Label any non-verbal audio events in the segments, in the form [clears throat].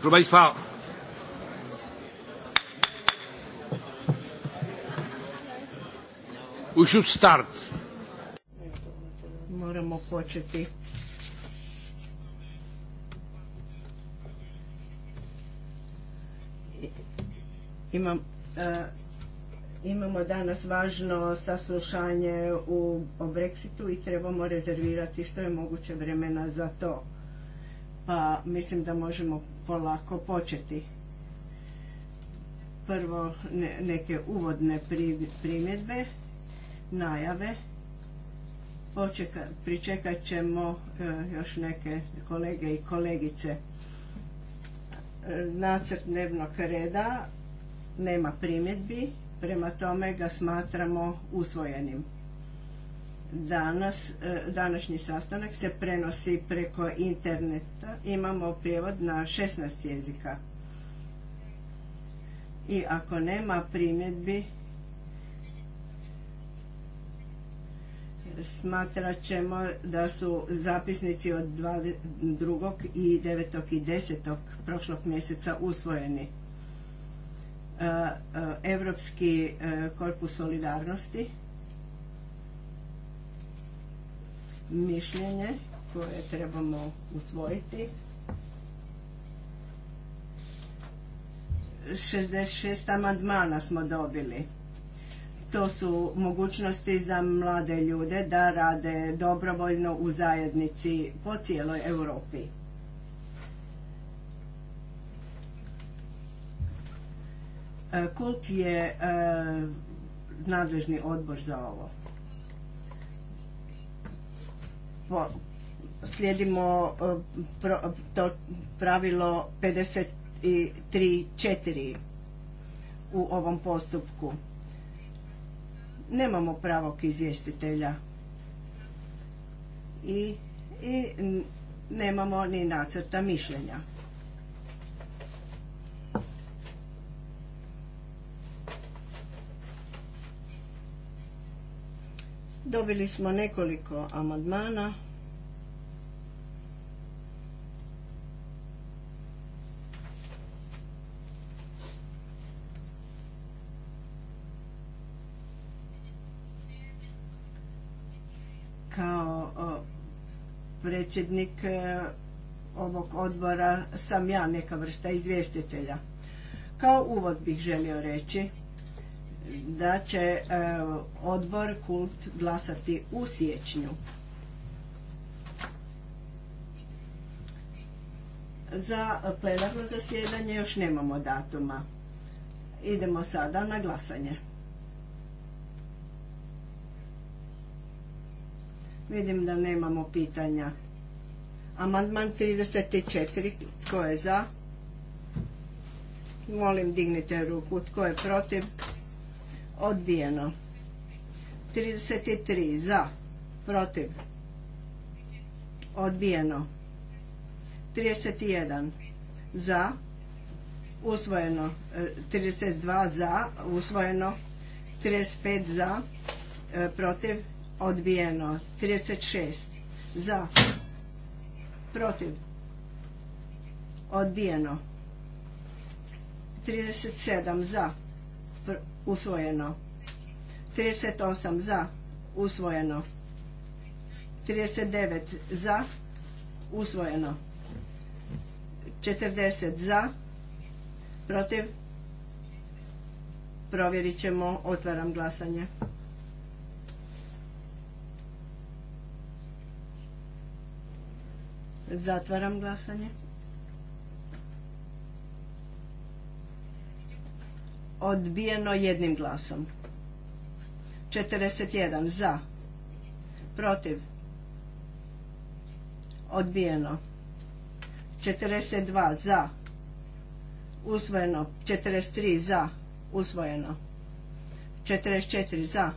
Proszę Państwa, we should start. Moramo početi. Imam, e, imamo danas važno saslušanje u, o Brexitu i trebamo rezervirati što je moguće vremena za to. Pa mislim da možemo polako početi. Prvo neke uvodne primjedbe, najave. pričekat ćemo e, još neke kolege i kolegice. E, nacrt dnevnog reda nema primjedbi, prema tome ga smatramo usvojenim. Danas, e, današnji sastanak se prenosi preko interneta. Imamo prijevod na 16 jezika. I ako nema primjedbi, smatrat ćemo da su zapisnici od 2. i 9. i 10. prošlog mjeseca usvojeni. Europski e, e, korpus solidarnosti mišljenje koje trebamo usvojiti. 66 amandmana smo dobili. To su mogućnosti za mlade ljude da rade dobrovoljno u zajednici po cijeloj Europi. E, kult je e, nadležni odbor za ovo slijedimo e, to pravilo 53.4 u ovom postupku. Nemamo pravog izvjestitelja i, i nemamo ni nacrta mišljenja. Dobili smo nekoliko amandmana. kao predsjednik e, ovog odbora sam ja neka vrsta izvjestitelja. Kao uvod bih želio reći da će e, odbor kult glasati u siječnju. Za plenarno zasjedanje još nemamo datuma. Idemo sada na glasanje. Vidim da nemamo pitanja. Amandman 34. Tko je za? Molim dignite ruku. Tko je protiv? Odbijeno. 33. Za. Protiv. Odbijeno. 31. Za. Usvojeno. 32. E, za. Usvojeno. 35. Za. E, protiv odbijeno 36 za protiv odbijeno 37 za usvojeno 38 za usvojeno 39 za usvojeno 40 za protiv provjerit ćemo otvaram glasanje Zatvaram glasanje. Odbijeno jednim glasom. 41 za. Protiv. Odbijeno. 42 za. Usvojeno. 43 za. Usvojeno. 44 za.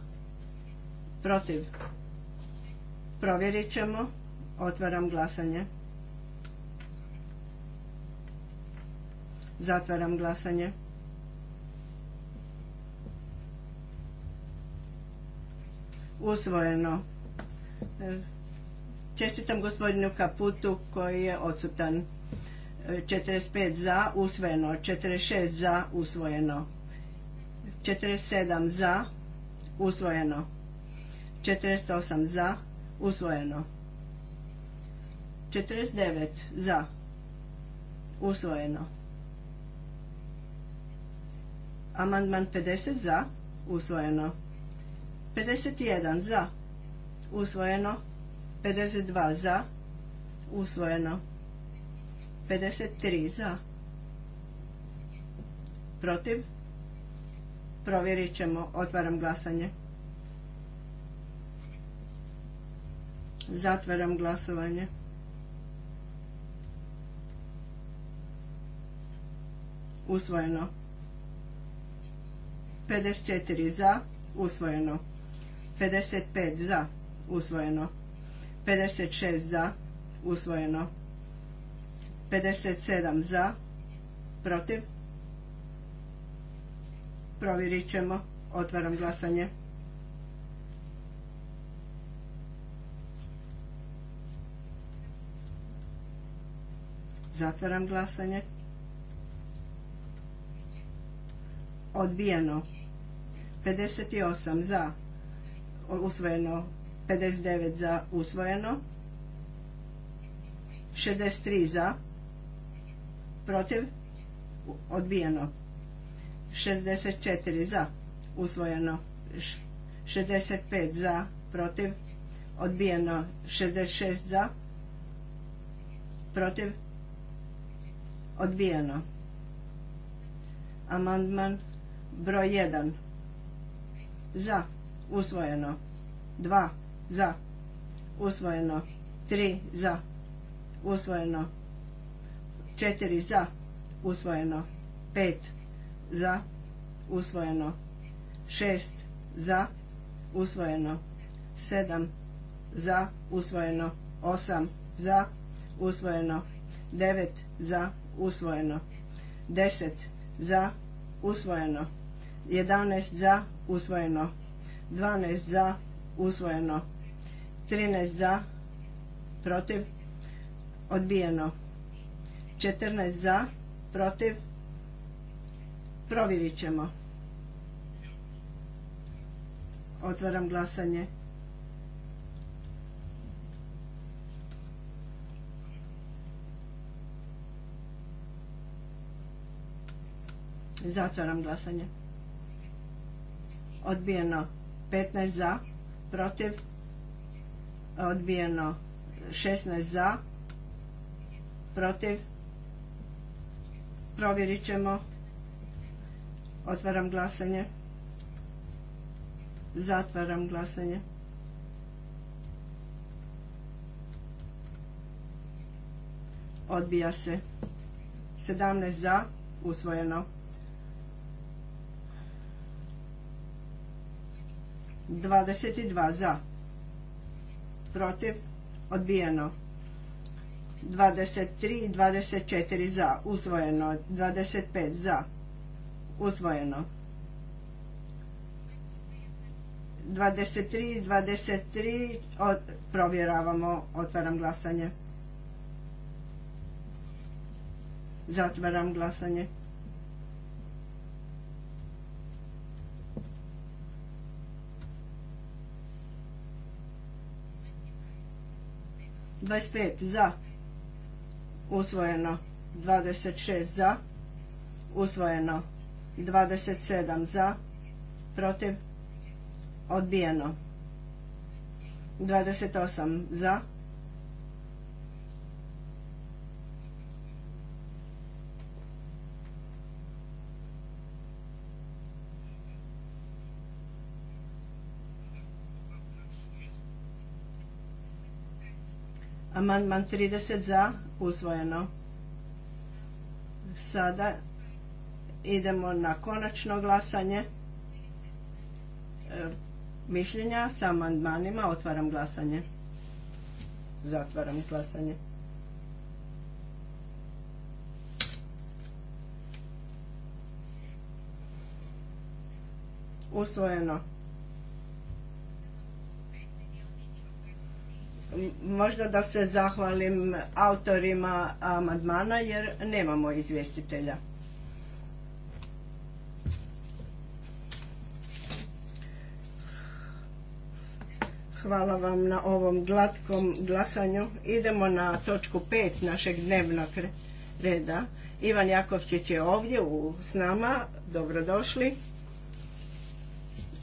Protiv. Provjerit ćemo. Otvaram glasanje. Zatvaram glasanje. Usvojeno. E, čestitam gospodinu Kaputu koji je odsutan. 45 e, za, usvojeno. 46 za, usvojeno. 47 za, usvojeno. 48 za, usvojeno. 49 za, usvojeno. Amandman 50 za, usvojeno. 51 za, usvojeno. 52 za, usvojeno. 53 za, protiv. Provjerit ćemo, otvaram glasanje. Zatvaram glasovanje. Usvojeno. 54 za, usvojeno. 55 za, usvojeno. 56 za, usvojeno. 57 za, protiv. Provjerit ćemo. Otvaram glasanje. Zatvaram glasanje. Odbijeno. 58 za usvojeno, 59 za usvojeno, 63 za protiv odbijeno, 64 za usvojeno, 65 za protiv odbijeno, 66 za protiv odbijeno. Amandman broj 1 za, usvojeno. 2 za, usvojeno. 3 za, usvojeno. 4 za, usvojeno. 5 za, usvojeno. 6 za, usvojeno. 7 za, usvojeno. 8 za, usvojeno. 9 za, usvojeno. 10 za, usvojeno. 11 za, usvojeno. 12 za, usvojeno. 13 za, protiv, odbijeno. 14 za, protiv, provjerit ćemo. Otvaram glasanje. Zatvaram glasanje odbijeno 15 za, protiv, odbijeno 16 za, protiv, provjerit ćemo, otvaram glasanje, zatvaram glasanje. Odbija se. 17 za, usvojeno. 22 za. Protiv. Odbijeno. 23 i 24 za. Uzvojeno. 25 za. Uzvojeno. 23 i 23 od, provjeravamo. Otvaram glasanje. Zatvaram glasanje. 25 za, usvojeno. 26 za, usvojeno. 27 za, protiv, odbijeno. 28 za, Amandman 30 za, usvojeno. Sada idemo na konačno glasanje. E, mišljenja sa amandmanima. Otvaram glasanje. Zatvaram glasanje. Usvojeno. Možda da se zahvalim autorima amandmana jer nemamo izvjestitelja. Hvala vam na ovom glatkom glasanju. Idemo na točku pet našeg dnevnog reda. Ivan Jakovčić je ovdje u, s nama. Dobrodošli.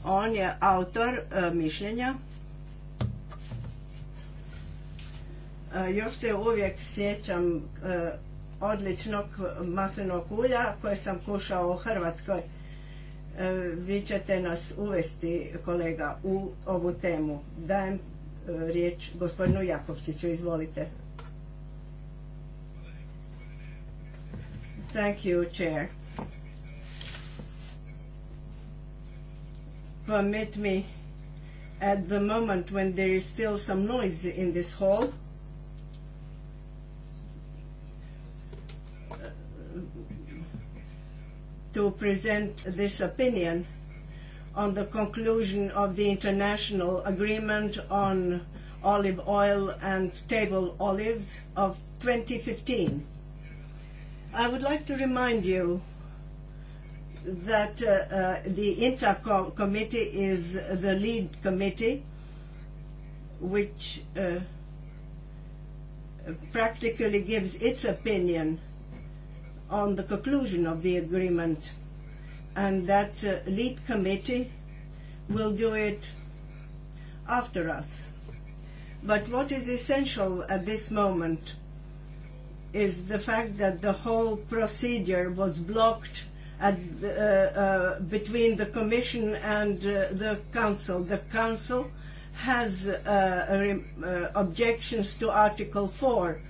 On je autor e, mišljenja Eh, još se uvijek sjećam eh, odličnog maslinovog ulja koje sam kušao u Hrvatskoj. Eh, vi ćete nas uvesti, kolega, u ovu temu. Dajem riječ gospodinu Jakovčiću. Izvolite. Thank you, Chair. Permit me at the moment when there is still some noise in this hall to present this opinion on the conclusion of the international agreement on olive oil and table olives of 2015. I would like to remind you that uh, uh, the INTA committee is the lead committee which uh, practically gives its opinion on the conclusion of the agreement. And that uh, lead committee will do it after us. But what is essential at this moment is the fact that the whole procedure was blocked at, uh, uh, between the Commission and uh, the Council. The Council has uh, uh, objections to Article 4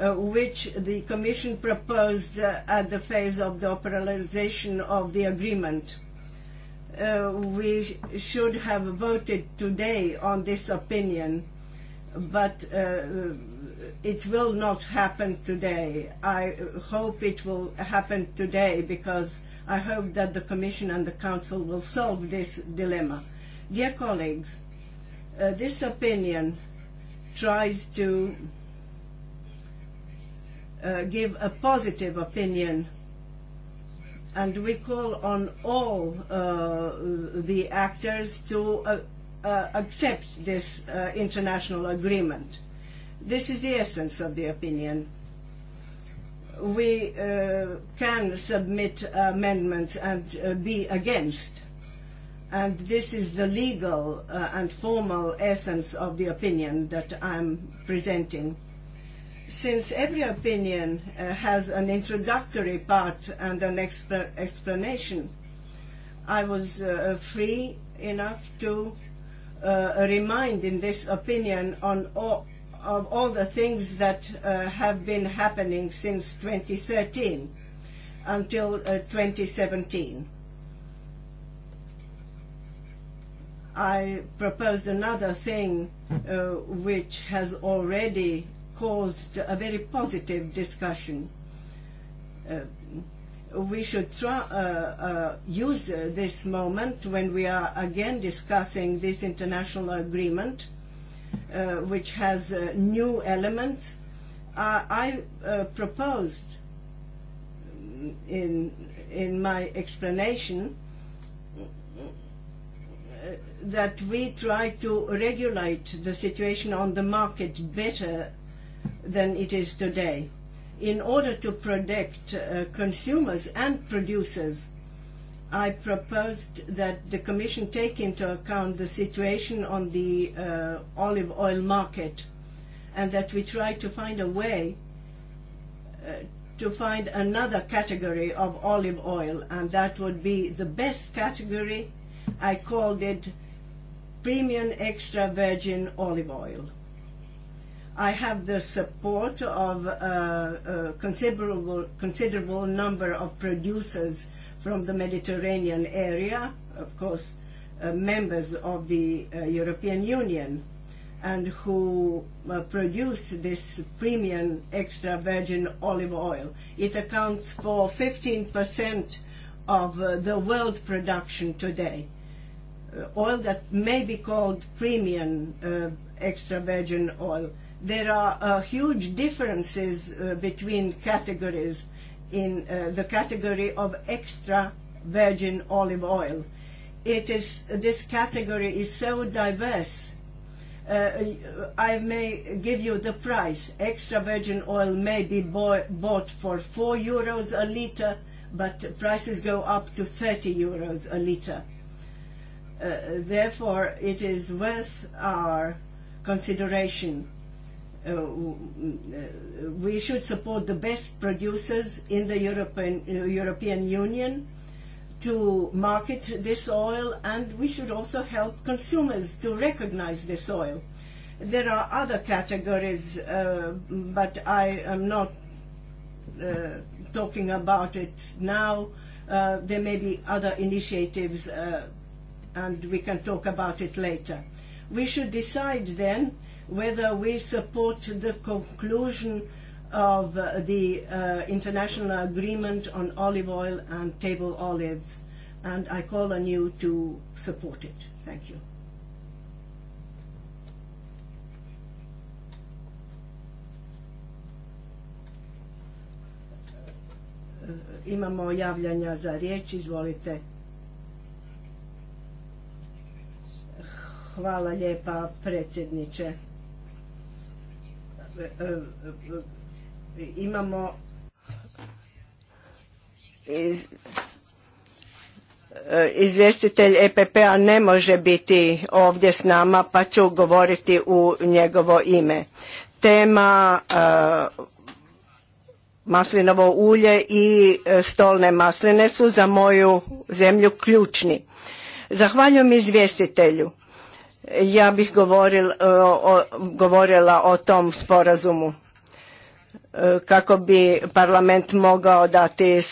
Uh, uh, which the Commission proposed uh, at the phase of the operationalization of the agreement. we should have voted today on this opinion, but uh, it will not happen today. I hope it will happen today because I hope that the Commission and the Council will solve this dilemma. Dear colleagues, this opinion tries to Uh, give a positive opinion and we call on all uh, the actors to uh, uh accept this uh, international agreement. This is the essence of the opinion. We can submit amendments and be against, and this is the legal and formal essence of the opinion that I'm presenting. Since every opinion uh, has an introductory part and an exp explanation, I was uh, free enough to uh, remind in this opinion on all, of all the things that uh, have been happening since 2013 until 2017. Uh, I proposed another thing uh, which has already caused a very positive discussion. Uh, we should try, uh, uh, use this moment when we are again discussing this international agreement, uh, which has uh, new elements. I uh, proposed um, in, in my explanation that we try to regulate the situation on the market better than it is today. In order to protect uh, consumers and producers, I proposed that the Commission take into account the situation on the uh, olive oil market and that we try to find a way uh, to find another category of olive oil and that would be the best category. I called it premium extra virgin olive oil. I have the support of a uh, uh, considerable, considerable number of producers from the Mediterranean area, of course, uh, members of the European Union, and who uh, produce this premium extra virgin olive oil. It accounts for 15% of the world production today. Oil that may be called premium extra virgin oil there are uh, huge differences uh, between categories in uh, the category of extra virgin olive oil. It is, this category is so diverse. Uh, I may give you the price. Extra virgin oil may be bought for 4 euros a liter, but prices go up to 30 euros a liter. Uh, therefore, it is worth our consideration Eh, eh, we should support the best producers in the European, eh, European Union to market this oil and we should also help consumers to recognize this oil. There are other categories, but I am not talking about it now. there may be other initiatives and we can talk about it later. We should decide then whether we support the conclusion of the uh, international agreement on olive oil and table olives. And I call on you to support it. Thank you. Uh, imamo javljanja za riječ. Izvolite. Hvala predsjedniče. Dakle, e, e, e, imamo izvjestitelj EPP-a ne može biti ovdje s nama pa ću govoriti u njegovo ime. Tema maslinovo ulje i stolne masline su za moju zemlju ključni. Zahvaljujem izvjestitelju ja bih e, govorila o tom sporazumu e, kako bi parlament mogao dati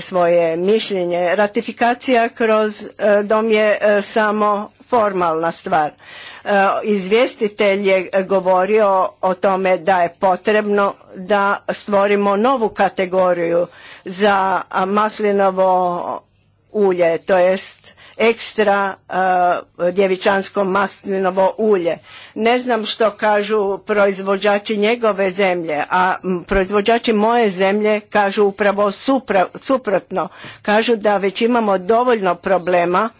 svoje mišljenje. Ratifikacija kroz e, dom je samo formalna stvar. Izvjestitelj je govorio o tome da je potrebno da stvorimo novu kategoriju za maslinovo ulje, to jest ekstra eh, djevičansko maslinovo ulje. Ne znam što kažu proizvođači njegove zemlje, a proizvođači moje zemlje kažu upravo suprotno. Kažu da već imamo dovoljno problema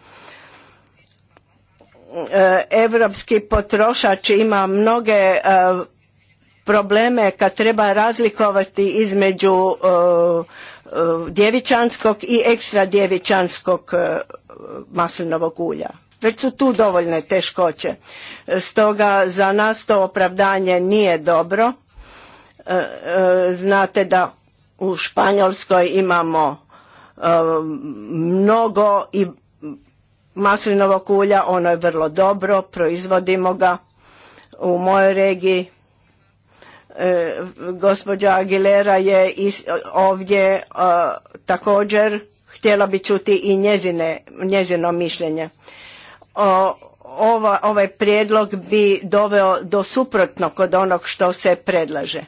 europski eh, potrošač ima mnoge eh, probleme kad treba razlikovati između djevičanskog i ekstra djevičanskog maslinovog ulja. Već su tu dovoljne teškoće. Stoga za nas to opravdanje nije dobro. E, e, znate da u Španjolskoj imamo e, mnogo i maslinovog ulja, ono je vrlo dobro, proizvodimo ga u mojoj regiji. gospođa Aguilera je ovdje također Htjela bi čuti i njezine, njezino mišljenje. ovaj prijedlog bi doveo do suprotno kod onog što se predlaže.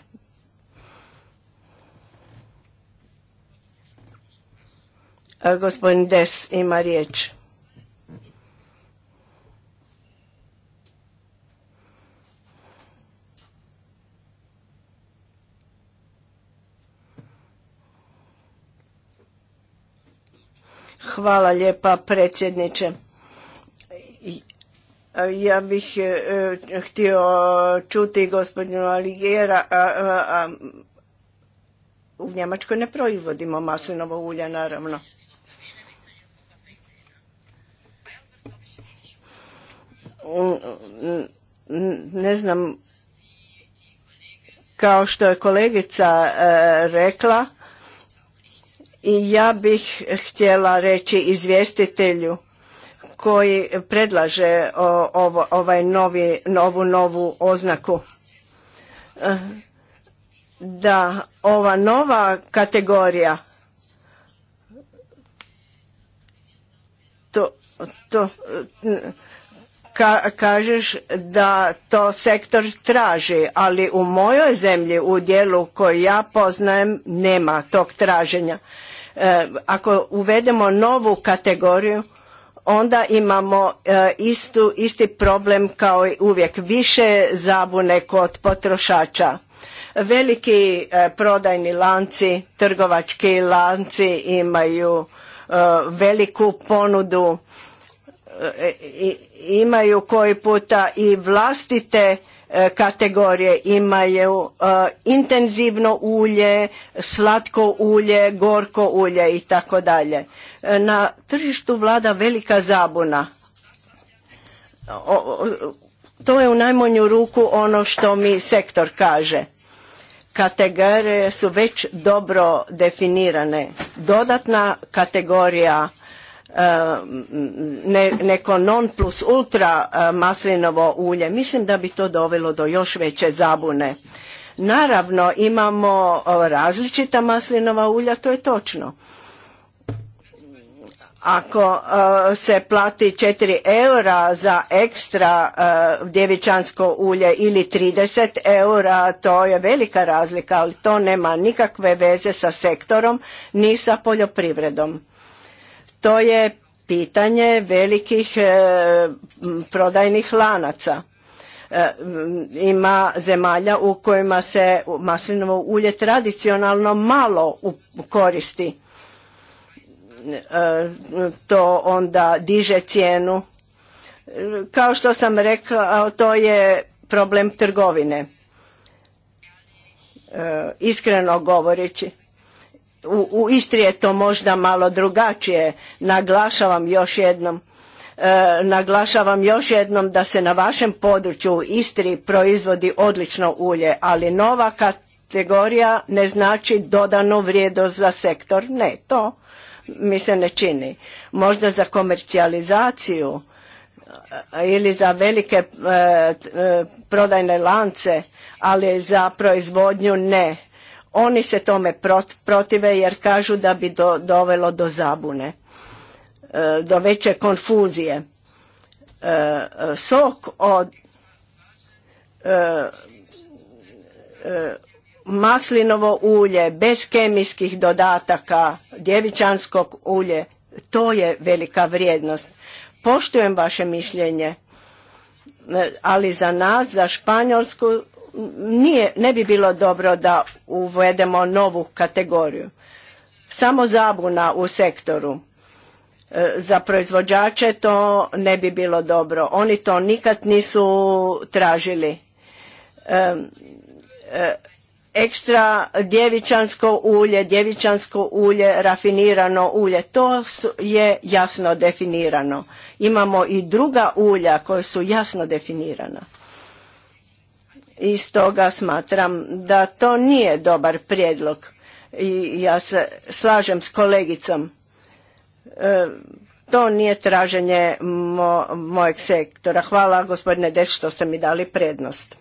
E, gospodin Des ima riječ. Hvala lijepa predsjedniče. Ja bih e, e, htio čuti gospodinu Aligera. u Njemačkoj ne proizvodimo maslinovo ulje, naravno. Ne znam, kao što je kolegica e, rekla, i ja bih htjela reći izvjestitelju koji predlaže ovo, ovaj novi, novu novu oznaku eh, da ova nova kategorija to, to ka, kažeš da to sektor traži, ali u mojoj zemlji, u dijelu koji ja poznajem, nema tog traženja. E, ako uvedemo novu kategoriju, onda imamo e, istu, isti problem kao i uvijek više zabune kod potrošača. Veliki e, prodajni lanci, trgovački lanci imaju veliku ponudu, imaju koji puta i vlastite E, kategorije imaju e, intenzivno ulje, slatko ulje, gorko ulje i tako dalje. E, na tržištu vlada velika zabuna. To je u najmanju ruku ono što mi sektor kaže. Kategorije su već dobro definirane. Dodatna kategorija E, neko non plus ultra e, maslinovo ulje. Mislim da bi to dovelo do još veće zabune. Naravno imamo e, različita maslinova ulja, to je točno. Ako se plati 4 eura za ekstra djevičansko ulje ili 30 eura, to je velika razlika, ali to nema nikakve veze sa sektorom ni sa poljoprivredom to je pitanje velikih e, prodajnih lanaca. E, ima zemalja u kojima se maslinovo ulje tradicionalno malo koristi. E, to onda diže cijenu. Kao što sam rekla, to je problem trgovine. Iskreno govoreći, u, Istri je to možda malo drugačije. Naglašavam još jednom. E, naglašavam još jednom da se na vašem području u Istri proizvodi odlično ulje, ali nova kategorija ne znači dodanu vrijednost za sektor. Ne, to mi se ne čini. Možda za komercijalizaciju e, ili za velike e, prodajne lance, ali za proizvodnju ne oni se tome protive jer kažu da bi dovelo do zabune, e, do veće konfuzije. E, sok od e, maslinovo ulje bez kemijskih dodataka, djevičanskog ulje, to je velika vrijednost. Poštujem vaše mišljenje, ali za nas, za Španjolsku, nije, ne bi bilo dobro da uvedemo novu kategoriju. Samo zabuna u sektoru. E, za proizvođače to ne bi bilo dobro. Oni to nikad nisu tražili. E, e, ekstra djevičansko ulje, djevičansko ulje, rafinirano ulje, to je jasno definirano. Imamo i druga ulja koja su jasno definirana i stoga smatram da to nije dobar prijedlog i ja se slažem s kolegicom e, to nije traženje mojeg sektora hvala gospodine Des, što ste mi dali prednost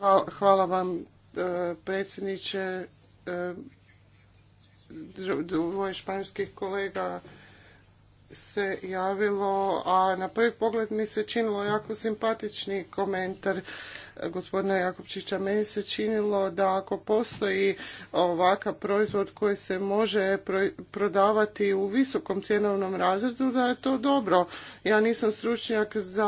hvala, hvala vam e, predsjedniče e, dvoje španjskih kolega se javilo, a na prvi pogled mi se činilo jako simpatični komentar gospodina Jakopčića. Meni se činilo da ako postoji ovakav proizvod koji se može prodavati u visokom cjenovnom razredu, da je to dobro. Ja nisam stručnjak za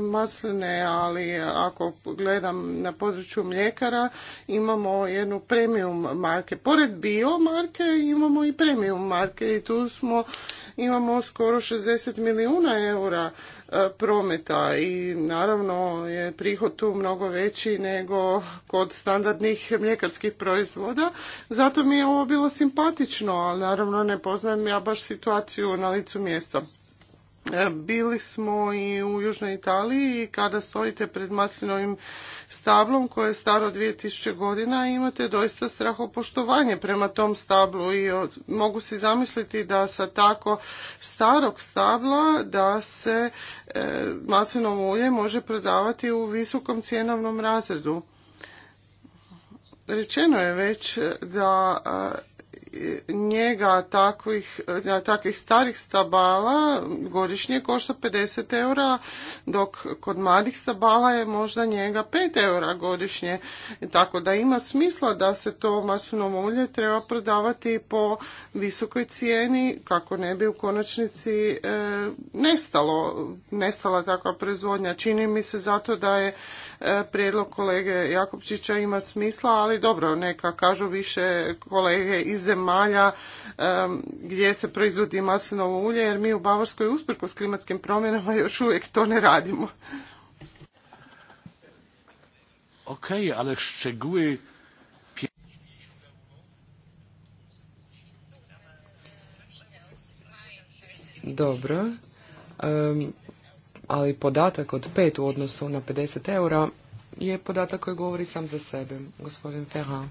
masline, ali ako gledam na području mljekara, imamo jednu premium marke. Pored bio marke imamo i premium marke i tu smo imamo skoro 60 milijuna eura e, prometa i naravno je prihod tu mnogo veći nego kod standardnih mljekarskih proizvoda. Zato mi je ovo bilo simpatično, ali naravno ne poznajem ja baš situaciju na licu mjesta. E, bili smo i u Južnoj Italiji i kada stojite pred maslinovim stablom koje je staro 2000 godina imate doista strahopoštovanje prema tom stablu i mogu si zamisliti da sa tako starog stabla da se e, maslinovo ulje može prodavati u visokom cjenovnom razredu. Rečeno je već da njega takvih, takvih starih stabala godišnje košta 50 eura, dok kod mladih stabala je možda njega 5 eura godišnje. Tako da ima smisla da se to maslinovo ulje treba prodavati po visokoj cijeni kako ne bi u konačnici e, nestalo, nestala takva proizvodnja. Čini mi se zato da je E, prijedlog kolege Jakopčića ima smisla, ali dobro, neka kažu više kolege iz zemalja e, gdje se proizvodi maslinovo ulje, jer mi u Bavarskoj usprkos klimatskim promjenama još uvijek to ne radimo. ok ale szczegóły Dobro ali podatak od pet u odnosu na 50 eura je podatak koji govori sam za sebe, gospodin Ferrand.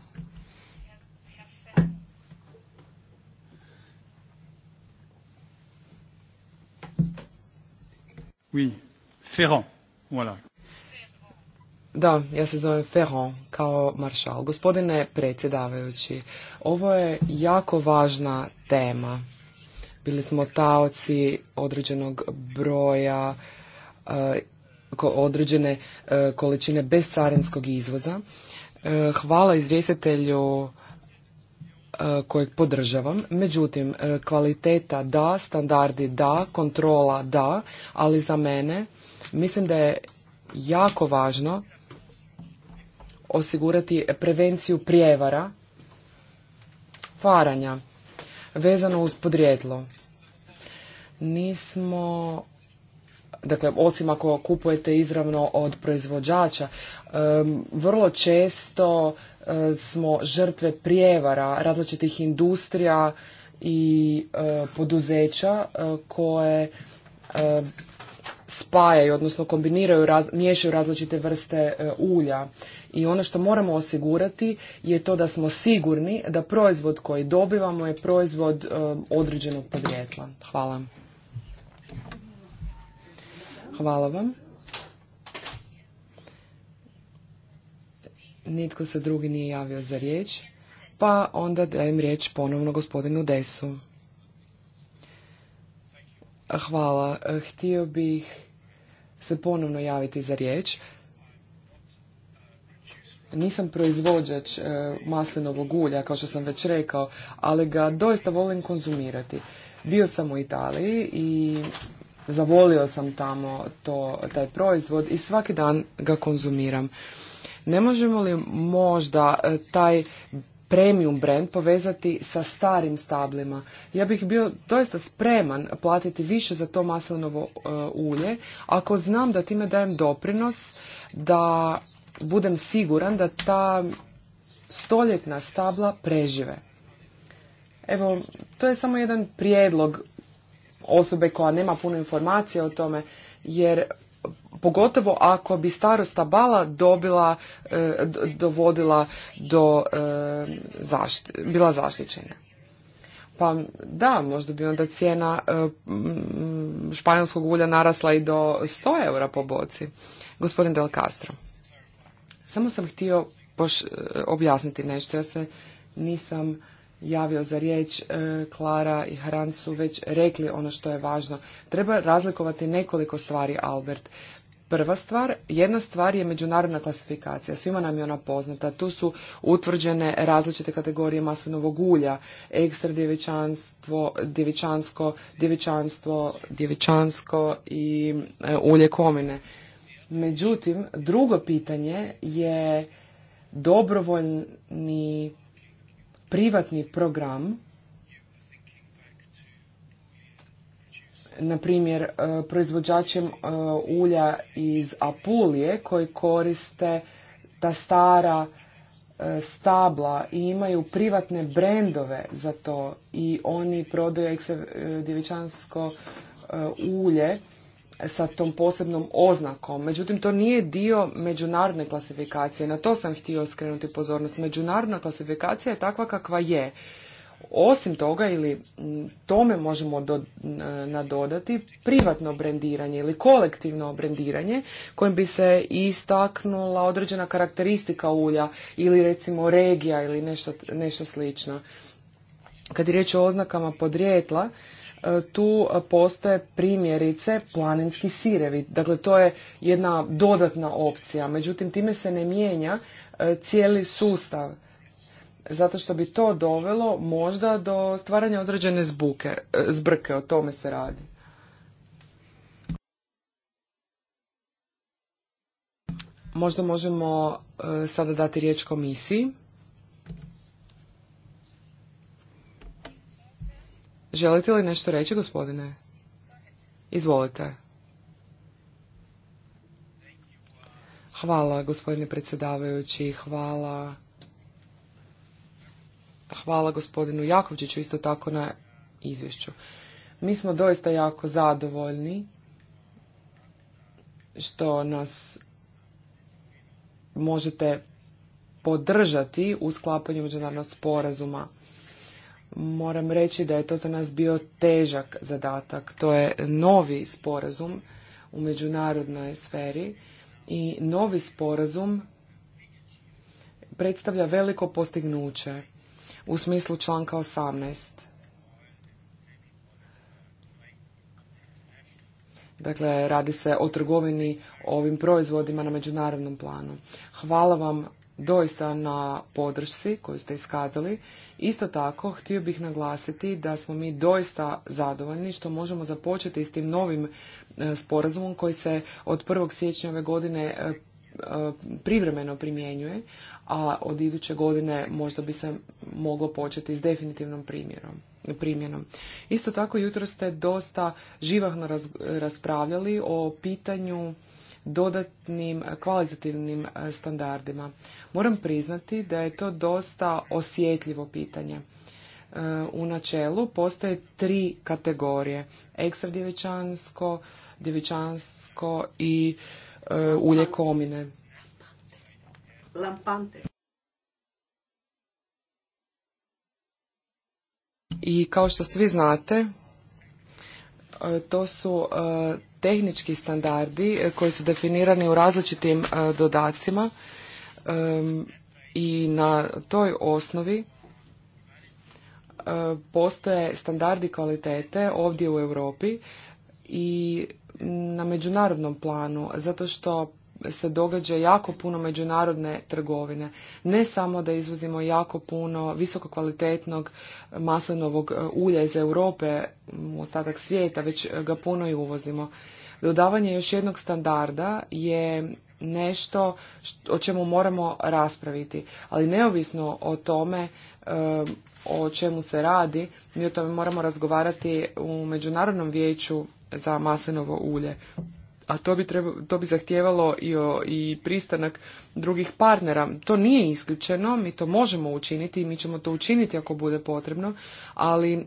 Oui, Ferrand, voilà. Da, ja se zovem Ferron kao maršal. Gospodine predsjedavajući, ovo je jako važna tema. Bili smo taoci određenog broja E, određene e, količine bez carinskog izvoza. E, hvala izvjestitelju kojeg podržavam. Međutim, kvaliteta da, standardi da, kontrola da, ali za mene mislim da je jako važno osigurati prevenciju prijevara, faranja, vezano uz podrijetlo. Nismo dakle osim ako kupujete izravno od proizvođača, vrlo često e, smo žrtve prijevara različitih industrija i e, poduzeća e, koje spajaju, odnosno kombiniraju, miješaju različite vrste ulja. I ono što moramo osigurati je to da smo sigurni da proizvod koji dobivamo je proizvod određenog podrijetla. Hvala. Hvala vam. Nitko se drugi nije javio za riječ, pa onda dajem riječ ponovno gospodinu Desu. Hvala. Htio bih se ponovno javiti za riječ. Nisam proizvođač e, maslinovog ulja, kao što sam već rekao, ali ga doista volim konzumirati. Bio sam u Italiji i zavolio sam tamo to, taj proizvod i svaki dan ga konzumiram. Ne možemo li možda e, taj premium brand povezati sa starim stablima. Ja bih bio doista spreman platiti više za to maslinovo e, ulje ako znam da time dajem doprinos da budem siguran da ta stoljetna stabla prežive. Evo, to je samo jedan prijedlog osobe koja nema puno informacija o tome jer pogotovo ako bi starosta bala dobila e, dovodila do e, bila zaštićena pa da možda bi onda cijena e, španjolskog ulja narasla i do 100 eura po boci gospodin del Castro samo sam htio objasniti nešto ja se nisam javio za riječ, e, Klara i Haran su već rekli ono što je važno. Treba razlikovati nekoliko stvari, Albert. Prva stvar, jedna stvar je međunarodna klasifikacija, svima nam je ona poznata. Tu su utvrđene različite kategorije maslinovog ulja, ekstra djevičanstvo, djevičansko, djevičanstvo, djevičansko i e, ulje komine. Međutim, drugo pitanje je dobrovoljni privatni program, na primjer e, proizvođačem e, ulja iz Apulije koji koriste ta stara e, stabla i imaju privatne brendove za to i oni prodaju djevičansko ulje sa tom posebnom oznakom. Međutim, to nije dio međunarodne klasifikacije. Na to sam htio skrenuti pozornost. Međunarodna klasifikacija je takva kakva je. Osim toga ili tome možemo do, nadodati privatno brendiranje ili kolektivno brendiranje kojim bi se istaknula određena karakteristika ulja ili recimo regija ili nešto, nešto slično. Kad je riječ o oznakama podrijetla, tu postoje primjerice planinski sirevi. Dakle, to je jedna dodatna opcija. Međutim, time se ne mijenja e, cijeli sustav. Zato što bi to dovelo možda do stvaranja određene zbuke, e, zbrke, o tome se radi. Možda možemo e, sada dati riječ komisiji. Želite li nešto reći, gospodine? Izvolite. Hvala, gospodine predsjedavajući, hvala. Hvala gospodinu Jakovčiću isto tako na izvješću. Mi smo doista jako zadovoljni što nas možete podržati u sklapanju međunarodnog sporazuma Moram reći da je to za nas bio težak zadatak. To je novi sporazum u međunarodnoj sferi i novi sporazum predstavlja veliko postignuće u smislu članka 18. Dakle, radi se o trgovini ovim proizvodima na međunarodnom planu. Hvala vam doista na podršci koju ste iskazali. Isto tako, htio bih naglasiti da smo mi doista zadovoljni što možemo započeti s tim novim e, sporazumom koji se od 1. siječnja ove godine e, e, privremeno primjenjuje, a od iduće godine možda bi se moglo početi s definitivnom primjerom primjenom. Isto tako jutro ste dosta živahno raspravljali o pitanju dodatnim kvalitativnim standardima. Moram priznati da je to dosta osjetljivo pitanje. E, u načelu postoje tri kategorije. Ekstra djevičansko, djevičansko i e, ulje komine. I kao što svi znate, e, to su tehnički standardi e, koji su definirani u različitim e, dodacima i na toj osnovi e, postoje standardi kvalitete ovdje u Europi i na međunarodnom planu zato što se događa jako puno međunarodne trgovine. Ne samo da izvozimo jako puno visokokvalitetnog maslinovog e, ulja iz Europe u ostatak svijeta, već ga puno i uvozimo. Dodavanje još jednog standarda je nešto o čemu moramo raspraviti, ali neovisno o tome e, o čemu se radi, mi o tome moramo razgovarati u Međunarodnom vijeću za maslinovo ulje a to bi, treba, to bi zahtijevalo i, i pristanak drugih partnera. To nije isključeno, mi to možemo učiniti i mi ćemo to učiniti ako bude potrebno, ali e,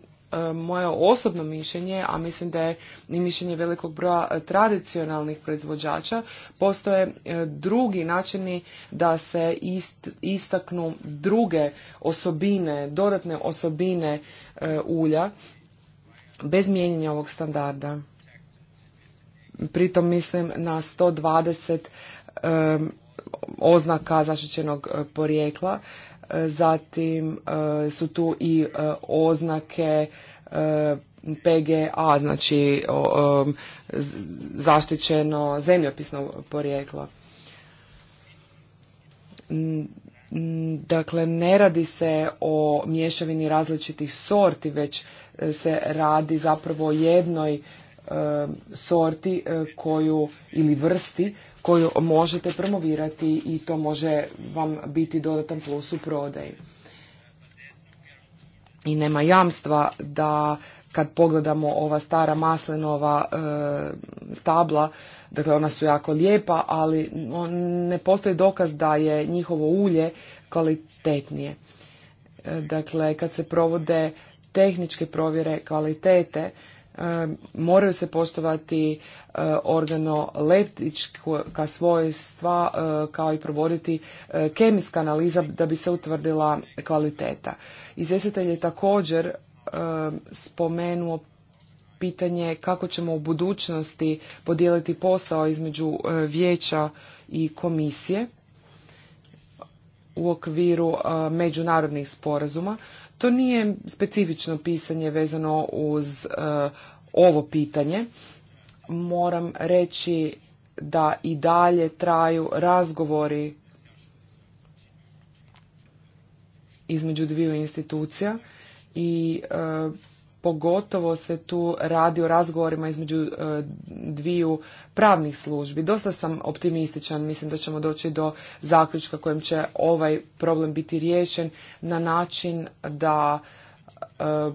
moje osobno mišljenje, a mislim da je i mišljenje velikog broja tradicionalnih proizvođača, postoje e, drugi načini da se istaknu druge osobine, dodatne osobine e, ulja bez mijenjanja ovog standarda. Pritom mislim na 120 oznaka zaštićenog e, porijekla, e, zatim e, su tu i oznake PGA, znači zaštićeno zemljopisno porijeklo. Dakle, ne radi se o mješavini različitih sorti, već se radi zapravo o jednoj E, sorti e, koju ili vrsti koju možete promovirati i to može vam biti dodatan plus u prodaji. I nema jamstva da kad pogledamo ova stara maslenova e, stabla, dakle ona su jako lijepa, ali ne postoji dokaz da je njihovo ulje kvalitetnije. dakle, kad se provode tehničke provjere kvalitete, moraju se poštovati e, organoleptička svojstva e, kao i provoditi e, kemijska analiza da bi se utvrdila kvaliteta. Izvjestitelj je također spomenuo pitanje kako ćemo u budućnosti podijeliti posao između vijeća i komisije u okviru međunarodnih sporazuma to nije specifično pisanje vezano uz e, ovo pitanje. Moram reći da i dalje traju razgovori između dviju institucija i e, pogotovo se tu radi o razgovorima između e, dviju pravnih službi. Dosta sam optimističan, mislim da ćemo doći do zaključka kojim će ovaj problem biti riješen na način da e,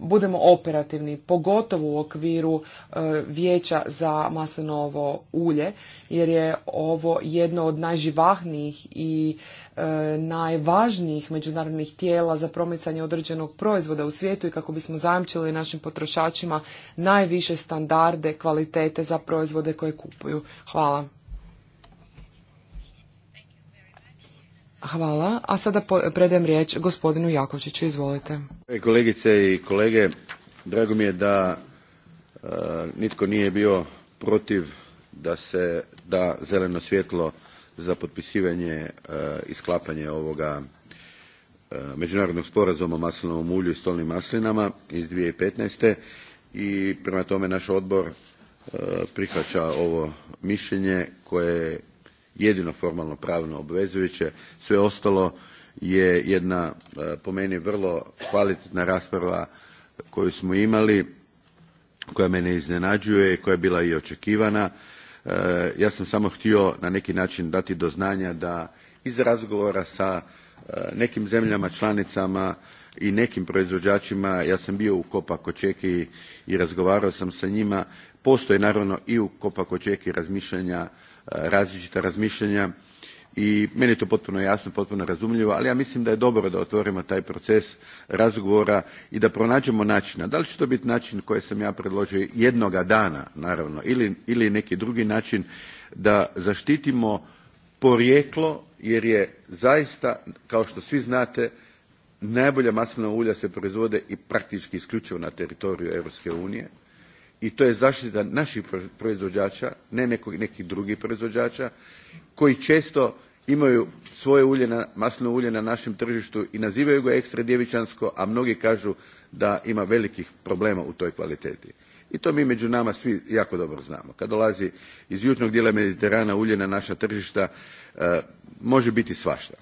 budemo operativni, pogotovo u okviru e, vijeća za maslinovo ulje, jer je ovo jedno od najživahnijih i e, najvažnijih međunarodnih tijela za promicanje određenog proizvoda u svijetu i kako bismo zajamčili našim potrošačima najviše standarde kvalitete za proizvode koje kupuju. Hvala. Hvala. A sada predajem riječ gospodinu Jakovčiću. Izvolite. E, kolegice i kolege, drago mi je da e, nitko nije bio protiv da se da zeleno svjetlo za potpisivanje e, i sklapanje ovoga međunarodnog sporazuma o maslinovom ulju i stolnim maslinama iz 2015. i prema tome naš odbor prihvaća ovo mišljenje koje jedino formalno pravno obvezujuće sve ostalo je jedna e, po meni vrlo kvalitetna rasprava koju smo imali koja me ne iznenađuje i koja je bila i očekivana e, ja sam samo htio na neki način dati do znanja da iz razgovora sa e, nekim zemljama članicama i nekim proizvođačima ja sam bio u kopa i razgovarao sam sa njima postoje naravno i u kopa razmišljanja različita razmišljanja i meni je to potpuno jasno potpuno razumljivo ali ja mislim da je dobro da otvorimo taj proces razgovora i da pronađemo načina da li će to biti način koji sam ja predložio jednoga dana naravno ili, neki drugi način da zaštitimo porijeklo jer je zaista kao što svi znate najbolja maslina ulja se proizvode i praktički isključivo na teritoriju europske unije i to je zaštita naših proizvođača ne nekih drugih proizvođača koji često imaju svoje ulje maslinovo ulje na našem tržištu i nazivaju ga ekstra djevičansko a mnogi kažu da ima velikih problema u toj kvaliteti i to mi među nama svi jako dobro znamo kad dolazi iz južnog dijela mediterana ulje na naša tržišta e, može biti svašta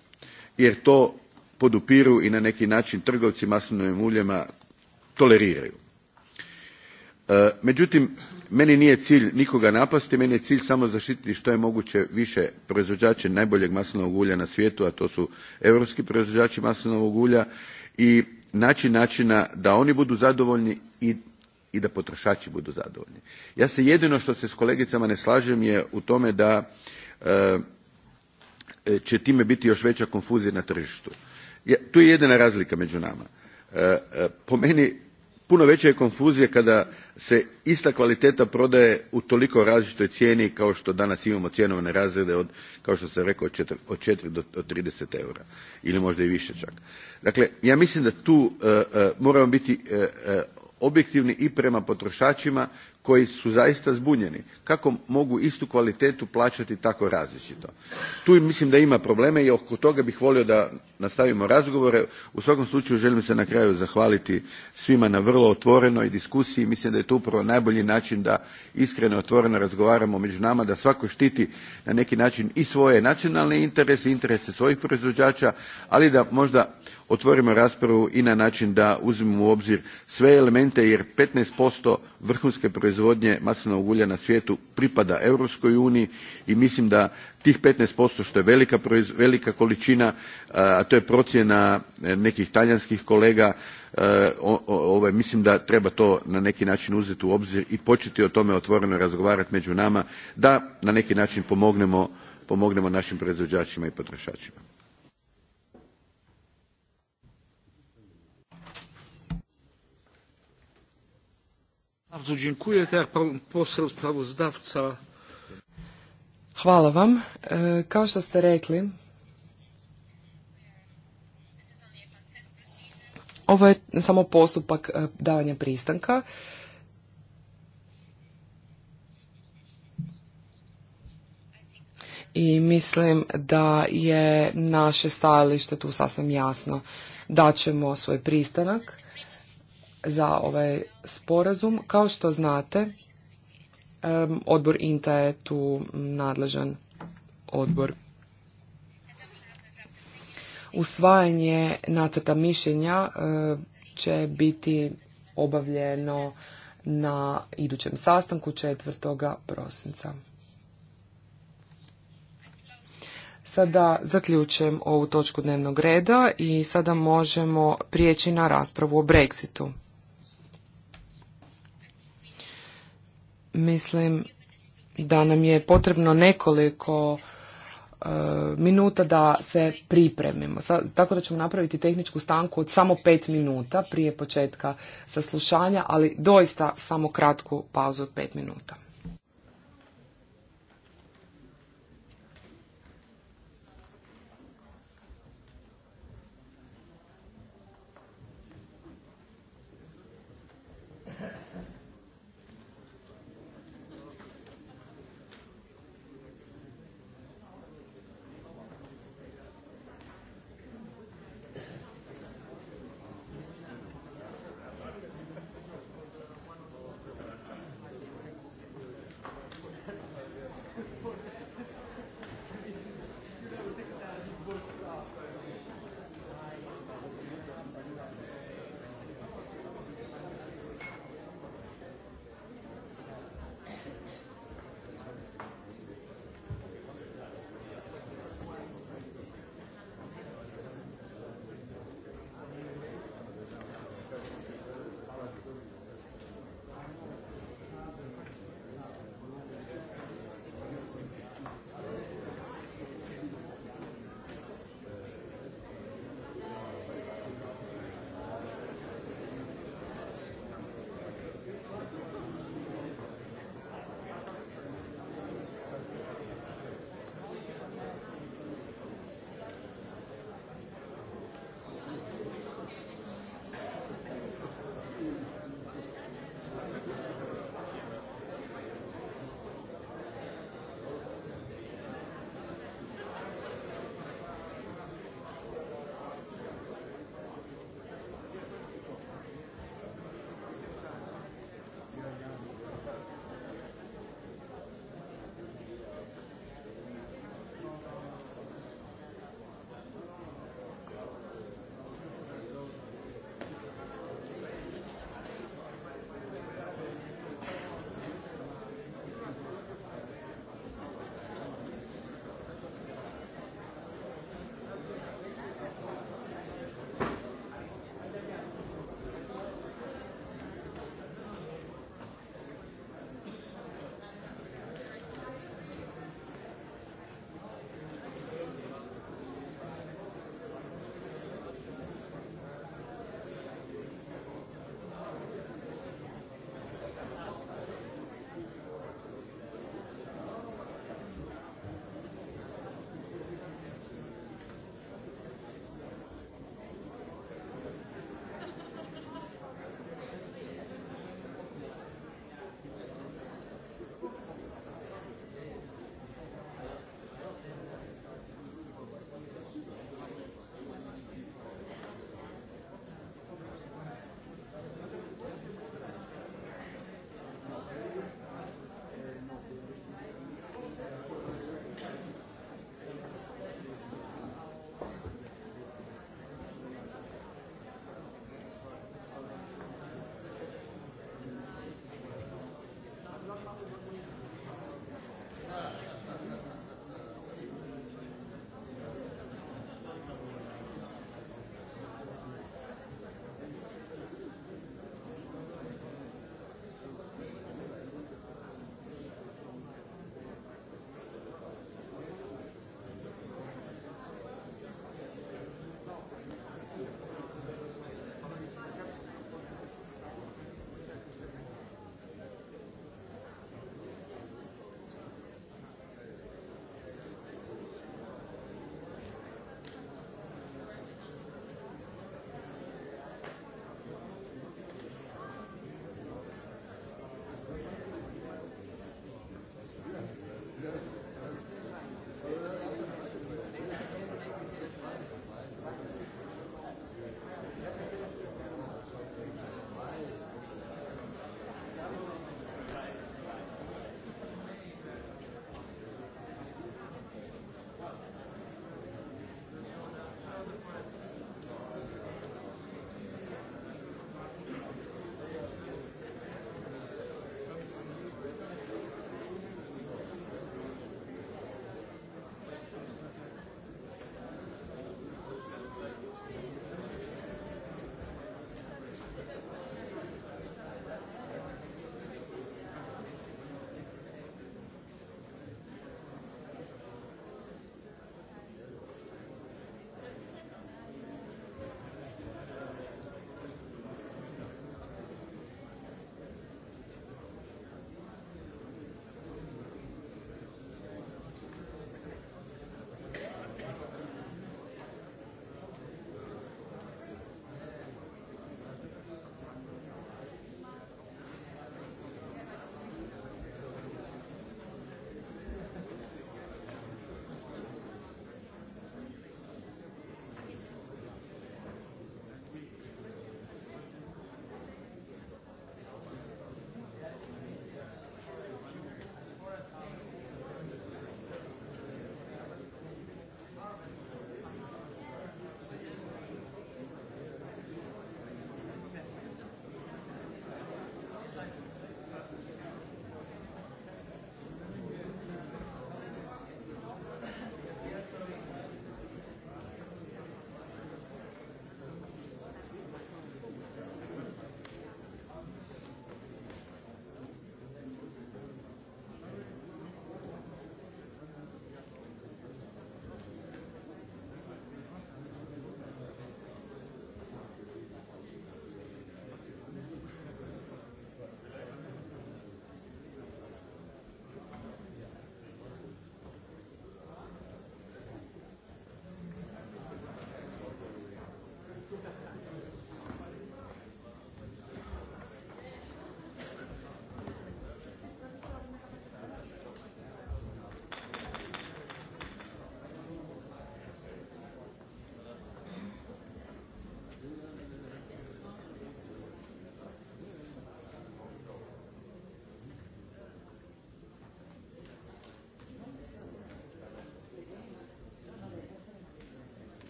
jer to podupiru i na neki način trgovci maslinovim uljima toleriraju E, međutim meni nije cilj nikoga napasti meni je cilj samo zaštititi što je moguće više proizvođače najboljeg maslinovog ulja na svijetu a to su europski proizvođači maslinovog ulja i naći načina da oni budu zadovoljni i, da potrošači budu zadovoljni. ja se jedino što se s kolegicama ne slažem je u tome da e, e, će time biti još veća konfuzija na tržištu. tu je jedina razlika među nama. po meni puno veća je konfuzija kada se ista kvaliteta prodaje u toliko različitoj cijeni kao što danas imamo cjenovne razrede od kao što sam rekao od četiri do trideset eura ili možda i više čak. dakle ja mislim da tu e, e, moramo biti e, objektivni i prema potrošačima koji su zaista zbunjeni kako mogu istu kvalitetu plaćati tako različito. tu mislim da ima problema i oko toga bih volio da nastavimo razgovore. u svakom slučaju želim se na kraju zahvaliti svima na vrlo otvorenoj diskusiji mislim da je to upravo najbolji način da iskreno i otvoreno razgovaramo među nama da svatko štiti na neki način i svoje nacionalne interese interese svojih proizvođača ali da možda otvorimo raspravu i na način da uzmemo u obzir sve elemente jer fifteen vrhunske proizvodnje maslinovog ulja na svijetu pripada europskoj uniji i mislim da tih fifteen što je velika, velika količina a to je procjena e, nekih talijanskih kolega e, ovaj, mislim da treba to na neki način uzeti u obzir i početi o tome otvoreno razgovarati među nama da na neki način pomognemo, pomognemo našim proizvođačima i potrošačima. Hvala vam. E, kao što ste rekli, ovo je samo postupak e, davanja pristanka. i mislim da je naše stajalište tu sasvim jasno. Daćemo svoj pristanak za ovaj sporazum. Kao što znate, odbor INTA je tu nadležan odbor. Usvajanje nacrta mišljenja e, će biti obavljeno na idućem sastanku 4. prosinca. Sada zaključujem ovu točku dnevnog reda i sada možemo prijeći na raspravu o Brexitu. Mislim da nam je potrebno nekoliko e, minuta da se pripremimo. tako da ćemo napraviti tehničku stanku od samo pet minuta prije početka saslušanja, ali doista samo kratku pauzu od pet minuta.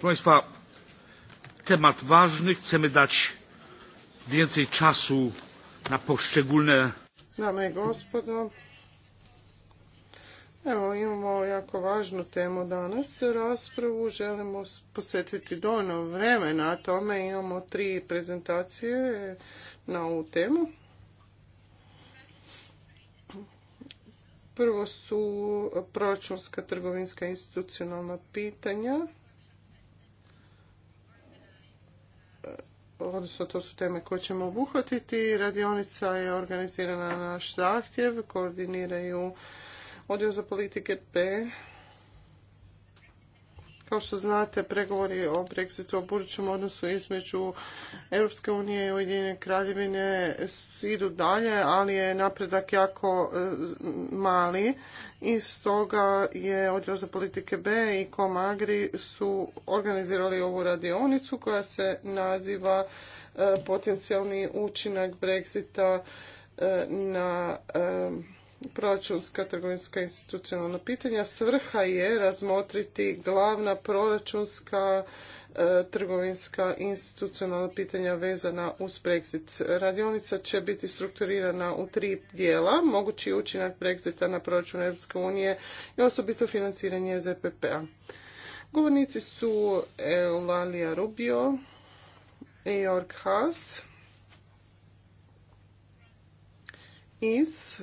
Proszę Państwa, temat ważny. Chcemy dać więcej czasu na poszczególne... Dame i gospodo, Evo imamo jako važnu temu danas. Raspravu želimo posvetiti dovoljno na tome. Imamo tri prezentacije na ovu temu. Prvo su proračunska trgovinska institucionalna pitanja. odnosno to su teme koje ćemo obuhvatiti. Radionica je organizirana na naš zahtjev, koordiniraju Odjel za politike P kao što znate, pregovori o Brexitu, o budućem odnosu između Europske unije i Ujedinjene kraljevine idu dalje, ali je napredak jako e, mali i stoga je odjel za politike B i Komagri su organizirali ovu radionicu koja se naziva e, potencijalni učinak Brexita e, na proračunska trgovinska institucionalna pitanja. Svrha je razmotriti glavna proračunska e, trgovinska institucionalna pitanja vezana uz Brexit. Radionica će biti strukturirana u tri dijela, mogući učinak Brexita na proračun Europske unije i osobito financiranje ZPP-a. Govornici su Eulalia Rubio i Jorg Haas iz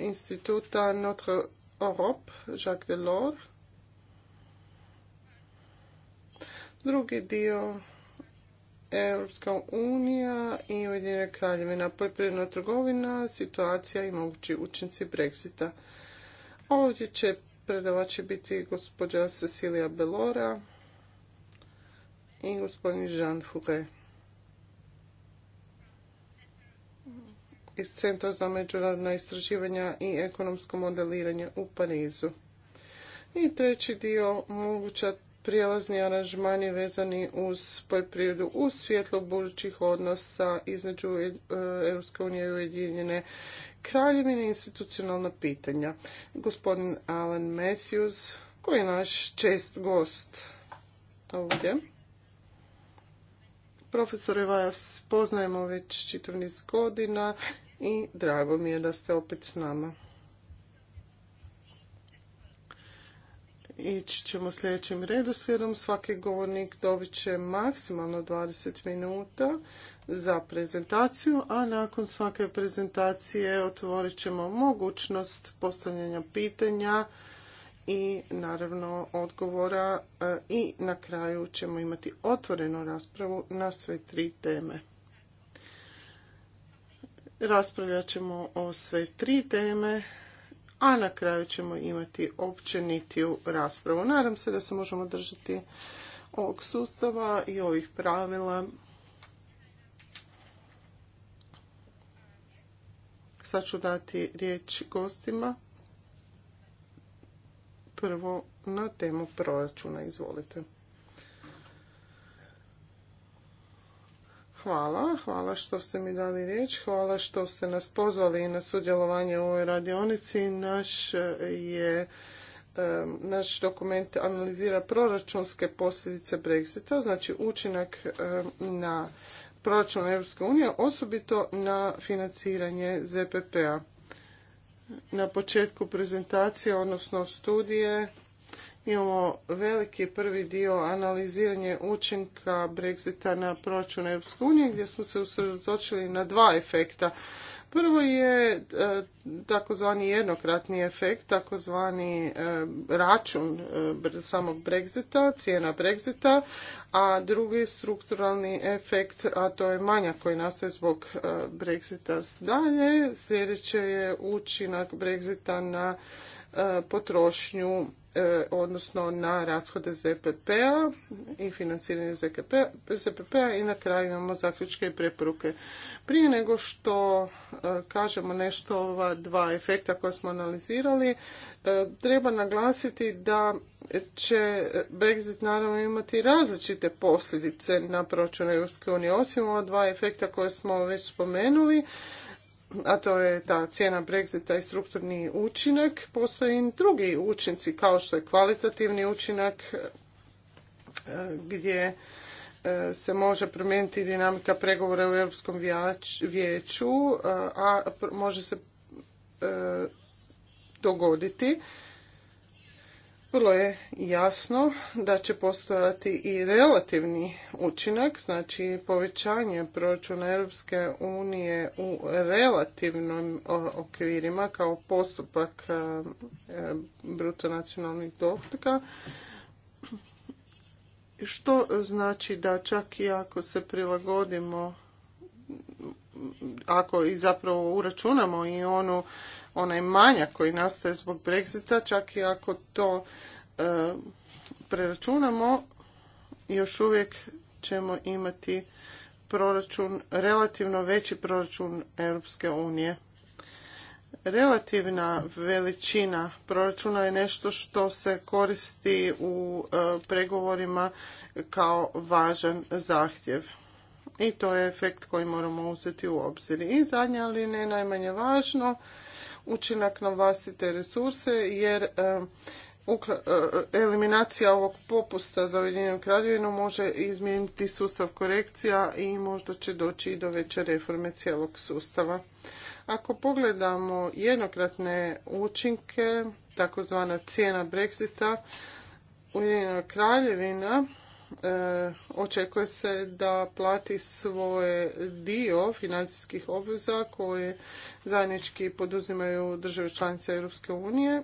Instituta Notre Europe, Jacques Delors. Drugi dio Europska unija i Ujedinjena kraljevina poljoprivredna trgovina, situacija i mogući učinci Brexita. Ovdje će predavači biti gospođa Cecilia Belora i gospodin Jean Fouquet. iz Centra za međunarodna istraživanja i ekonomsko modeliranje u Parizu. I treći dio moguća prijelazni aranžmani vezani uz poljoprivredu u svjetlu budućih odnosa između e, Europske unije i Ujedinjene kraljevine institucionalna pitanja. Gospodin Alan Matthews, koji je naš čest gost ovdje. Profesor Evajas poznajemo već čitav niz godina i drago mi je da ste opet s nama. Ići ćemo sljedećim redoslijedom. Svaki govornik dobit će maksimalno 20 minuta za prezentaciju, a nakon svake prezentacije otvorit ćemo mogućnost postavljanja pitanja i naravno odgovora e, i na kraju ćemo imati otvorenu raspravu na sve tri teme. Raspravljat ćemo o sve tri teme, a na kraju ćemo imati općenitiju raspravu. Nadam se da se možemo držati ovog sustava i ovih pravila. Sad ću dati riječ gostima. Prvo na temu proračuna. Izvolite. Hvala, hvala što ste mi dali riječ, hvala što ste nas pozvali na sudjelovanje u ovoj radionici. Naš je naš dokument analizira proračunske posljedice Brexita, znači učinak na proračun Europske unije, osobito na financiranje ZPP-a. Na početku prezentacije, odnosno studije, Imamo veliki prvi dio analiziranje učinka Brexita na proračun Europske unije gdje smo se usredotočili na dva efekta. Prvo je e, takozvani jednokratni efekt, takozvani e, račun e, samog Brexita, cijena Brexita, a drugi strukturalni efekt, a to je manja koji nastaje zbog Brexita dalje. Sljedeće je učinak Brexita na potrošnju E, odnosno na rashode ZPP-a i financiranje ZPP-a i na kraju imamo zaključke i preporuke. Prije nego što e, kažemo nešto ova dva efekta koja smo analizirali, e, treba naglasiti da će Brexit naravno imati različite posljedice na proračun EU, Osim ova dva efekta koje smo već spomenuli, a to je ta cijena Brexita i strukturni učinak, postoje i drugi učinci kao što je kvalitativni učinak e, gdje e, se može promijeniti dinamika pregovora u Europskom vijeću, e, a može se dogoditi vrlo je jasno da će postojati i relativni učinak, znači povećanje proračuna Europske unije u relativnim okvirima kao postupak e, e, bruto nacionalnih dohotka, što znači da čak i ako se prilagodimo ako i zapravo uračunamo i onu, onaj manjak koji nastaje zbog Brexita, čak i ako to e, preračunamo, još uvijek ćemo imati proračun, relativno veći proračun Europske unije. Relativna veličina proračuna je nešto što se koristi u e, pregovorima kao važan zahtjev. I to je efekt koji moramo uzeti u obzir. I zadnje, ali ne najmanje važno, učinak na vlastite resurse, jer e, e, eliminacija ovog popusta za Ujedinjenu kraljevinu može izmijeniti sustav korekcija i možda će doći i do veće reforme cijelog sustava. Ako pogledamo jednokratne učinke, takozvana cijena Brexita, Ujedinjena kraljevina E, očekuje se da plati svoj dio financijskih obveza koje zajednički poduzimaju države članice Europske unije.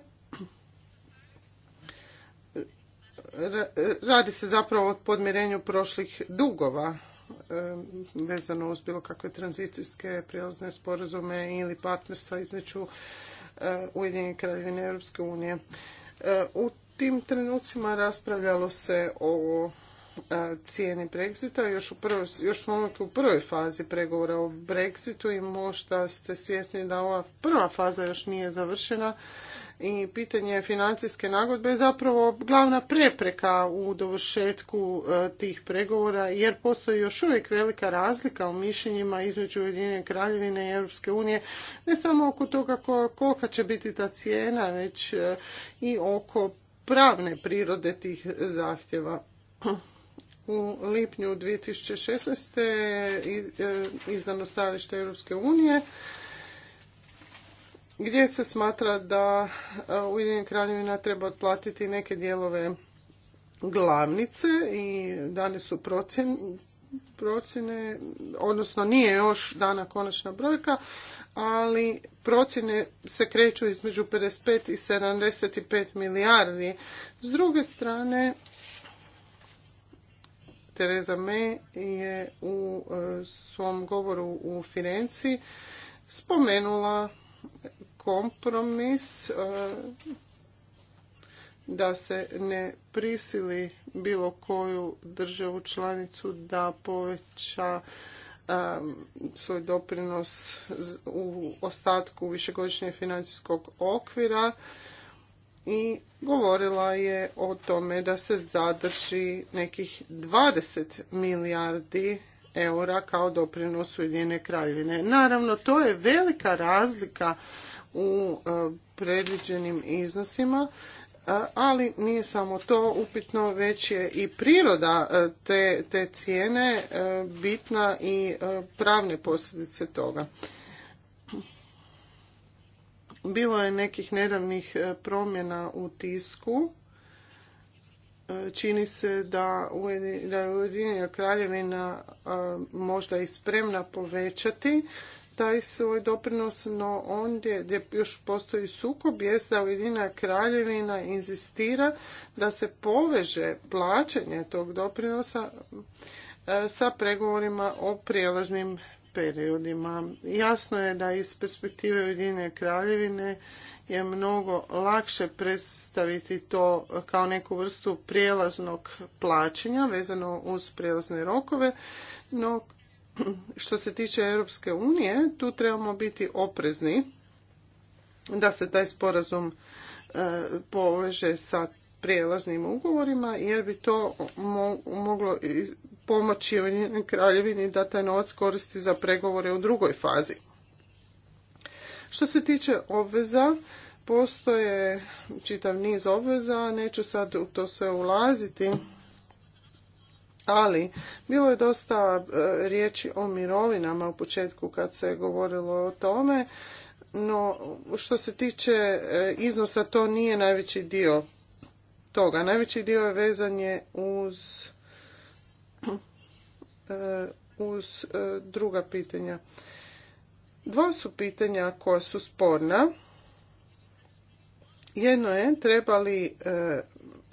Radi se zapravo o podmirenju prošlih dugova e, vezano uz bilo kakve tranzicijske prijelazne sporazume ili partnerstva između e, Ujedinjene kraljevine Europske unije. U tim trenucima raspravljalo se o cijeni Brexita. Još, u prvoj, još smo u prvoj fazi pregovora o Brexitu i možda ste svjesni da ova prva faza još nije završena i pitanje financijske nagodbe je zapravo glavna prepreka u dovršetku tih pregovora jer postoji još uvijek velika razlika u mišljenjima između Ujedinjene kraljevine i Europske unije ne samo oko toga kolika će biti ta cijena već i oko pravne prirode tih zahtjeva u lipnju 2016. E, izdano stajalište Europske unije gdje se smatra da e, Ujedinjena kraljevina treba otplatiti neke dijelove glavnice i dane su procjene procjene, odnosno nije još dana konačna brojka, ali procjene se kreću između 55 i 75 milijardi. S druge strane, Tereza May je u e, svom govoru u Firenci spomenula kompromis e, da se ne prisili bilo koju državu članicu da poveća e, svoj doprinos u ostatku višegodišnjeg financijskog okvira i govorila je o tome da se zadrži nekih 20 milijardi eura kao doprinos Ujedinjene kraljevine. Naravno, to je velika razlika u e, predviđenim iznosima, e, ali nije samo to upitno, već je i priroda e, te cijene bitna i pravne posljedice toga. Bilo je nekih nedavnih e, promjena u tisku. E, čini se da je Ujedinjena kraljevina e, možda i spremna povećati taj svoj doprinos, no ondje gdje još postoji sukob je da Ujedinjena kraljevina inzistira da se poveže plaćanje tog doprinosa sa pregovorima o prijelaznim periodima. Jasno je da iz perspektive Ujedinjene kraljevine je mnogo lakše predstaviti to kao neku vrstu prijelaznog plaćanja vezano uz prijelazne rokove, no što se tiče Europske unije, tu trebamo biti oprezni da se taj sporazum e, poveže sa prijelaznim ugovorima jer bi to moglo pomoći Kraljevini da taj novac koristi za pregovore u drugoj fazi. Što se tiče obveza, postoje čitav niz obveza, neću sad u to sve ulaziti, ali bilo je dosta e, riječi o mirovinama u početku kad se govorilo o tome, no što se tiče e, iznosa to nije najveći dio toga. Najveći dio je vezan je uz, e, uz e, druga pitanja. Dva su pitanja koja su sporna. Jedno je treba li e,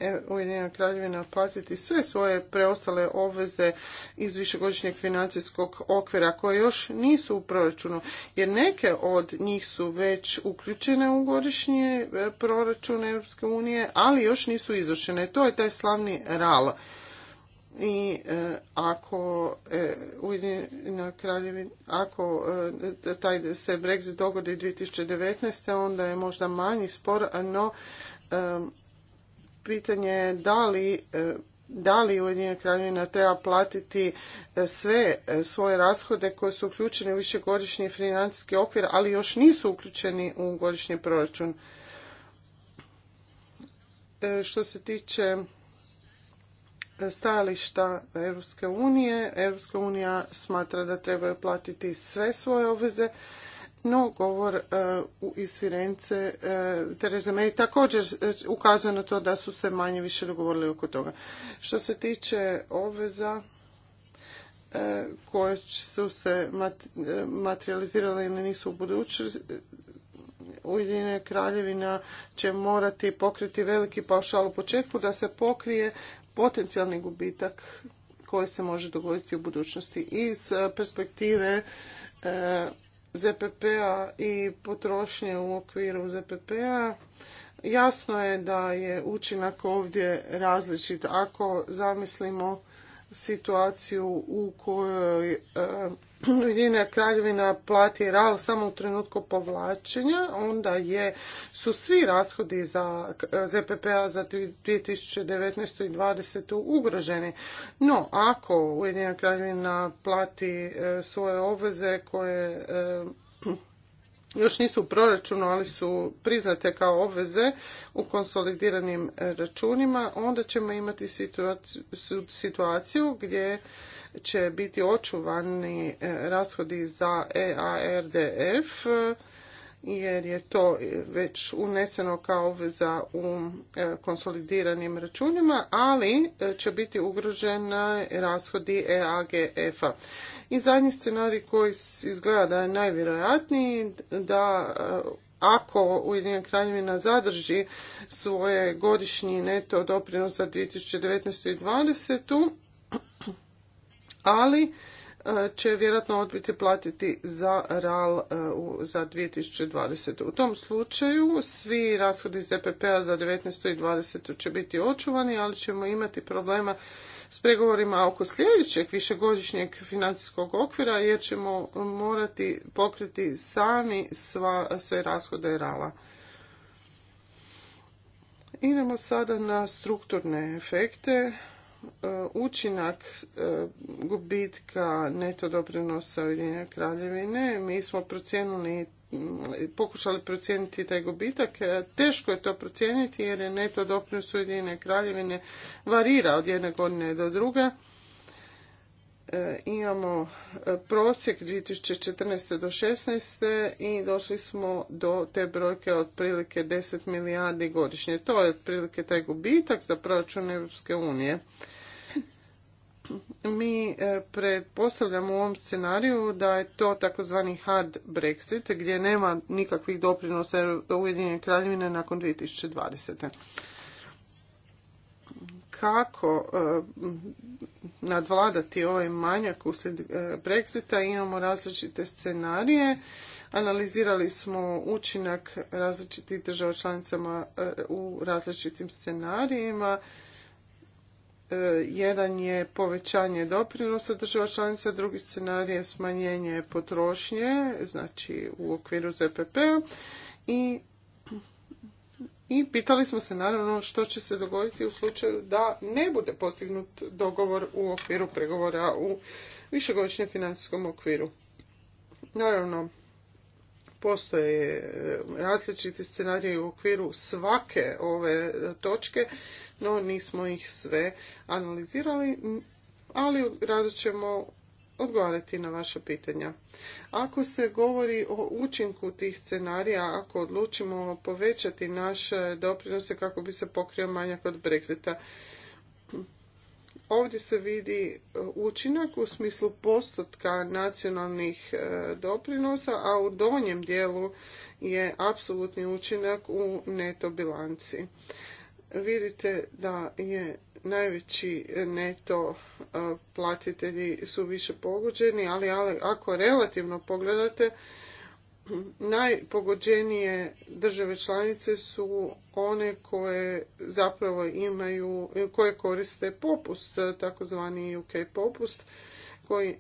E, Ujedinjena kraljevina platiti sve svoje preostale obveze iz višegodišnjeg financijskog okvira koje još nisu u proračunu, jer neke od njih su već uključene u godišnje e, proračune Europske unije, ali još nisu izvršene. To je taj slavni RAL i e, ako Ujedinjena kraljevina, ako taj se Brexit dogodi 2019. onda je možda manji spor, no pitanje je da li e, da li Ujedinjena kraljevina treba platiti e, sve e, svoje rashode koji su uključeni u višegodišnji financijski okvir, ali još nisu uključeni u godišnji proračun. Što se tiče stajališta Europske unije, Europska unija smatra da trebaju platiti sve svoje obveze no, govor e, iz Firence e, Tereza May također e, ukazuje na to da su se manje više dogovorili oko toga. Što se tiče obveza koje su se materializirale ili nisu u budućnosti, Ujedinjena kraljevina će morati pokriti veliki paušal u početku da se pokrije potencijalni gubitak koji se može dogoditi u budućnosti. Iz perspektive ZPP-a i potrošnje u okviru ZPP-a. Jasno je da je učinak ovdje različit. Ako zamislimo situaciju u kojoj e, [clears throat] Ujedinjena kraljevina plati RAL samo u trenutku povlačenja, onda je, su svi rashodi za ZPP-a za 2019. i 2020. ugroženi. No, ako Ujedinjena kraljevina plati e, svoje obveze koje e, još nisu u proračunu, ali su priznate kao obveze u konsolidiranim e, računima, onda ćemo imati situaciju gdje će biti očuvani e, rashodi za EARDF jer je to već uneseno kao obveza u e, konsolidiranim računima, ali e, će biti ugrožena e, rashodi EAGF-a. I zadnji scenarij koji izgleda da je najvjerojatniji da ako Ujedinjena kraljevina zadrži svoje godišnji neto doprinos za 2019. i 2020. ali će vjerojatno odbiti platiti za RAL e, za 2020. U tom slučaju svi rashodi iz DPP-a e za 19. i 20. će biti očuvani, ali ćemo imati problema s pregovorima oko sljedećeg višegodišnjeg financijskog okvira, jer ćemo morati pokriti sami sve rashode RAL-a. Idemo sada na strukturne efekte učinak e, gubitka neto doprinosa Ujedinjene kraljevine. Mi smo procijenili pokušali procijeniti taj gubitak. E, teško je to procijeniti jer je neto doprinos Ujedinjene kraljevine varira od jedne godine do druga. E, imamo e, prosjek 2014. do 2016. i došli smo do te brojke otprilike 10 milijardi godišnje. To je otprilike taj gubitak za proračun Europske unije. Mi e, pretpostavljamo u ovom scenariju da je to takozvani hard Brexit gdje nema nikakvih doprinosa Ujedinjene kraljevine nakon 2020 kako eh, nadvladati ovaj manjak uslijed eh, Brexita. Imamo različite scenarije. Analizirali smo učinak različitih država članicama eh, u različitim scenarijima. Jedan je povećanje doprinosa država članica, drugi scenarij je smanjenje potrošnje, znači u okviru ZPP-a i i pitali smo se naravno što će se dogoditi u slučaju da ne bude postignut dogovor u okviru pregovora u višegodišnjem financijskom okviru. Naravno, postoje različiti scenariji u okviru svake ove točke, no nismo ih sve analizirali, ali rado ćemo odgovarati na vaša pitanja. Ako se govori o učinku tih scenarija, ako odlučimo povećati naše doprinose kako bi se pokrio manjak od Brexita, ovdje se vidi e, učinak u smislu postotka nacionalnih e, doprinosa, a u donjem dijelu je apsolutni učinak u neto bilanci. Vidite da je najveći neto e, platitelji su više pogođeni, ali, ako relativno pogledate, najpogođenije države članice su one koje zapravo imaju, koje koriste popust, e, takozvani UK popust, koji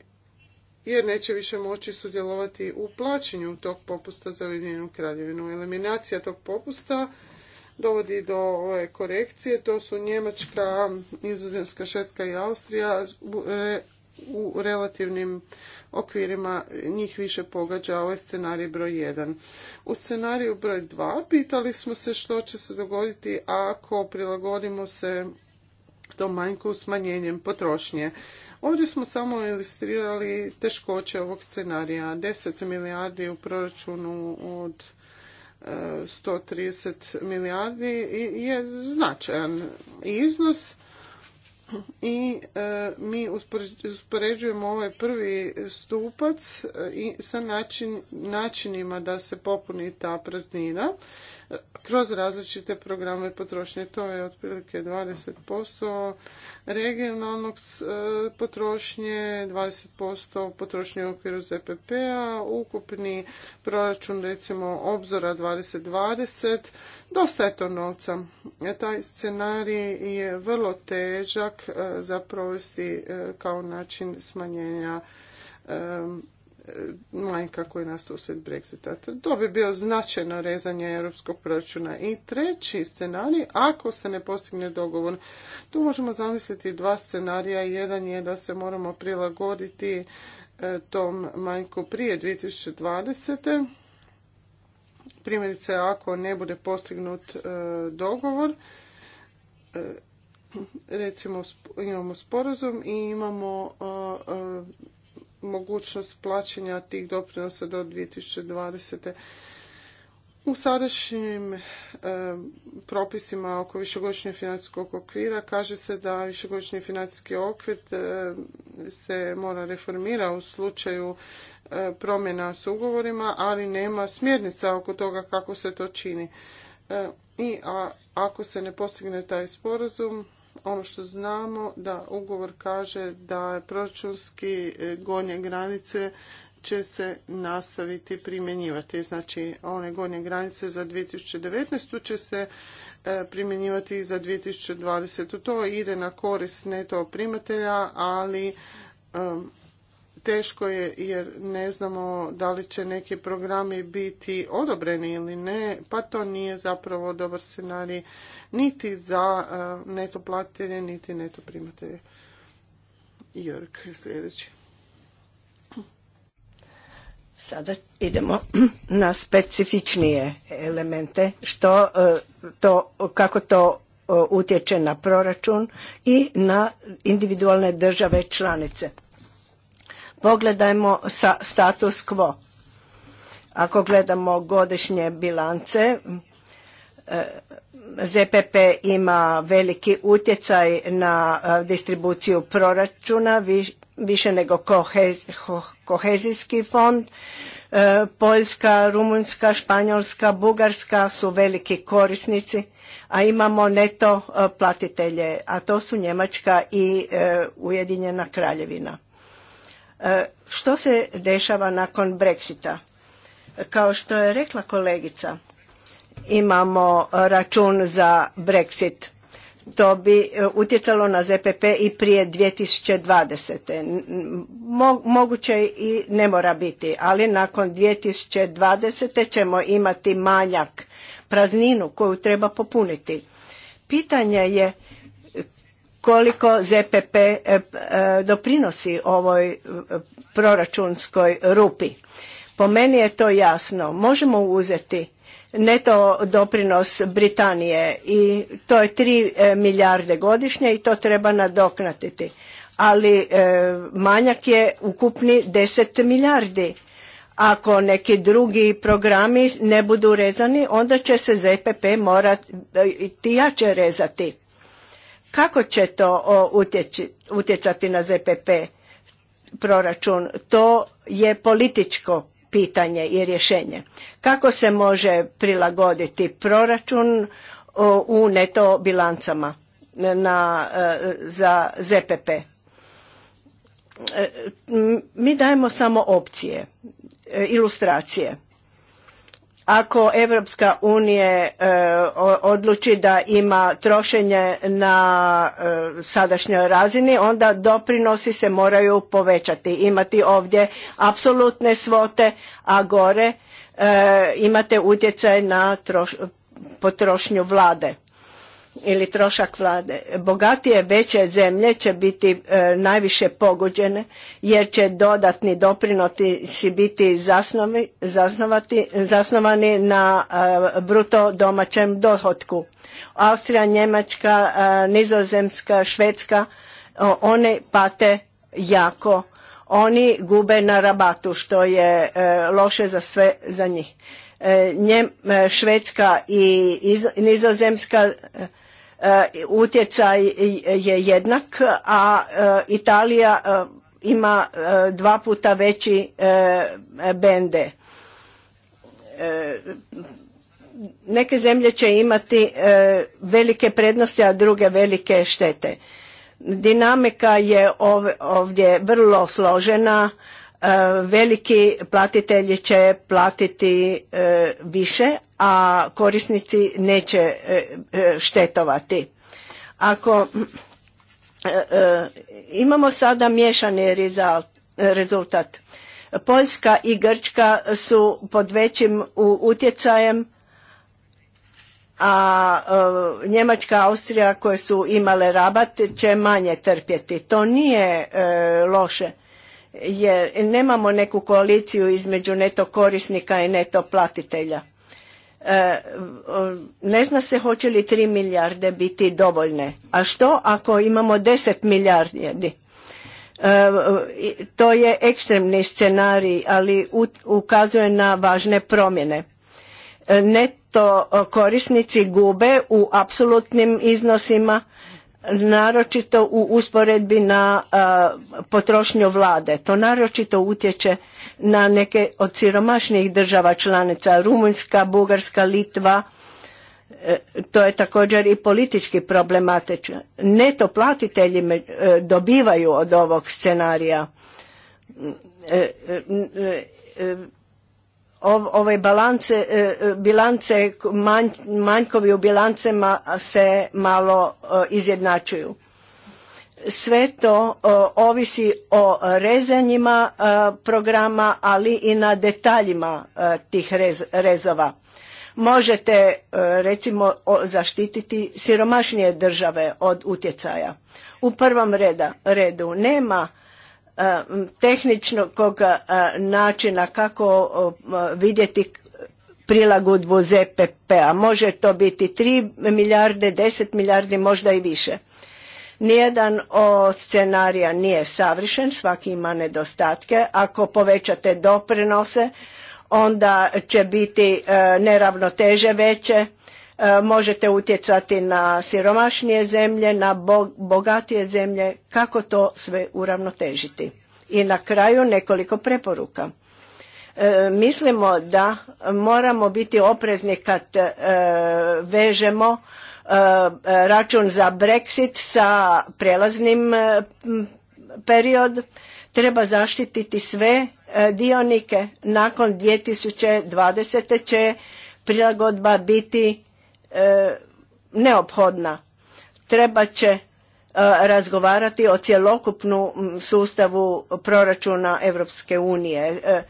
jer neće više moći sudjelovati u plaćanju tog popusta za Ujedinjenu kraljevinu. Eliminacija tog popusta dovodi do ove korekcije. To su Njemačka, Nizozemska, Švedska i Austrija u e, relativnim okvirima njih više pogađa ovaj scenarij broj 1. U scenariju broj 2 pitali smo se što će se dogoditi ako prilagodimo se tom manjku smanjenjem potrošnje. Ovdje smo samo ilustrirali teškoće ovog scenarija. 10 milijardi u proračunu od 130 milijardi je značajan iznos i e, mi uspoređujemo ovaj prvi stupac e, i sa načinima da se popuni ta praznina kroz različite programe potrošnje. To je otprilike 20% regionalnog e, potrošnje, 20% potrošnje u okviru ZPP-a, ukupni proračun recimo obzora 2020, dosta je to novca. E, taj scenarij je vrlo težak e, za provesti kao način smanjenja manjka koji nastao usred Brexita. To bi bio značajno rezanje europskog proračuna. I treći scenarij, ako se ne postigne dogovor, tu možemo zamisliti dva scenarija. Jedan je da se moramo prilagoditi e, tom manjku prije 2020. Primjerice, ako ne bude postignut e, dogovor, e, recimo imamo sporazum i imamo mogućnost plaćanja tih doprinosa do 2020. U sadašnjim e, propisima oko višegodišnjeg financijskog okvira kaže se da višegodišnji financijski okvir e, se mora reformira u slučaju e, promjena s ugovorima, ali nema smjernica oko toga kako se to čini. I ako se ne postigne taj sporazum, ono što znamo da ugovor kaže da proračunski e, gornje granice će se nastaviti primjenjivati. Znači one gornje granice za 2019. će se e, primjenjivati i za 2020. To ide na korist neto primatelja, ali e, teško je jer ne znamo da li će neki programi biti odobreni ili ne, pa to nije zapravo dobar scenarij niti za e, neto platitelje, niti neto primatelje. Jörg sljedeći. Sada idemo [clears throat] na specifičnije elemente, što e, to, kako to e, utječe na proračun i na individualne države članice. Pogledajmo sa status quo. Ako gledamo godišnje bilance, e, ZPP ima veliki utjecaj na e, distribuciju proračuna, više nego kohezijski fond. E, Poljska, Rumunjska, Španjolska, Bugarska su veliki korisnici, a imamo neto platitelje, a to su Njemačka i Ujedinjena kraljevina. E, što se dešava nakon Brexita? Kao što je rekla kolegica, imamo račun za Brexit. To bi e, utjecalo na ZPP i prije 2020. Moguće i ne mora biti, ali nakon 2020. ćemo imati manjak prazninu koju treba popuniti. Pitanje je koliko ZPP e, e, doprinosi ovoj e, proračunskoj rupi. Po meni je to jasno. Možemo uzeti neto doprinos Britanije i to je 3 milijarde godišnje i to treba nadoknatiti. Ali manjak je ukupni 10 milijardi. Ako neki drugi programi ne budu rezani, onda će se ZPP morati jače rezati kako će to utjecati na ZPP proračun? To je političko pitanje i rješenje. Kako se može prilagoditi proračun u neto bilancama na, e, za ZPP? E, mi dajemo samo opcije, e, ilustracije ako Europska unija e, odluči da ima trošenje na e, sadašnjoj razini, onda doprinosi se moraju povećati. Imati ovdje apsolutne svote, a gore e, imate utjecaj na potrošnju vlade ili trošak vlade. Bogatije veće zemlje će biti e, najviše pogođene jer će dodatni doprinoti biti zasnovati, zasnovani na e, bruto domaćem dohotku. Austrija, Njemačka, e, Nizozemska, Švedska, one pate jako. Oni gube na rabatu što je e, loše za sve za njih. Njem, Švedska i Nizozemska E, utjecaj je jednak, a e, Italija e, ima dva puta veći bende. Neke zemlje će imati velike prednosti, a druge velike štete. Dinamika je ovdje vrlo složena, E, veliki platitelji će platiti e, više, a korisnici neće e, štetovati. Ako imamo sada miješani rezultat, Poljska i Grčka su pod većim utjecajem, a Njemačka, Austrija koje su imale rabat će manje trpjeti. To nije loše jer nemamo neku koaliciju između neto korisnika i neto platitelja. E, ne zna se hoće li 3 milijarde biti dovoljne. A što ako imamo 10 milijardi? E, to je ekstremni scenarij, ali ukazuje na važne promjene. E, neto korisnici gube u apsolutnim iznosima, naročito u usporedbi na potrošnju vlade. To naročito utječe na neke od siromašnijih država članica, Rumunjska, Bugarska, Litva, e, to je također i politički problematično. Neto platitelji e, dobivaju od ovog scenarija. E, ove balance, e, e, bilance, manjkovi u bilancema se malo e, izjednačuju. Sve to ovisi o rezanjima programa, ali i na detaljima tih rezova. Možete recimo zaštititi siromašnije države od utjecaja. U prvom redu nema E, tehničnog e, načina kako e, vidjeti prilagodbu ZPP-a. Može to biti 3 milijarde, 10 milijardi, možda i više. Nijedan od scenarija nije savršen, svaki ima nedostatke. Ako povećate doprinose, onda će biti neravnoteže veće E, možete utjecati na siromašnije zemlje, na bogatije zemlje, kako to sve uravnotežiti. I na kraju nekoliko preporuka. E, mislimo da moramo biti oprezni kad e, vežemo račun za Brexit sa prelaznim period. Treba zaštititi sve dionike. Nakon 2020. će prilagodba biti E, neophodna. Treba će e, razgovarati o cjelokupnom sustavu proračuna Europske unije. E,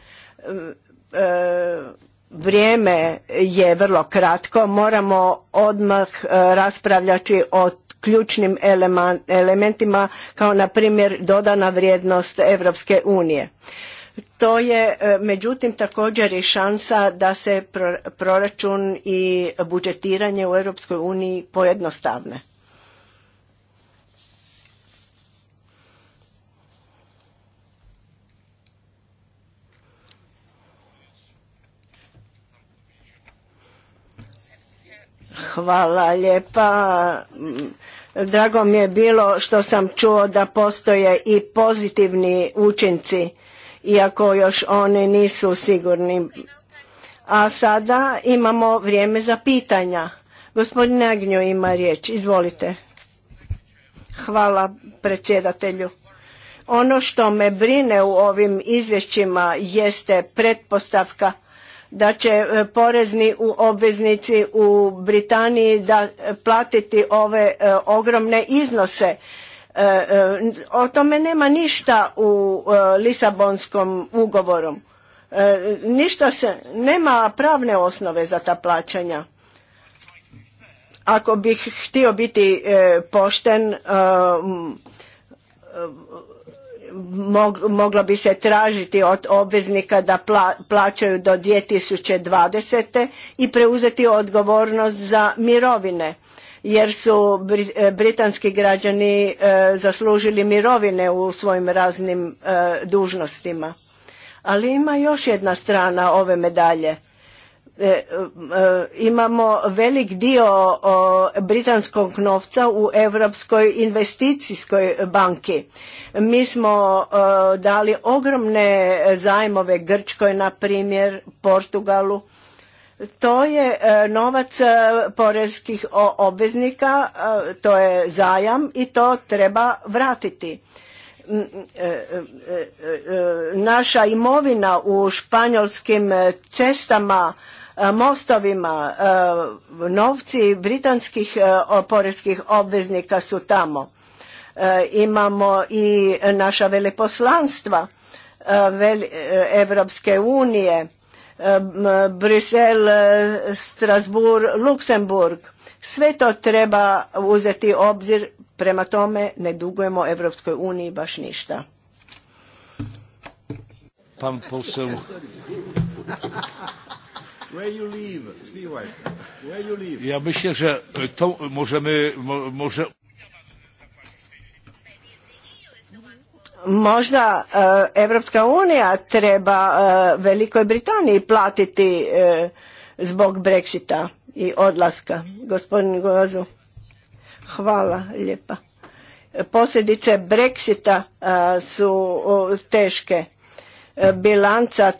vrijeme je vrlo kratko, moramo odmah raspravljati o ključnim elementima kao na primjer dodana vrijednost Europske unije to je e, međutim također i šansa da se proračun i budžetiranje u Europskoj uniji pojednostavne. Hvala lijepa. Drago mi je bilo što sam čuo da postoje i pozitivni učinci iako još oni nisu sigurni. A sada imamo vrijeme za pitanja. Gospodin Agnjo ima riječ, izvolite. Hvala predsjedatelju. Ono što me brine u ovim izvješćima jeste pretpostavka da će e, porezni obveznici u Britaniji da e, platiti ove e, ogromne iznose E, e, o tome nema ništa u e, Lisabonskom ugovoru. Ništa se, nema pravne osnove za ta plaćanja. Ako bih htio biti pošten, moglo bi se tražiti od obveznika da plaćaju do 2020. i preuzeti odgovornost za mirovine jer su e, britanski građani e, zaslužili mirovine u svojim raznim e, dužnostima. Ali ima još jedna strana ove medalje. Imamo velik dio britanskog novca u Europskoj investicijskoj banki. Mi smo dali ogromne zajmove Grčkoj, na primjer, Portugalu to je e, novac e, porezkih obveznika, e, to je zajam i to treba vratiti. Mm, mm, naša imovina u španjolskim cestama, mostovima, novci britanskih porezkih obveznika su tamo. Imamo i naša veleposlanstva Evropske unije Brisel, Strasbourg, Luksemburg. Sve to treba uzeti obzir, prema tome ne dugujemo Evropskoj uniji baš ništa. Pan posel. Ja myślę, że to możemy, może... Možda e, Evropska unija treba e, Velikoj Britaniji platiti e, zbog Brexita i odlaska. Gospodin Gozu, hvala lijepa. Posljedice Brexita su teške bilanca,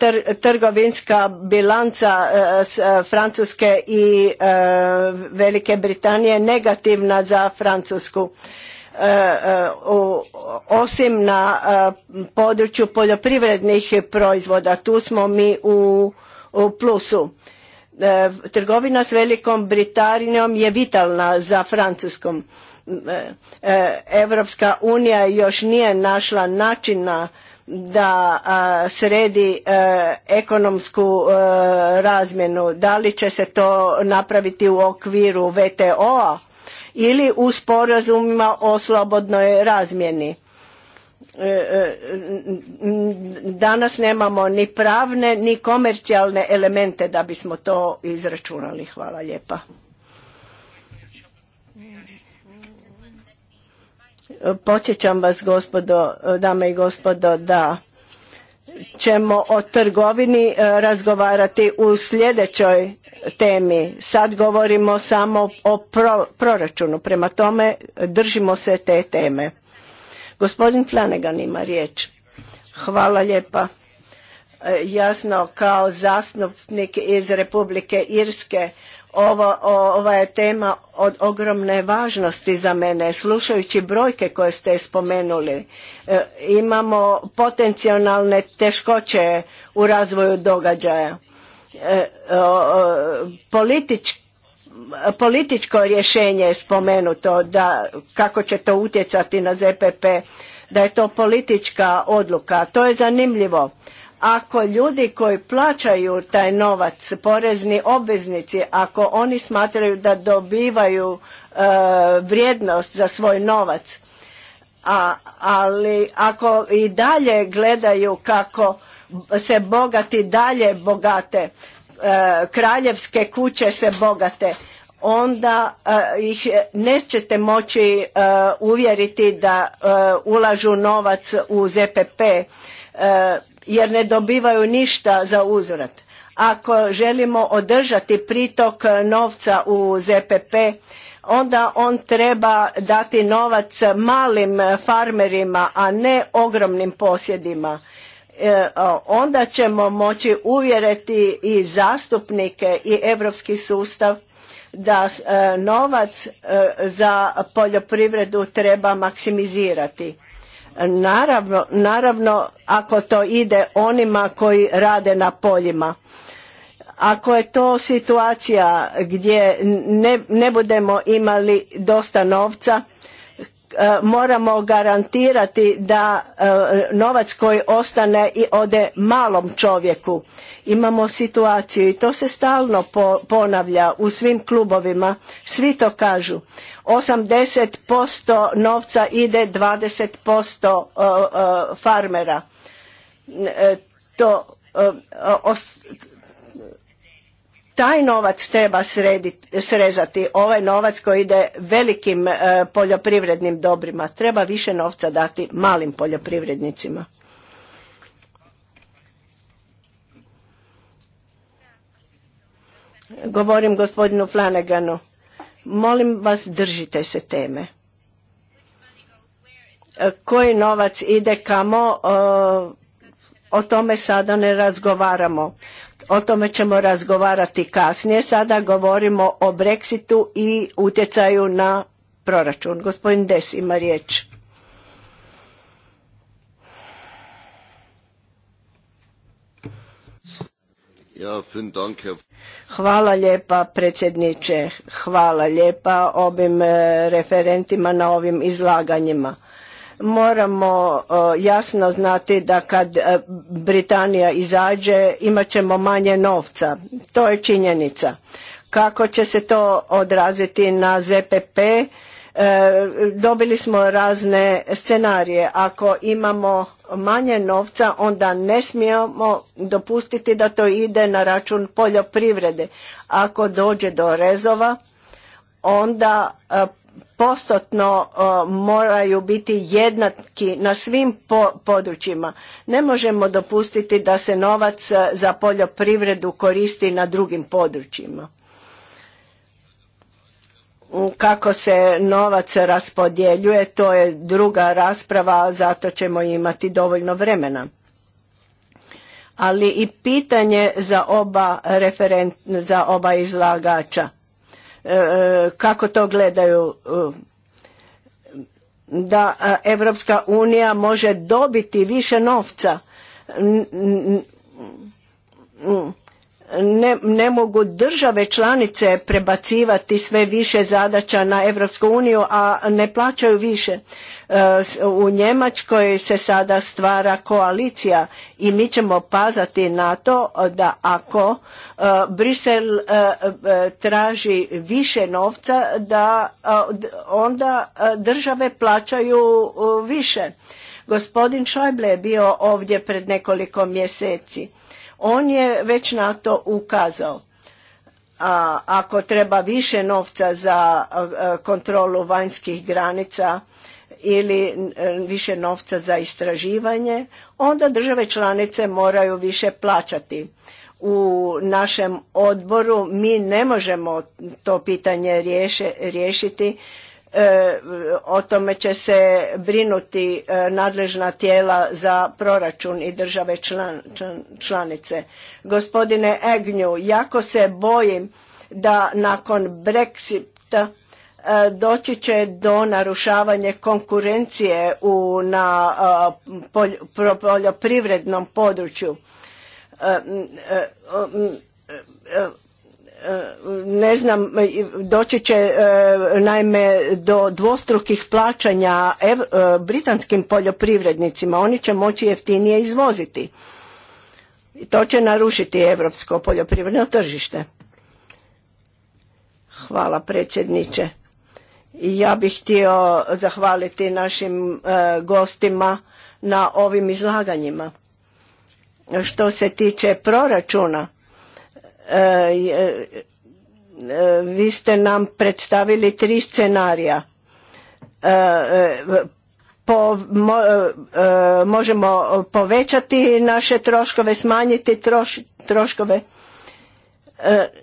trgovinska bilanca s Francuske i Velike Britanije negativna za Francusku. E, e, osim na e, području poljoprivrednih proizvoda. Tu smo mi u, plusu. Trgovina s Velikom Britanijom je vitalna za Francuskom. Evropska unija još nije našla načina da sredi ekonomsku razmjenu. Da li će se to napraviti u okviru VTO-a ili u sporazumima o slobodnoj razmjeni. E, e, danas nemamo ni pravne ni komercijalne elemente da bismo to izračunali. Hvala lijepa. Podsjećam vas gospodo, dame i gospodo, da ćemo o trgovini e, razgovarati u sljedećoj temi. Sad govorimo samo o proračunu, prema tome držimo se te teme. Gospodin Flanagan ima riječ. Hvala lijepa. E, jasno, kao zastupnik iz Republike Irske ova, ova je tema od ogromne važnosti za mene. Slušajući brojke koje ste spomenuli, e, imamo potencijalne teškoće u razvoju događaja. E, politič, političko rješenje je spomenuto da kako će to utjecati na ZPP, da je to politička odluka. To je zanimljivo, ako ljudi koji plaćaju taj novac, porezni obveznici, ako oni smatraju da dobivaju e, vrijednost za svoj novac, a, ali ako i dalje gledaju kako se bogati dalje bogate, e, kraljevske kuće se bogate, onda e, ih nećete moći uvjeriti da ulažu novac u ZPP jer ne dobivaju ništa za uzvrat. Ako želimo održati pritok novca u ZPP, onda on treba dati novac malim farmerima, a ne ogromnim posjedima. E, onda ćemo moći uvjeriti i zastupnike i evropski sustav da e, novac e, za poljoprivredu treba maksimizirati. Naravno, naravno ako to ide onima koji rade na poljima. Ako je to situacija gdje ne, ne budemo imali dosta novca, e, moramo garantirati da e, novac koji ostane i ode malom čovjeku Imamo situaciju i to se stalno ponavlja u svim klubovima. Svi to kažu. 80% novca ide 20% farmera. E, to taj novac treba srezati, ovaj novac koji ide velikim e, poljoprivrednim dobrima. Treba više novca dati malim poljoprivrednicima. Govorim gospodinu Flanaganu. Molim vas, držite se teme. E, koji novac ide kamo, e, o tome sada ne razgovaramo. O tome ćemo razgovarati kasnije. Sada govorimo o Brexitu i utjecaju na proračun. Gospodin Des ima riječ. Hvala lijepa predsjedniče, hvala lijepa ovim e, referentima na ovim izlaganjima. Moramo e, jasno znati da kad e, Britanija izađe imat ćemo manje novca. To je činjenica. Kako će se to odraziti na ZPP? Dobili smo razne scenarije. Ako imamo manje novca, onda ne smijemo dopustiti da to ide na račun poljoprivrede. Ako dođe do rezova, onda e, postotno e, moraju biti jednaki na svim područjima. Ne možemo dopustiti da se novac e, za poljoprivredu koristi na drugim područjima. Kako se novac raspodjeljuje, to je druga rasprava, zato ćemo imati dovoljno vremena. Ali i pitanje za oba, za oba izlagača. E, e, kako to gledaju e, da Evropska unija može dobiti više novca. Ne, ne mogu države članice prebacivati sve više zadaća na Europsku uniju, a ne plaćaju više. E, u Njemačkoj se sada stvara koalicija i mi ćemo pazati na to da ako e, Brisel e, traži više novca, da onda države plaćaju više. Gospodin Šojble je bio ovdje pred nekoliko mjeseci on je već na to ukazao. A ako treba više novca za kontrolu vanjskih granica ili više novca za istraživanje, onda države članice moraju više plaćati. U našem odboru mi ne možemo to pitanje riješiti E, o tome će se brinuti e, nadležna tijela za proračun i države članice. Gospodine Egnju, jako se bojim da nakon Brexita e, doći će do narušavanja konkurencije u, na poljoprivrednom području ne znam, doći će e, naime do dvostrukih plaćanja e, britanskim poljoprivrednicima. Oni će moći jeftinije izvoziti. I to će narušiti europsko poljoprivredno tržište. Hvala predsjedniče. Ja bih htio zahvaliti našim e, gostima na ovim izlaganjima. Što se tiče proračuna, E, e, vi ste nam predstavili tri scenarija. E, po, možemo povećati naše troškove, smanjiti troškove.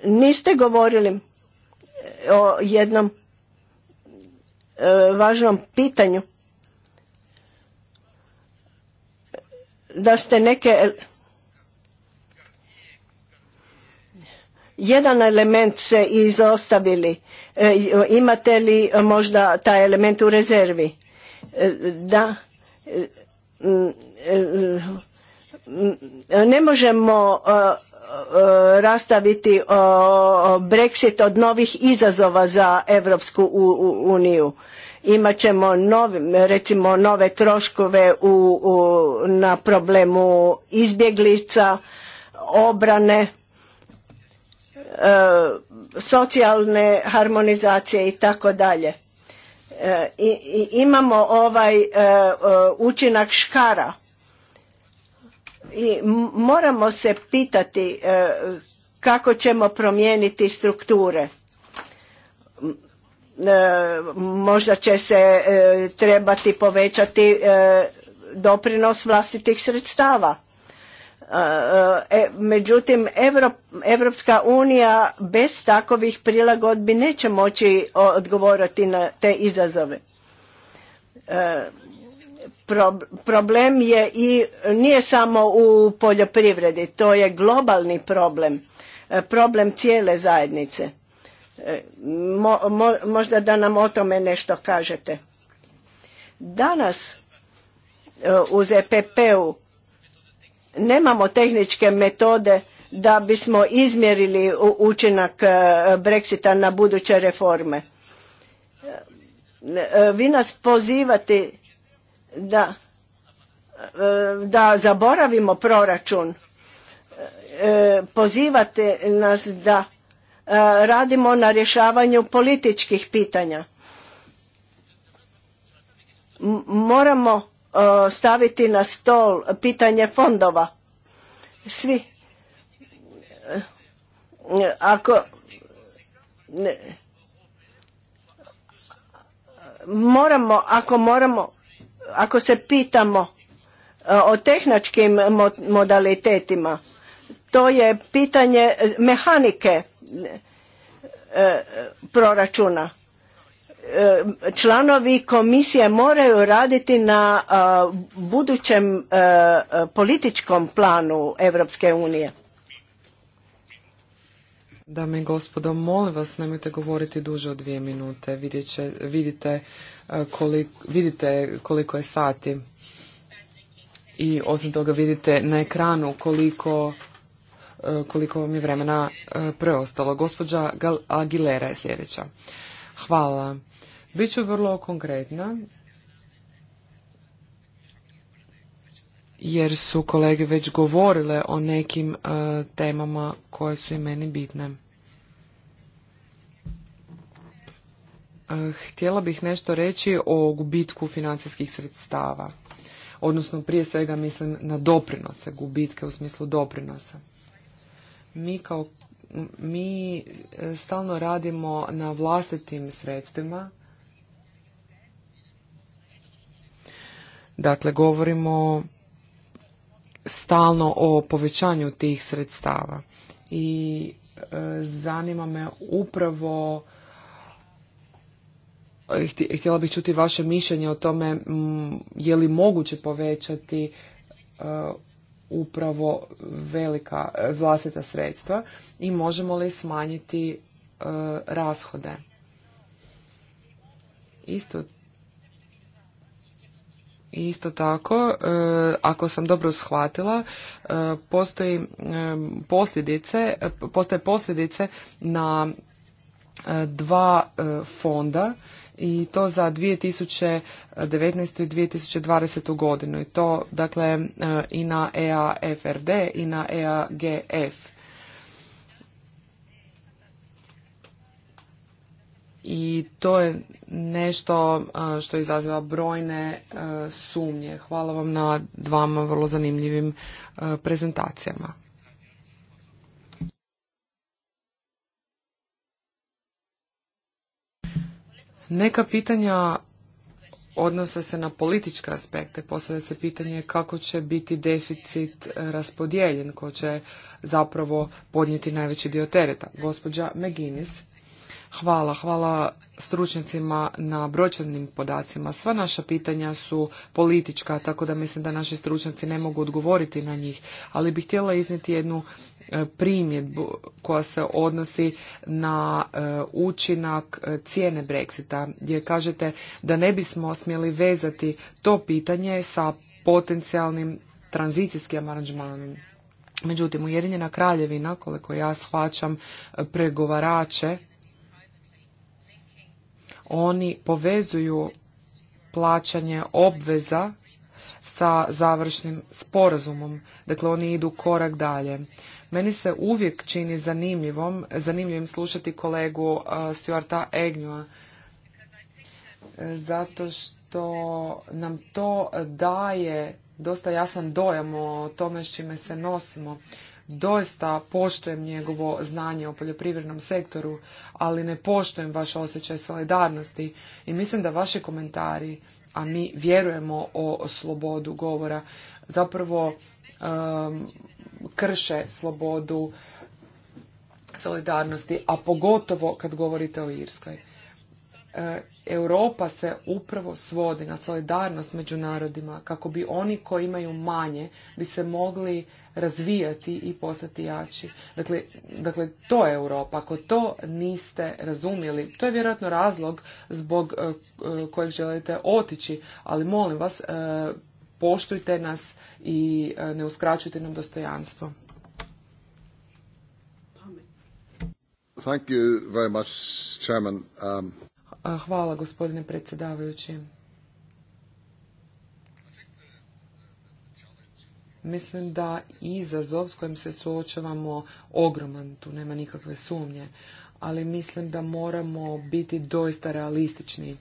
Niste govorili o jednom važnom pitanju da ste neke Jedan element se izostavili. E, imate li e, možda taj element u rezervi? E, da. Mm, ne možemo rastaviti Brexit od novih izazova za Evropsku uniju. Imaćemo recimo nove troškove u, u, na problemu izbjeglica, obrane E, socijalne harmonizacije i tako dalje. E, imamo ovaj e, učinak škara i moramo se pitati kako ćemo promijeniti strukture. Možda će se trebati povećati doprinos vlastitih sredstava E, međutim, Evropska unija bez takovih prilagodbi neće moći odgovoriti na te izazove. E, problem je i nije samo u poljoprivredi, to je globalni problem, e, problem cijele zajednice. možda da nam o tome nešto kažete. Danas u ZPP-u Nemamo tehničke metode da bismo izmjerili učinak e, Brexita na buduće reforme. E, e, vi nas pozivate da, da zaboravimo proračun. Pozivate nas da radimo na rješavanju političkih pitanja. Moramo E, staviti na stol pitanje fondova. Svi. E, ako moramo, ako moramo, ako se pitamo e, o tehničkim modalitetima, to je pitanje mehanike proračuna E, članovi komisije moraju raditi na e, budućem e, političkom planu Europske unije. Dame i gospodo, molim vas nemojte govoriti duže od dvije minute. vidite, koliko, vidite koliko je sati. I osim toga vidite na ekranu koliko koliko vam je vremena preostalo. Gospođa Aguilera je sljedeća. Hvala. Biću vrlo konkretna. jer su kolege već govorile o nekim e, temama koje su i meni bitne. Uh, htjela bih nešto reći o gubitku financijskih sredstava. Odnosno, prije svega mislim na doprinose, gubitke u smislu doprinosa. Mi kao mi e, stalno radimo na vlastitim sredstvima. Dakle, govorimo stalno o povećanju tih sredstava. I e, zanima me upravo e, htjela bih čuti vaše mišljenje o tome je li moguće povećati upravo velika e, vlastita sredstva i možemo li smanjiti e, rashode. Isto, isto tako, e, ako sam dobro shvatila, postoje posljedice na dva fonda i to za 2019. i 2020. godinu i to dakle e, i na EAFRD i na EAGF. I to je nešto e, što izaziva brojne e, sumnje. Hvala vam na dvama vrlo zanimljivim prezentacijama. Neka pitanja odnose se na političke aspekte. Postavlja se pitanje kako će biti deficit e, raspodijeljen, ko će zapravo podnijeti najveći dio tereta. Gospođa Meginis, hvala, hvala stručnjacima na broćanim podacima. Sva naša pitanja su politička, tako da mislim da naši stručnjaci ne mogu odgovoriti na njih, ali bih htjela izniti jednu E, primjedbu koja se odnosi na e, učinak e, cijene Brexita, gdje kažete da ne bismo smjeli vezati to pitanje sa potencijalnim tranzicijskim aranžmanom. Međutim, Ujedinjena kraljevina, koliko ja shvaćam pregovarače, oni povezuju plaćanje obveza sa završnim sporazumom. Dakle, oni idu korak dalje. Meni se uvijek čini zanimljivom, zanimljivim slušati kolegu uh, Stuarta Egnua, uh, zato što nam to daje dosta jasan dojam o tome s čime se nosimo. Doista poštujem njegovo znanje o poljoprivrednom sektoru, ali ne poštujem vaš osjećaj solidarnosti i mislim da vaši komentari, a mi vjerujemo o slobodu govora, zapravo um, krše slobodu solidarnosti, a pogotovo kad govorite o Irskoj. E, Europa se upravo svodi na solidarnost među narodima kako bi oni koji imaju manje bi se mogli razvijati i postati jači. Dakle, dakle to je Europa. Ako to niste razumjeli, to je vjerojatno razlog zbog e, e, kojeg želite otići, ali molim vas, poštujte nas i e, ne uskraćujte nam dostojanstvo. Um, hvala gospodine predsjedavajući. Mislim da izazov s kojim se suočavamo ogroman, tu nema nikakve sumnje, ali mislim da moramo biti doista realistični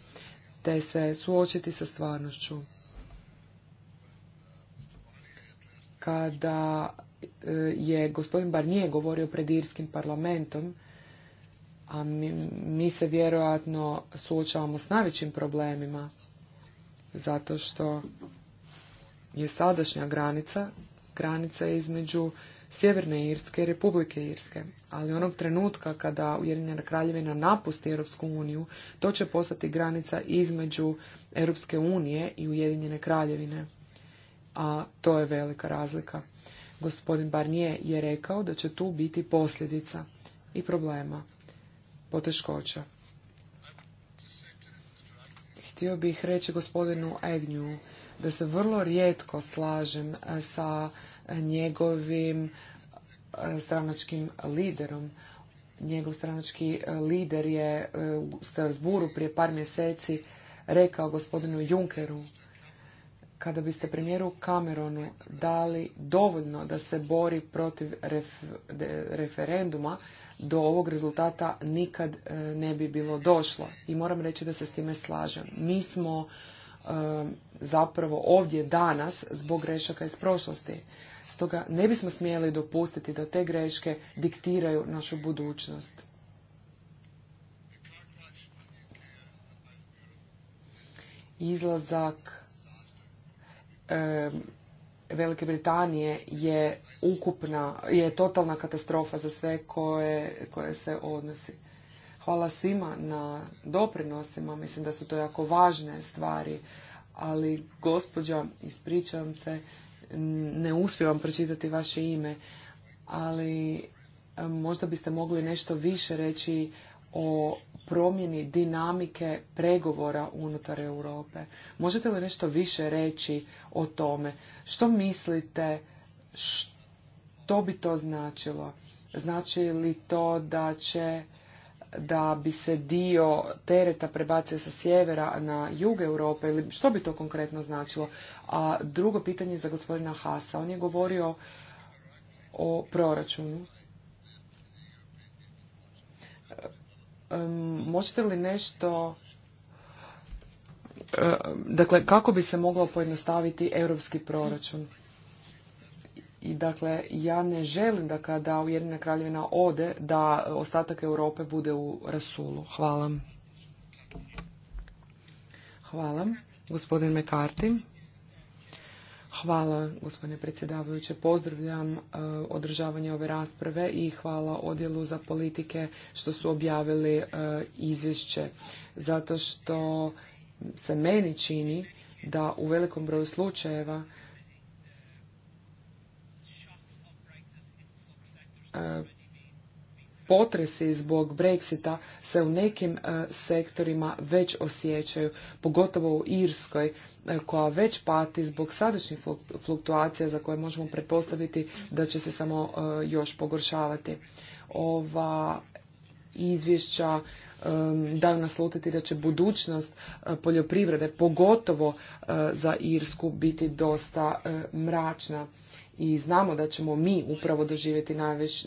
te se suočiti sa stvarnošću. kada e, je gospodin Barnije govorio pred Irskim parlamentom, a mi, se vjerojatno suočavamo s najvećim problemima, zato što je sadašnja granica, granica između Sjeverne Irske i Republike Irske. Ali onog trenutka kada Ujedinjena kraljevina napusti Europsku uniju, to će postati granica između Europske unije i Ujedinjene kraljevine a to je velika razlika. Gospodin Barnier je rekao da će tu biti posljedica i problema, poteškoća. Htio bih reći gospodinu Egnju da se vrlo rijetko slažem eh, sa njegovim eh, stranačkim liderom. Njegov stranački eh, lider je u Strasburu prije par mjeseci rekao gospodinu Junkeru kada biste premijeru Cameronu dali dovoljno da se bori protiv referenduma, do ovog rezultata nikad e, ne bi bilo došlo. I moram reći da se s time slažem. Mi smo e, zapravo ovdje danas zbog grešaka iz prošlosti. Stoga ne bismo smjeli dopustiti da te greške diktiraju našu budućnost. Izlazak Velike Britanije je ukupna, je totalna katastrofa za sve koje, koje se odnosi. Hvala svima na doprinosima, mislim da su to jako važne stvari, ali gospođa, ispričavam se, ne uspijevam pročitati vaše ime, ali možda biste mogli nešto više reći o promjeni dinamike pregovora unutar Europe. Možete li nešto više reći o tome? Što mislite, što bi to značilo? Znači li to da će da bi se dio tereta prebacio sa sjevera na jug Europe ili što bi to konkretno značilo? A drugo pitanje je za gospodina Hasa. On je govorio o proračunu možete li nešto e, dakle kako bi se moglo pojednostaviti europski proračun i dakle ja ne želim da kada Ujedinjena kraljevina ode da ostatak Europe bude u rasulu. Hvala. Hvala. Gospodin Mekarti. Hvala, gospodine predsjedavajuće. Pozdravljam e, održavanje ove rasprave i hvala odjelu za politike što su objavili e, izvješće. Zato što se meni čini da u velikom broju slučajeva e, potresi zbog Brexita se u nekim e, sektorima već osjećaju, pogotovo u Irskoj e, koja već pati zbog sadašnjih fluktuacija za koje možemo pretpostaviti da će se samo e, još pogoršavati. Ova izvješća daju naslutiti da će budućnost poljoprivrede, pogotovo za Irsku, biti dosta mračna i znamo da ćemo mi upravo doživjeti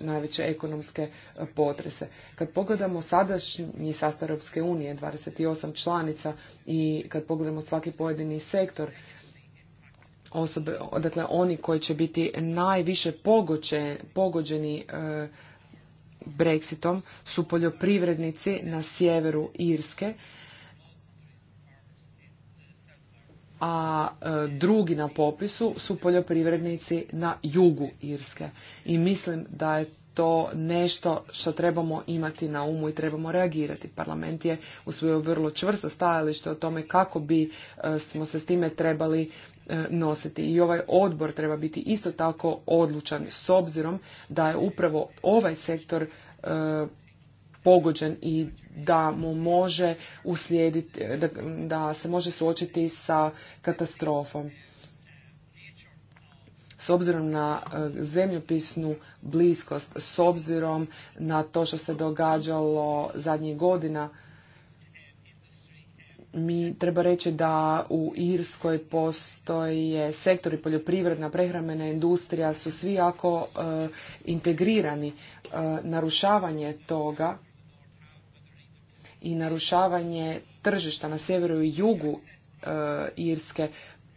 najveće ekonomske e, potrese. Kad pogledamo sadašnji sastav Europske unije, 28 članica i kad pogledamo svaki pojedini sektor, osobe, dakle oni koji će biti najviše pogođeni e, Brexitom su poljoprivrednici na sjeveru Irske a e, drugi na popisu su poljoprivrednici na jugu Irske. I mislim da je to nešto što trebamo imati na umu i trebamo reagirati. Parlament je svojoj vrlo čvrsto stajalište o tome kako bi e, smo se s time trebali e, nositi. I ovaj odbor treba biti isto tako odlučan s obzirom da je upravo ovaj sektor pogođen i da mu može uslijediti, da, se može suočiti sa katastrofom. S obzirom na e, zemljopisnu bliskost, s obzirom na to što se događalo zadnjih godina, mi treba reći da u Irskoj postoje sektori poljoprivredna, prehrambena industrija su svi jako e, integrirani. E, narušavanje toga i narušavanje tržišta na sjeveru i jugu e, Irske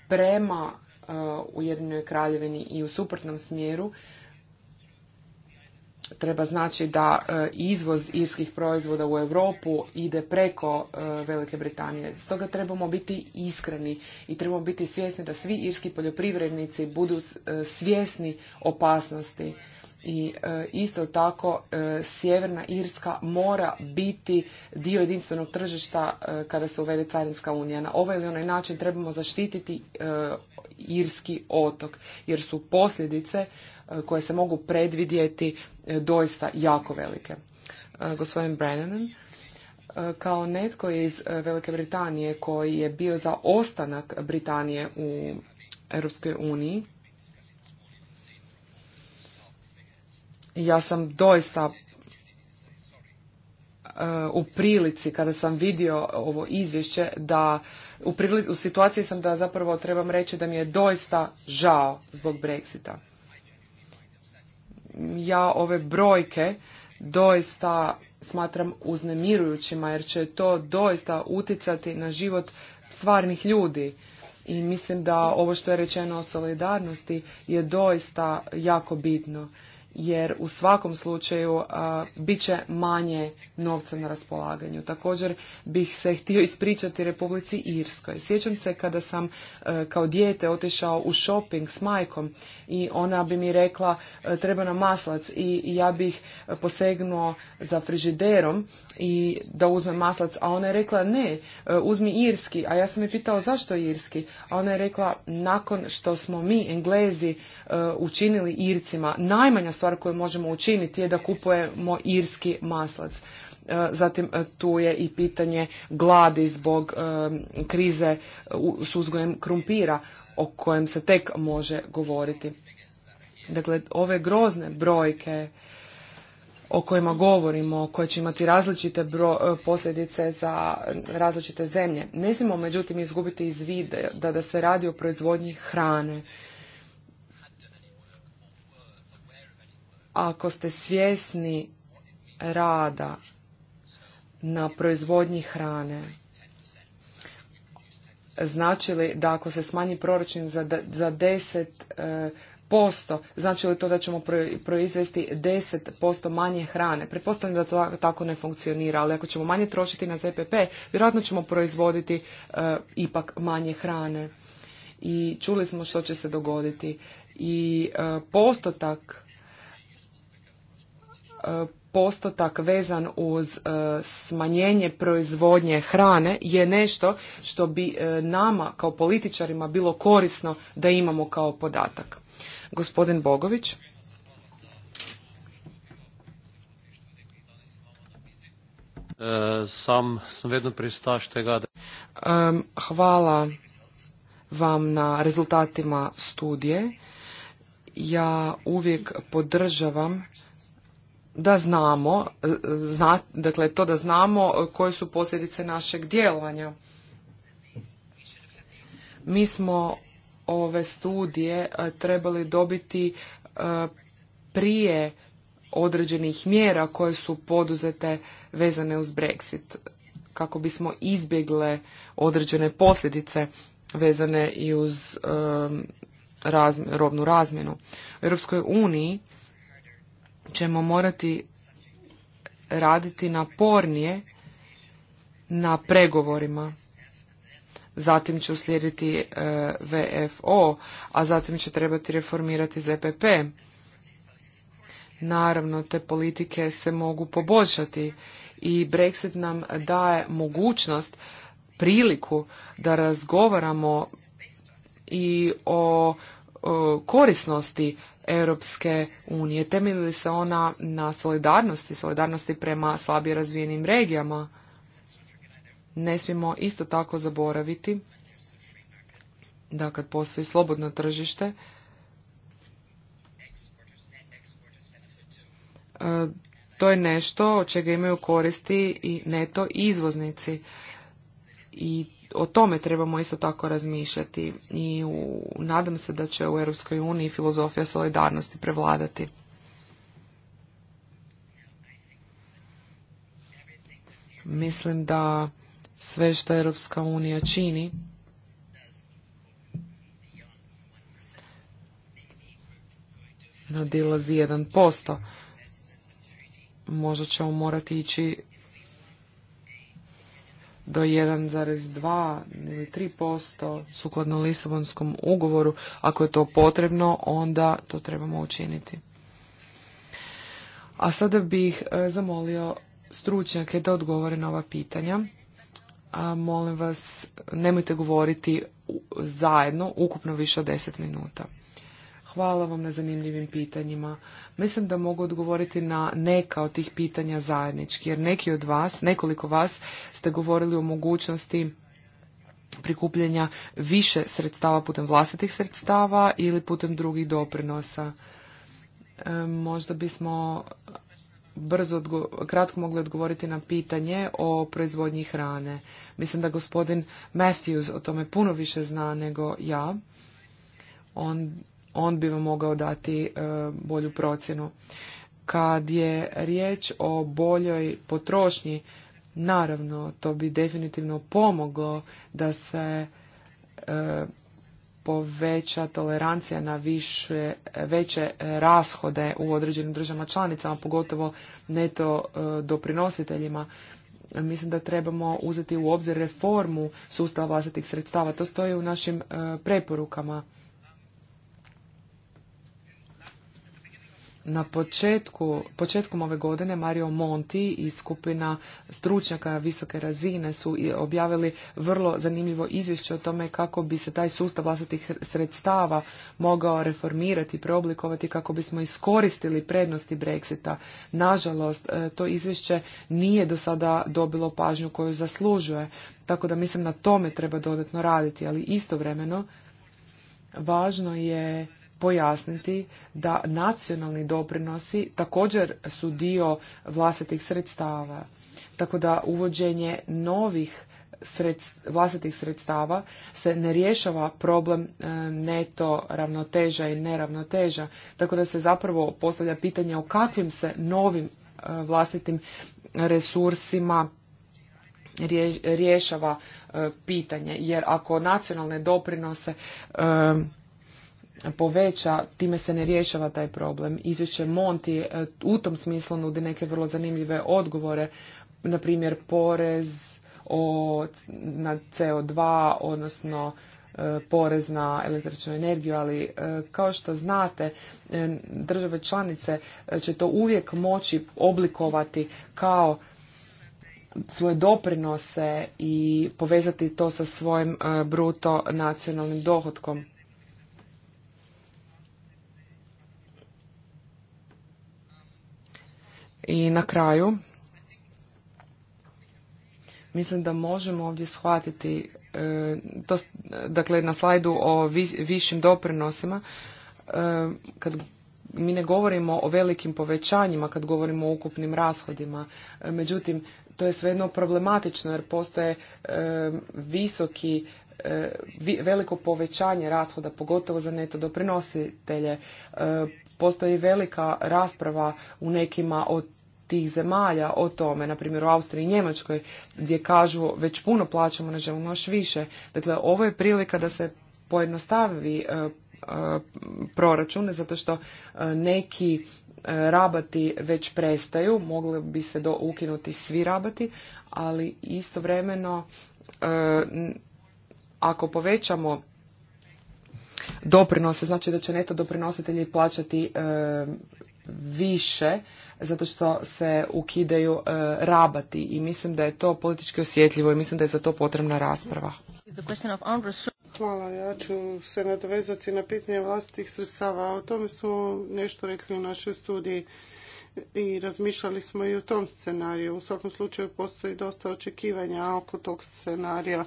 prema e, Ujedinjenoj kraljevini i u suprotnom smjeru treba znači da e, izvoz irskih proizvoda u Europu ide preko Velike Britanije. Stoga trebamo biti iskreni i trebamo biti svjesni da svi irski poljoprivrednici budu svjesni opasnosti i e, isto tako e, Sjeverna Irska mora biti dio jedinstvenog tržišta e, kada se uvede Carinska unija. Na ovaj ili onaj način trebamo zaštititi Irski otok jer su posljedice koje se mogu predvidjeti doista jako velike. Gospodin Brennan, kao netko iz Velike Britanije koji je bio za ostanak Britanije u Europskoj uniji, ja sam doista e, u prilici kada sam vidio ovo izvješće da u, u situaciji sam da zapravo trebam reći da mi je doista žao zbog Brexita. Ja ove brojke doista smatram uznemirujućima jer će to doista utjecati na život stvarnih ljudi i mislim da ovo što je rečeno o solidarnosti je doista jako bitno jer u svakom slučaju a, bit će manje novca na raspolaganju. Također bih se htio ispričati Republici Irskoj. Sjećam se kada sam e, kao dijete otišao u shopping s majkom i ona bi mi rekla e, treba nam maslac i, ja bih posegnuo za frižiderom i da uzme maslac, a ona je rekla ne, e, uzmi irski, a ja sam je pitao zašto irski, a ona je rekla nakon što smo mi Englezi učinili Ircima najmanja stvar stvar koju možemo učiniti je da kupujemo irski maslac. E, zatim e, tu je i pitanje gladi zbog e, krize s uzgojem krumpira o kojem se tek može govoriti. Dakle, ove grozne brojke o kojima govorimo, koje će imati različite posljedice za različite zemlje. Ne smijemo međutim izgubiti iz vide da se radi o proizvodnji hrane, ako ste svjesni rada na proizvodnji hrane, znači li da ako se smanji proračun za, za 10 e, posto, znači li to da ćemo proizvesti 10% manje hrane? Pretpostavljam da to tako ne funkcionira, ali ako ćemo manje trošiti na ZPP, vjerojatno ćemo proizvoditi e, ipak manje hrane. I čuli smo što će se dogoditi. I e, postotak E, postotak vezan uz e, smanjenje proizvodnje hrane je nešto što bi e, nama kao političarima bilo korisno da imamo kao podatak. Gospodin Bogović. Sam sam vedno Hvala vam na rezultatima studije. Ja uvijek podržavam da znamo, e, dakle to da znamo koje su posljedice našeg djelovanja. Mi smo ove studije e, trebali dobiti e, prije određenih mjera koje su poduzete vezane uz Brexit kako bismo izbjegle određene posljedice vezane i uz robnu razmjenu. U Europskoj uniji ćemo morati raditi napornije na pregovorima. Zatim će uslijediti e, VFO, a zatim će trebati reformirati ZPP. Naravno, te politike se mogu poboljšati i Brexit nam daje mogućnost, priliku da razgovaramo i o korisnosti Europske unije? Temelji li se ona na solidarnosti, solidarnosti prema slabije razvijenim regijama? Ne smijemo isto tako zaboraviti da kad postoji slobodno tržište, e, to je nešto od čega imaju koristi i neto izvoznici. I o tome trebamo isto tako razmišljati i u, nadam se da će u Europskoj uniji filozofija solidarnosti prevladati. Mislim da sve što Europska unija čini nadilazi 1%. Možda ćemo morati ići do 1,2 ili 3% sukladno Lisabonskom ugovoru. Ako je to potrebno, onda to trebamo učiniti. A sada bih e, zamolio stručnjake da odgovore na ova pitanja. A molim vas, nemojte govoriti zajedno, ukupno više od 10 minuta. Hvala vam na zanimljivim pitanjima. Mislim da mogu odgovoriti na neka od tih pitanja zajednički, jer neki od vas, nekoliko vas ste govorili o mogućnosti prikupljanja više sredstava putem vlastitih sredstava ili putem drugih doprinosa. E, možda bismo brzo, kratko mogli odgovoriti na pitanje o proizvodnji hrane. Mislim da gospodin Matthews o tome puno više zna nego ja. On on bi vam mogao dati e, bolju procjenu. Kad je riječ o boljoj potrošnji, naravno to bi definitivno pomoglo da se e, poveća tolerancija na više, veće rashode u određenim državama članicama, pogotovo neto e, doprinositeljima. Mislim da trebamo uzeti u obzir reformu sustava vlastitih sredstava. To stoji u našim preporukama. Na početku, početkom ove godine Mario Monti i skupina stručnjaka visoke razine su objavili vrlo zanimljivo izvješće o tome kako bi se taj sustav vlastitih sredstava mogao reformirati, preoblikovati kako bismo iskoristili prednosti Brexita. Nažalost, e, to izvješće nije do sada dobilo pažnju koju zaslužuje, tako da mislim na tome treba dodatno raditi, ali istovremeno važno je pojasniti da nacionalni doprinosi također su dio vlastitih sredstava. Tako da uvođenje novih vlastitih sredstava se ne rješava problem e, neto ravnoteža i neravnoteža. Tako da se zapravo postavlja pitanje o kakvim se novim e, vlastitim resursima rješava e, pitanje. Jer ako nacionalne doprinose poveća, time se ne rješava taj problem. Izvješće Monti e, u tom smislu nudi neke vrlo zanimljive odgovore, na primjer porez na CO2, odnosno e, porez na električnu energiju, ali e, kao što znate, države članice će to uvijek moći oblikovati kao svoje doprinose i povezati to sa svojim bruto nacionalnim dohodkom I na kraju, mislim da možemo ovdje shvatiti, e, dakle na slajdu o višim doprinosima, e, kad mi ne govorimo o velikim povećanjima kad govorimo o ukupnim rashodima. E, međutim, to je sve jedno problematično jer postoje visoki veliko povećanje rashoda, pogotovo za neto doprinositelje. postoji velika rasprava u nekima od tih zemalja o tome, na primjer u Austriji i Njemačkoj, gdje kažu već puno plaćamo, ne želimo još više. Dakle, ovo je prilika da se pojednostavi e, e, proračun, zato što e, neki rabati već prestaju, mogli bi se ukinuti svi rabati, ali istovremeno ako povećamo doprinose, znači da će neto doprinositelji plaćati više zato što se ukidaju e, rabati i mislim da je to politički osjetljivo i mislim da je za to potrebna rasprava. Hvala, ja ću se nadovezati na pitanje vlastitih sredstava. O tome smo nešto rekli u našoj studiji i razmišljali smo i u tom scenariju. U svakom slučaju postoji dosta očekivanja oko tog scenarija.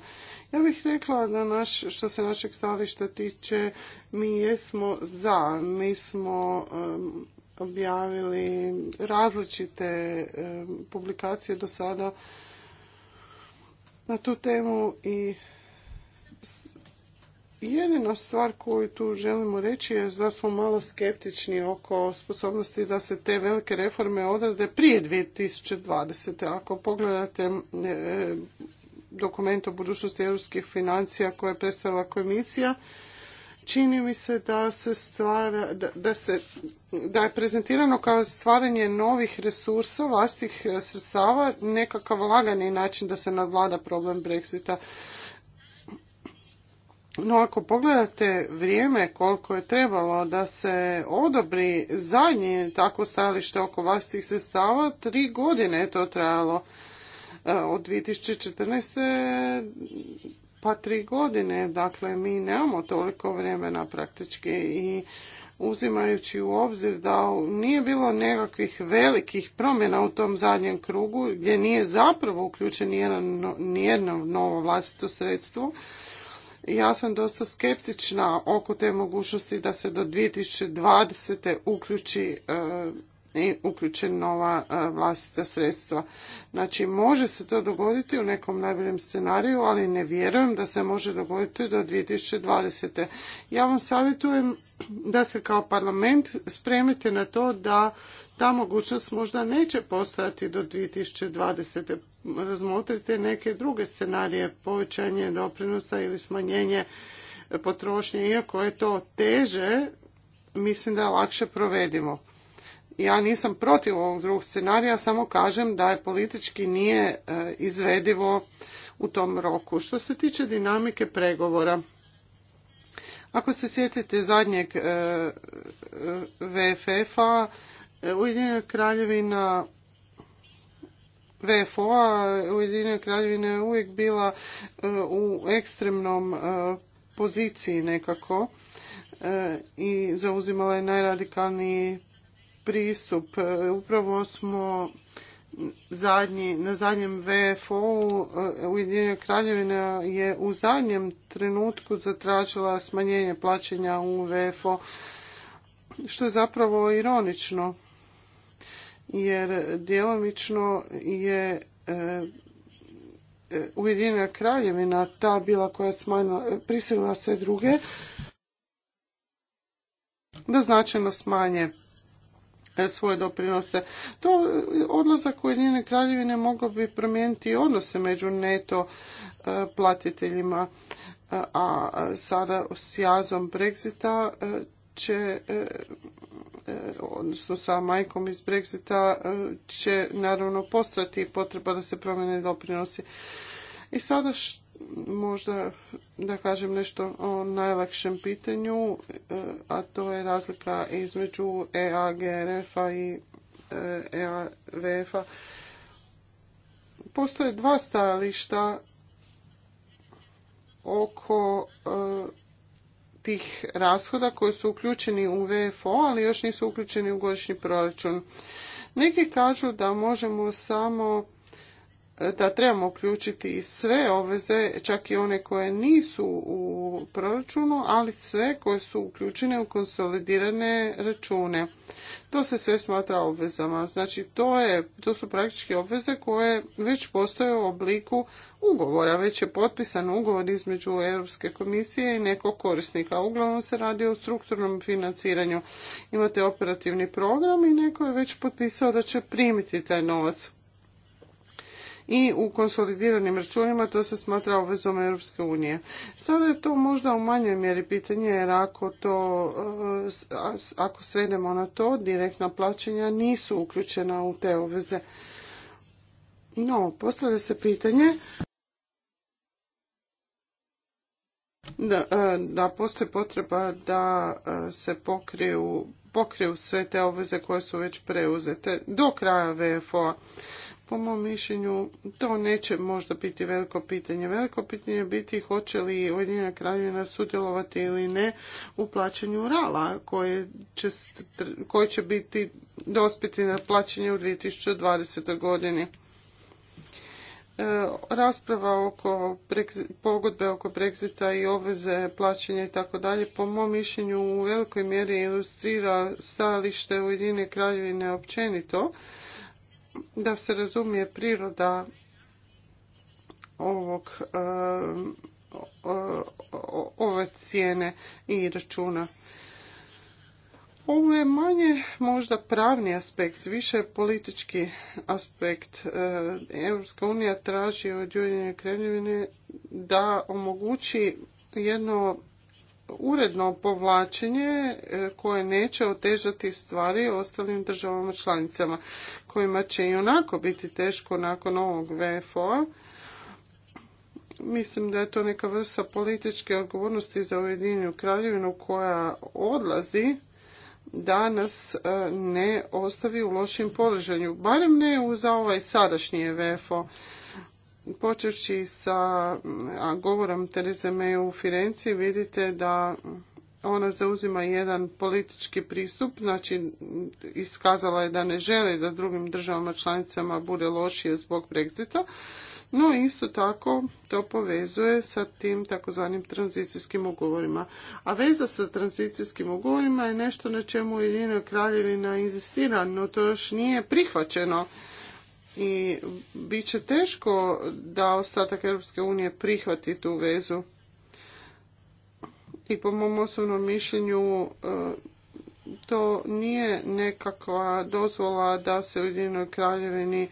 Ja bih rekla da naš, što se našeg stavišta tiče, mi jesmo za, mi smo objavili različite e, publikacije do sada na tu temu i jedina stvar koju tu želimo reći je da smo malo skeptični oko sposobnosti da se te velike reforme odrade prije 2020. Ako pogledate e, dokument o budućnosti europskih financija koje je predstavila komisija, čini mi se da se stvara, da, se, da je prezentirano kao stvaranje novih resursa, vlastih e, sredstava, nekakav lagani način da se nadvlada problem Brexita. No ako pogledate vrijeme koliko je trebalo da se odobri zadnje tako stajalište oko vlastitih sredstava, tri godine je to trajalo e, od 2014 pa tri godine, dakle mi nemamo toliko vremena praktički i uzimajući u obzir da nije bilo nekakvih velikih promjena u tom zadnjem krugu gdje nije zapravo uključen nijedno, nijedno novo vlastito sredstvo. Ja sam dosta skeptična oko te mogućnosti da se do 2020. uključi e, i uključen nova e, vlastita sredstva. Znači, može se to dogoditi u nekom najboljem scenariju, ali ne vjerujem da se može dogoditi do 2020. Ja vam savjetujem da se kao parlament spremite na to da ta mogućnost možda neće postojati do 2020. Razmotrite neke druge scenarije, povećanje doprinosa ili smanjenje potrošnje, iako je to teže, mislim da je lakše provedimo ja nisam protiv ovog drugog scenarija, samo kažem da je politički nije e, izvedivo u tom roku. Što se tiče dinamike pregovora, ako se sjetite zadnjeg e, e, VFF-a, Ujedinjena kraljevina VFO-a, Ujedinjena kraljevina je uvijek bila u ekstremnom poziciji nekako i zauzimala je najradikalniji pristup. E, upravo smo zadnji, na zadnjem VFO-u e, Ujedinjena kraljevina je u zadnjem trenutku zatražila smanjenje plaćanja u VFO, što je zapravo ironično, jer djelomično je e, Ujedinjena kraljevina ta bila koja je smanjila, prisilila sve druge da značajno smanje svoje doprinose. To odlazak Ujedinjene kraljevine mogao bi promijeniti odnose među neto e, platiteljima, e, a sada s jazom Brexita e, će odnosno sa majkom iz Brexita će naravno postojati potreba da se promijene doprinosi. I sada što možda da kažem nešto o najlakšem pitanju, eh, a to je razlika između EAGRF-a i EAVF-a. Eh, e Postoje dva stajališta oko eh, tih rashoda koji su uključeni u VFO, ali još nisu uključeni u godišnji proračun. Neki kažu da možemo samo da trebamo uključiti sve obveze, čak i one koje nisu u proračunu, ali sve koje su uključene u konsolidirane račune. To se sve smatra obvezama. Znači, to, je, to su praktički obveze koje već postoje u obliku ugovora. Već je potpisan ugovor između Europske komisije i nekog korisnika. Uglavnom se radi o strukturnom financiranju. Imate operativni program i neko je već potpisao da će primiti taj novac i u konsolidiranim računima to se smatra obvezom Europske unije. Sada je to možda u manjoj mjeri pitanje jer ako to eh, ako svedemo na to direktna plaćanja nisu uključena u te obveze. No, postavlja se pitanje da, eh, postoji potreba da eh, se pokriju pokriju sve te obveze koje su već preuzete do kraja VFO-a. Po mom mišljenju to neće možda biti veliko pitanje. Veliko pitanje biti hoće li Ujedinjena kraljevina sudjelovati ili ne u plaćanju urala koje će, koji će biti dospiti na plaćanje u 2020. godini. E, rasprava oko pogodbe oko Brexita i obveze plaćanja i tako dalje po mom mišljenju u velikoj mjeri ilustrira stajalište Ujedinjene kraljevine općenito da se razumije priroda ovog eh, ove cijene i računa. Ovo je manje možda pravni aspekt, više politički aspekt. Eh, Europska unija traži od Kraljevine da omogući jedno uredno povlačenje e, koje neće otežati stvari ostalim državama članicama kojima će i onako biti teško nakon ovog VFO-a. Mislim da je to neka vrsta političke odgovornosti za Ujedinjenu kraljevinu koja odlazi da nas e, ne ostavi u lošim položenju, barem ne za ovaj sadašnji VFO. Počeći sa govorom Tereze May u Firenci vidite da ona zauzima jedan politički pristup, znači iskazala je da ne želi da drugim državama članicama bude lošije zbog Brexita, no isto tako to povezuje sa tim takozvanim tranzicijskim ugovorima. A veza sa tranzicijskim ugovorima je nešto na čemu Ujedinjena kraljevina inzistira, no to još nije prihvaćeno i bit će teško da ostatak Europske unije prihvati tu vezu. I po mom osobnom mišljenju e, to nije nekakva dozvola da se Ujedinoj kraljevini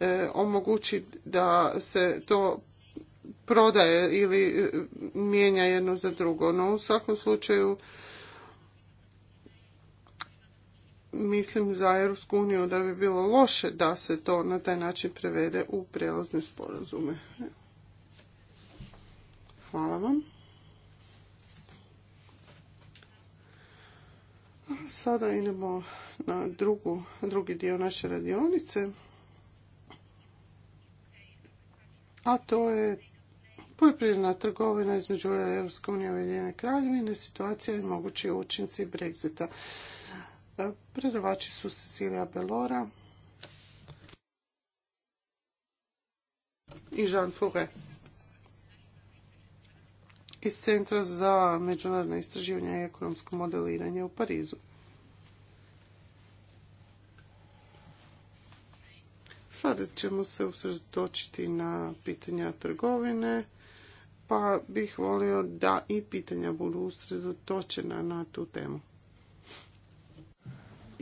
e, omogući da se to prodaje ili e, mijenja jedno za drugo. No u svakom slučaju mislim za Europsku uniju da bi bilo loše da se to na taj način prevede u prijelazne sporazume. Hvala vam. Sada idemo na drugu, drugi dio naše radionice. A to je poljoprivredna trgovina između Europske unije i Ujedinjene kraljevine, situacija i mogući učinci Brexita. E, predavači su Cecilija Belora i Jean Fouret iz Centra za međunarodne istraživanja i ekonomsko modeliranje u Parizu. Sada ćemo se usredotočiti na pitanja trgovine, pa bih volio da i pitanja budu usredotočena na tu temu.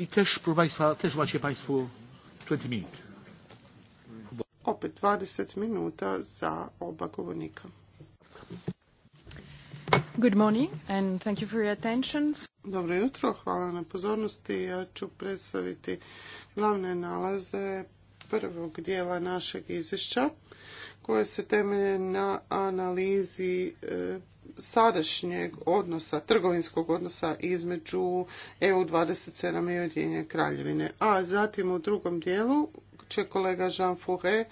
I też, proszę Państwa, też macie Państwo 20 minut. Opet 20 minuta za oba govornika. Good morning and thank you for your attention. Dobro jutro, hvala na pozornosti. Ja ću predstaviti glavne nalaze prvog dijela našeg izvješća koje se temelje na analizi eh, sadašnjeg odnosa, trgovinskog odnosa između EU27 i Ujedinjene kraljevine. A zatim u drugom dijelu će kolega Jean Fouret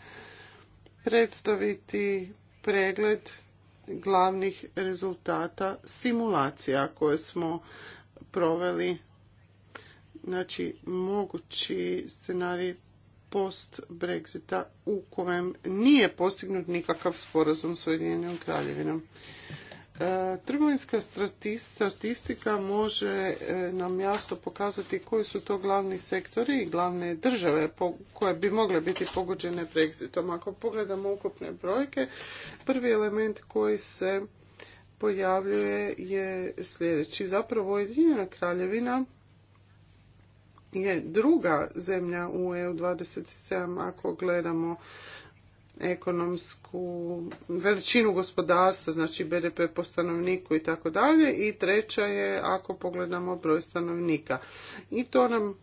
predstaviti pregled glavnih rezultata simulacija koje smo proveli znači mogući scenarij post Brexita u kojem nije postignut nikakav sporazum s Ujedinjenom kraljevinom. E, trgovinska statistika može e, nam jasno pokazati koji su to glavni sektori i glavne države koje bi mogle biti pogođene Brexitom. Ako pogledamo ukupne brojke, prvi element koji se pojavljuje je sljedeći. Zapravo Ujedinjena kraljevina je druga zemlja u EU 27 ako gledamo ekonomsku veličinu gospodarstva, znači BDP po stanovniku i tako dalje. I treća je ako pogledamo broj stanovnika. I to nam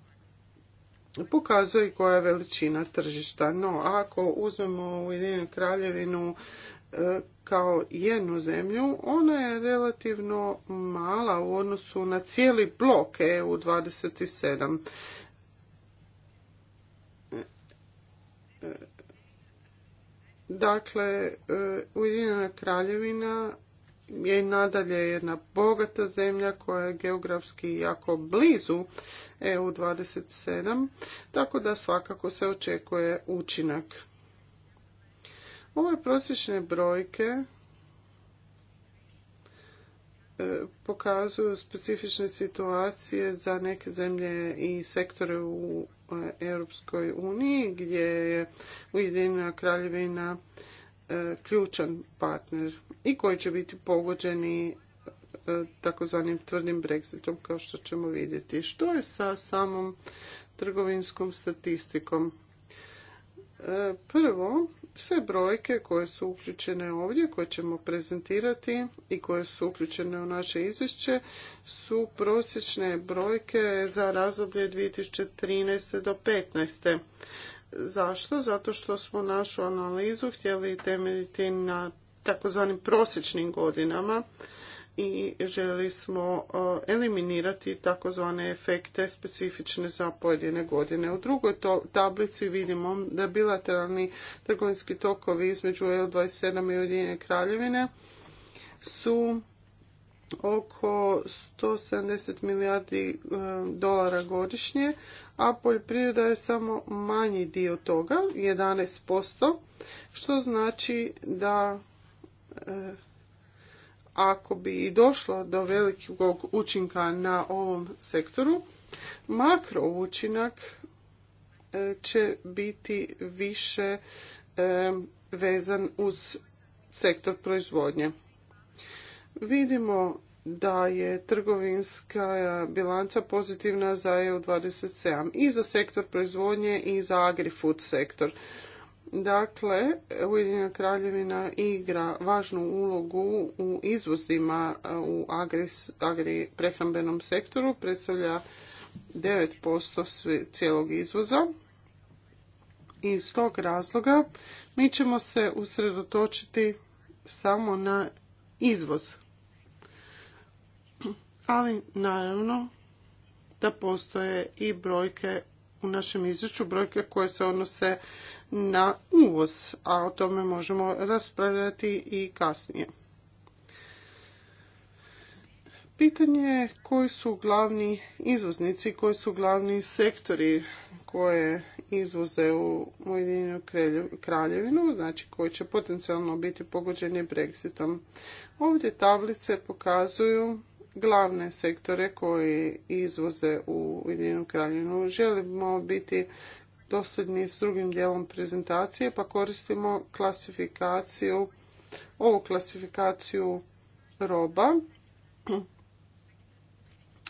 pokazuje koja je veličina tržišta. No, ako uzmemo Ujedinjenu kraljevinu e, kao jednu zemlju, ona je relativno mala u odnosu na cijeli blok EU 27 Dakle, e, Ujedinjena kraljevina je nadalje jedna bogata zemlja koja je geografski jako blizu EU27, tako da svakako se očekuje učinak. Ove prosječne brojke e, pokazuju specifične situacije za neke zemlje i sektore u Europskoj uniji gdje je Ujedinjena kraljevina e, ključan partner i koji će biti pogođeni e, takozvanim tvrdim Brexitom kao što ćemo vidjeti. Što je sa samom trgovinskom statistikom? Prvo, sve brojke koje su uključene ovdje, koje ćemo prezentirati i koje su uključene u naše izvješće, su prosječne brojke za razdoblje 2013. do 2015. Zašto? Zato što smo našu analizu htjeli temeljiti na takozvanim prosječnim godinama i želi smo e, eliminirati takozvane efekte specifične za pojedine godine. U drugoj tablici vidimo da bilateralni trgovinski tokovi između EU27 i Ujedinjene kraljevine su oko 170 milijardi e, dolara godišnje, a poljoprivreda je samo manji dio toga, 11%, što znači da e, ako bi i došlo do velikog učinka na ovom sektoru, makro učinak e, će biti više e, vezan uz sektor proizvodnje. Vidimo da je trgovinska bilanca pozitivna za EU27 i za sektor proizvodnje i za agri-food sektor. Dakle, Ujedinjena kraljevina igra važnu ulogu u izvozima e, u agri prehrambenom sektoru, predstavlja 9% cijelog izvoza. I iz tog razloga mi ćemo se usredotočiti samo na izvoz. Ali naravno da postoje i brojke u našem izvješću, brojke koje se odnose na uvoz, a o tome možemo raspravljati i kasnije. Pitanje je koji su glavni izvoznici, koji su glavni sektori koje izvoze u Ujedinjenu kraljevinu, znači koji će potencijalno biti pogođeni Brexitom. Ovdje tablice pokazuju glavne sektore koji izvoze u Ujedinjenu kraljevinu. Želimo biti dosljedni s drugim dijelom prezentacije, pa koristimo klasifikaciju, ovu klasifikaciju roba.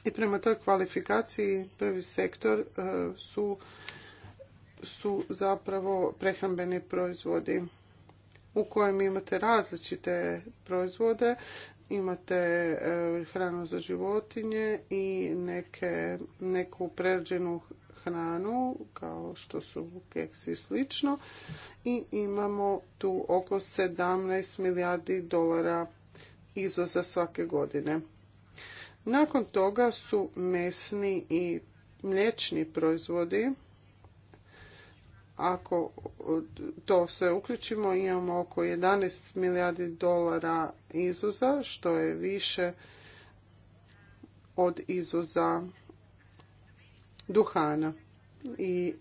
I prema toj kvalifikaciji prvi sektor e, su, su zapravo prehrambeni proizvodi u kojem imate različite proizvode, imate e, hranu za životinje i neke, neku prerađenu hranu kao što su keksi i slično i imamo tu oko 17 milijardi dolara izvoza svake godine. Nakon toga su mesni i mliječni proizvodi. Ako to sve uključimo imamo oko 11 milijardi dolara izvoza što je više od izvoza duhana i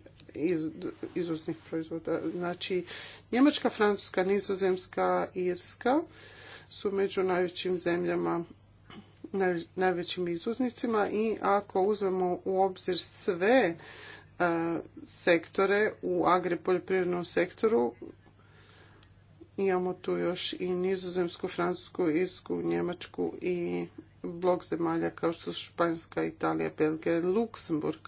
izvoznih proizvoda. Znači, Njemačka, Francuska, Nizozemska, Irska su među najvećim zemljama, najvećim izvoznicima i ako uzmemo u obzir sve e, sektore u agripoljoprivrednom sektoru, imamo tu još i Nizozemsku, Francusku, Irsku, Njemačku i blok zemalja kao što su Španjska, Italija, Belgija Luksemburg.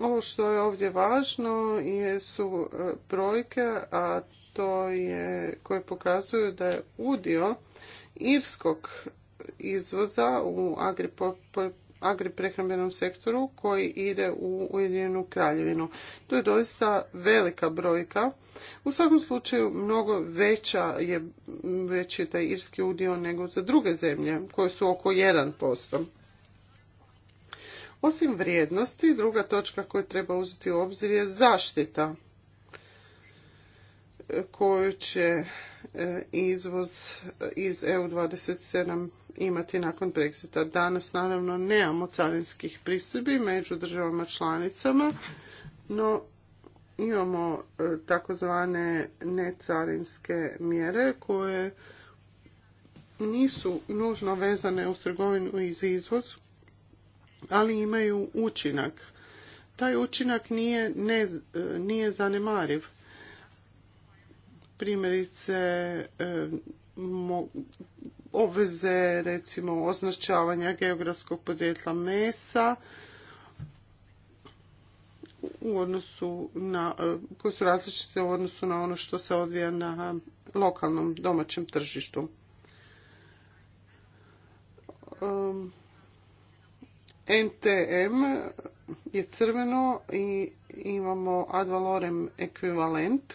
Ovo što je ovdje važno su e, brojke, a to je koje pokazuju da je udio irskog izvoza u agriprehrambenom sektoru koji ide u Ujedinjenu kraljevinu. To je doista velika brojka. U svakom slučaju mnogo veća je, veći taj irski udio nego za druge zemlje koje su oko 1%. Osim vrijednosti, druga točka koju treba uzeti u obzir je zaštita e, koju će e, izvoz e, iz EU27 imati nakon Brexita. Danas naravno nemamo carinskih pristojbi među državama članicama, no imamo takozvane necarinske mjere koje nisu nužno vezane uz trgovinu iz izvoz, ali imaju učinak. Taj učinak nije, ne, nije zanemariv. Primjerice, e, obveze recimo označavanja geografskog podrijetla mesa u odnosu na, e, koje su različite u odnosu na ono što se odvija na lokalnom domaćem tržištu. Um, NTM je crveno i imamo ad valorem ekvivalent.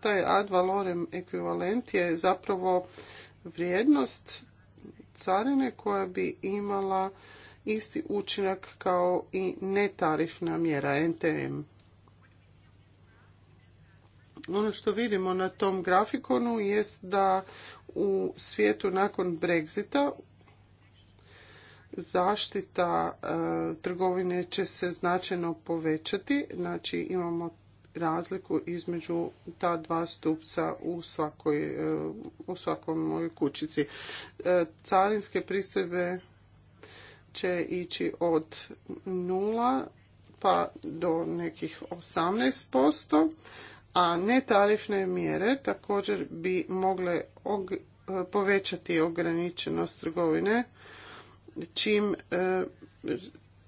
Taj ad valorem ekvivalent je zapravo vrijednost carine koja bi imala isti učinak kao i netarifna mjera NTM. Ono što vidimo na tom grafikonu jest da u svijetu nakon Brexita zaštita e, trgovine će se značajno povećati. Znači imamo razliku između ta dva stupca u, svakoj, e, u svakom mojoj kućici. E, carinske pristojbe će ići od nula pa do nekih 18%, a netarifne mjere također bi mogle povećati ograničenost trgovine čim e,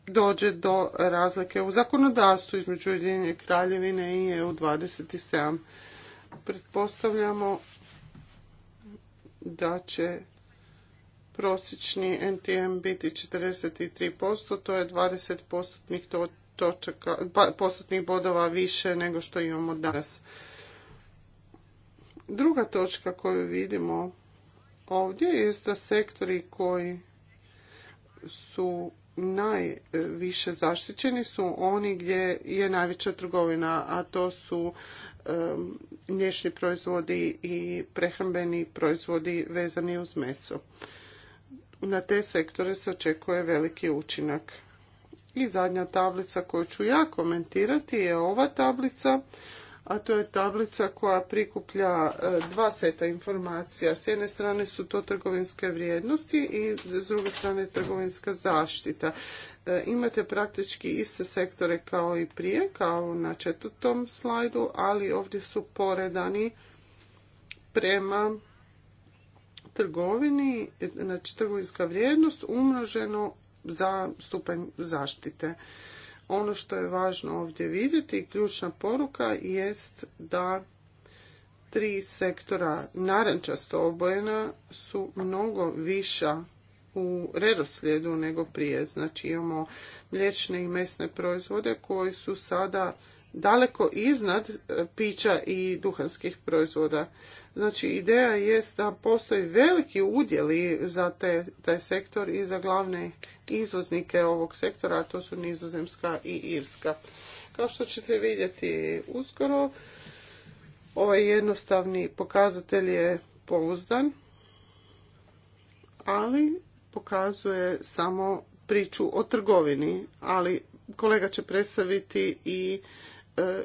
dođe do razlike u zakonodavstvu između Ujedinjene kraljevine i EU 27. Pretpostavljamo da će prosječni NTM biti 43%, to je 20 točaka, pa, postotnih bodova više nego što imamo danas. Druga točka koju vidimo ovdje je da sektori koji su najviše zaštićeni su oni gdje je najveća trgovina, a to su mliječni proizvodi i prehrambeni proizvodi vezani uz meso. Na te sektore se očekuje veliki učinak. I zadnja tablica koju ću ja komentirati je ova tablica a to je tablica koja prikuplja e, dva seta informacija. S jedne strane su to trgovinske vrijednosti i s druge strane trgovinska zaštita. E, imate praktički iste sektore kao i prije, kao na četvrtom slajdu, ali ovdje su poredani prema trgovini, znači trgovinska vrijednost umnoženo za stupanj zaštite ono što je važno ovdje vidjeti i ključna poruka jest da tri sektora narančasto obojena su mnogo viša u redoslijedu nego prije. Znači imamo mliječne i mesne proizvode koji su sada daleko iznad e, pića i duhanskih proizvoda. Znači ideja jest da postoji veliki udjeli za taj sektor i za glavne izvoznike ovog sektora, a to su Nizozemska i Irska. Kao što ćete vidjeti uskoro, ovaj jednostavni pokazatelj je pouzdan, ali pokazuje samo priču o trgovini, ali kolega će predstaviti i E,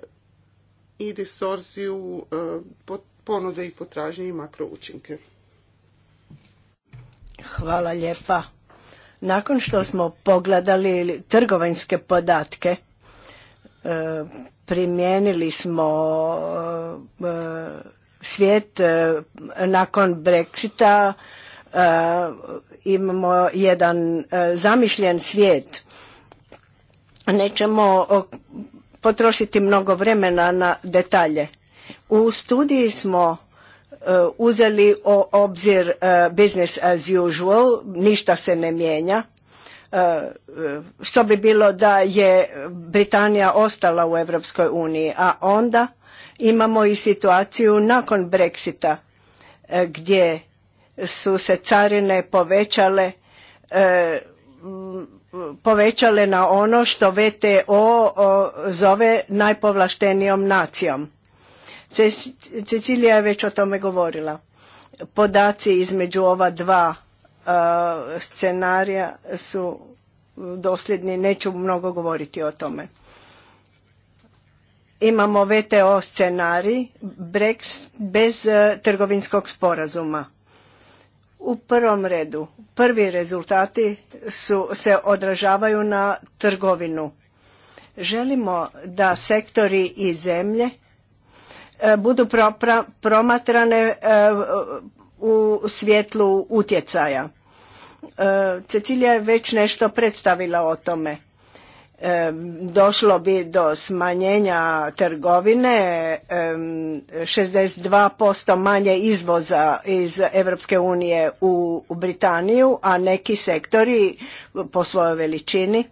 i distorziju e, ponude i potražnje i makroučinke. Hvala lijepa. Nakon što smo pogledali trgovinske podatke, e, primijenili smo svijet nakon Brexita, imamo jedan zamišljen svijet. Nećemo potrošiti mnogo vremena na detalje. U studiji smo e, uzeli u obzir e, business as usual, ništa se ne mijenja. E, što bi bilo da je Britanija ostala u Europskoj uniji, a onda imamo i situaciju nakon Brexita gdje su se carine povećale povećale na ono što VTO zove najpovlaštenijom nacijom. Cecilija je već o tome govorila. Podaci između ova dva e, scenarija su dosljedni, neću mnogo govoriti o tome. Imamo VTO scenarij bez e, trgovinskog sporazuma u prvom redu, prvi rezultati su, se odražavaju na trgovinu. Želimo da sektori i zemlje e, budu promatrane e, u svjetlu utjecaja. E, Cecilija je već nešto predstavila o tome došlo bi do smanjenja trgovine, 62% manje izvoza iz Europske unije u Britaniju, a neki sektori po svojoj veličini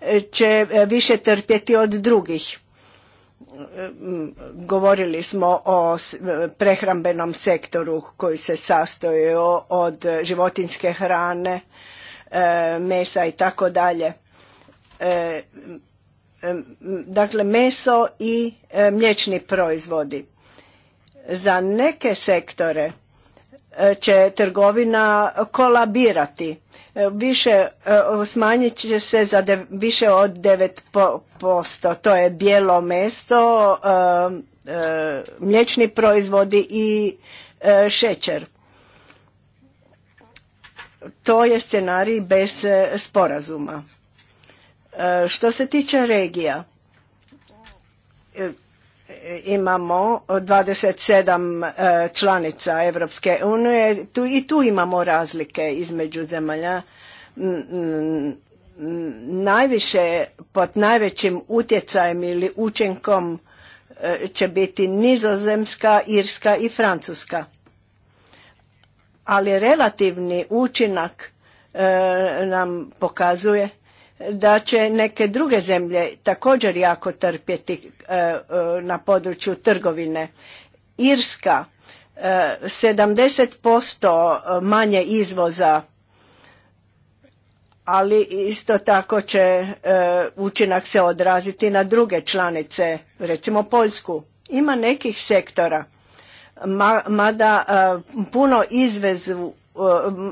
e, će e, više trpjeti od drugih. Govorili smo o e, prehrambenom sektoru koji se sastoji od životinske hrane, mesa i tako dalje E, dakle meso i e, mliječni proizvodi. Za neke sektore e, će trgovina kolabirati. Više, smanjit će se za više od 9%. To je bijelo meso, mliječni proizvodi i šećer. To je scenarij bez sporazuma. E, što se tiče regija, e, imamo 27 e, članica Evropske unije tu, i tu imamo razlike između zemalja. Najviše pod najvećim utjecajem ili učinkom će biti nizozemska, irska i francuska. Ali relativni učinak nam pokazuje da će neke druge zemlje također jako trpjeti e, e, na području trgovine. Irska 70% e, manje izvoza, ali isto tako će učinak se odraziti na druge članice, recimo Poljsku. Ima nekih sektora, mada puno izvezu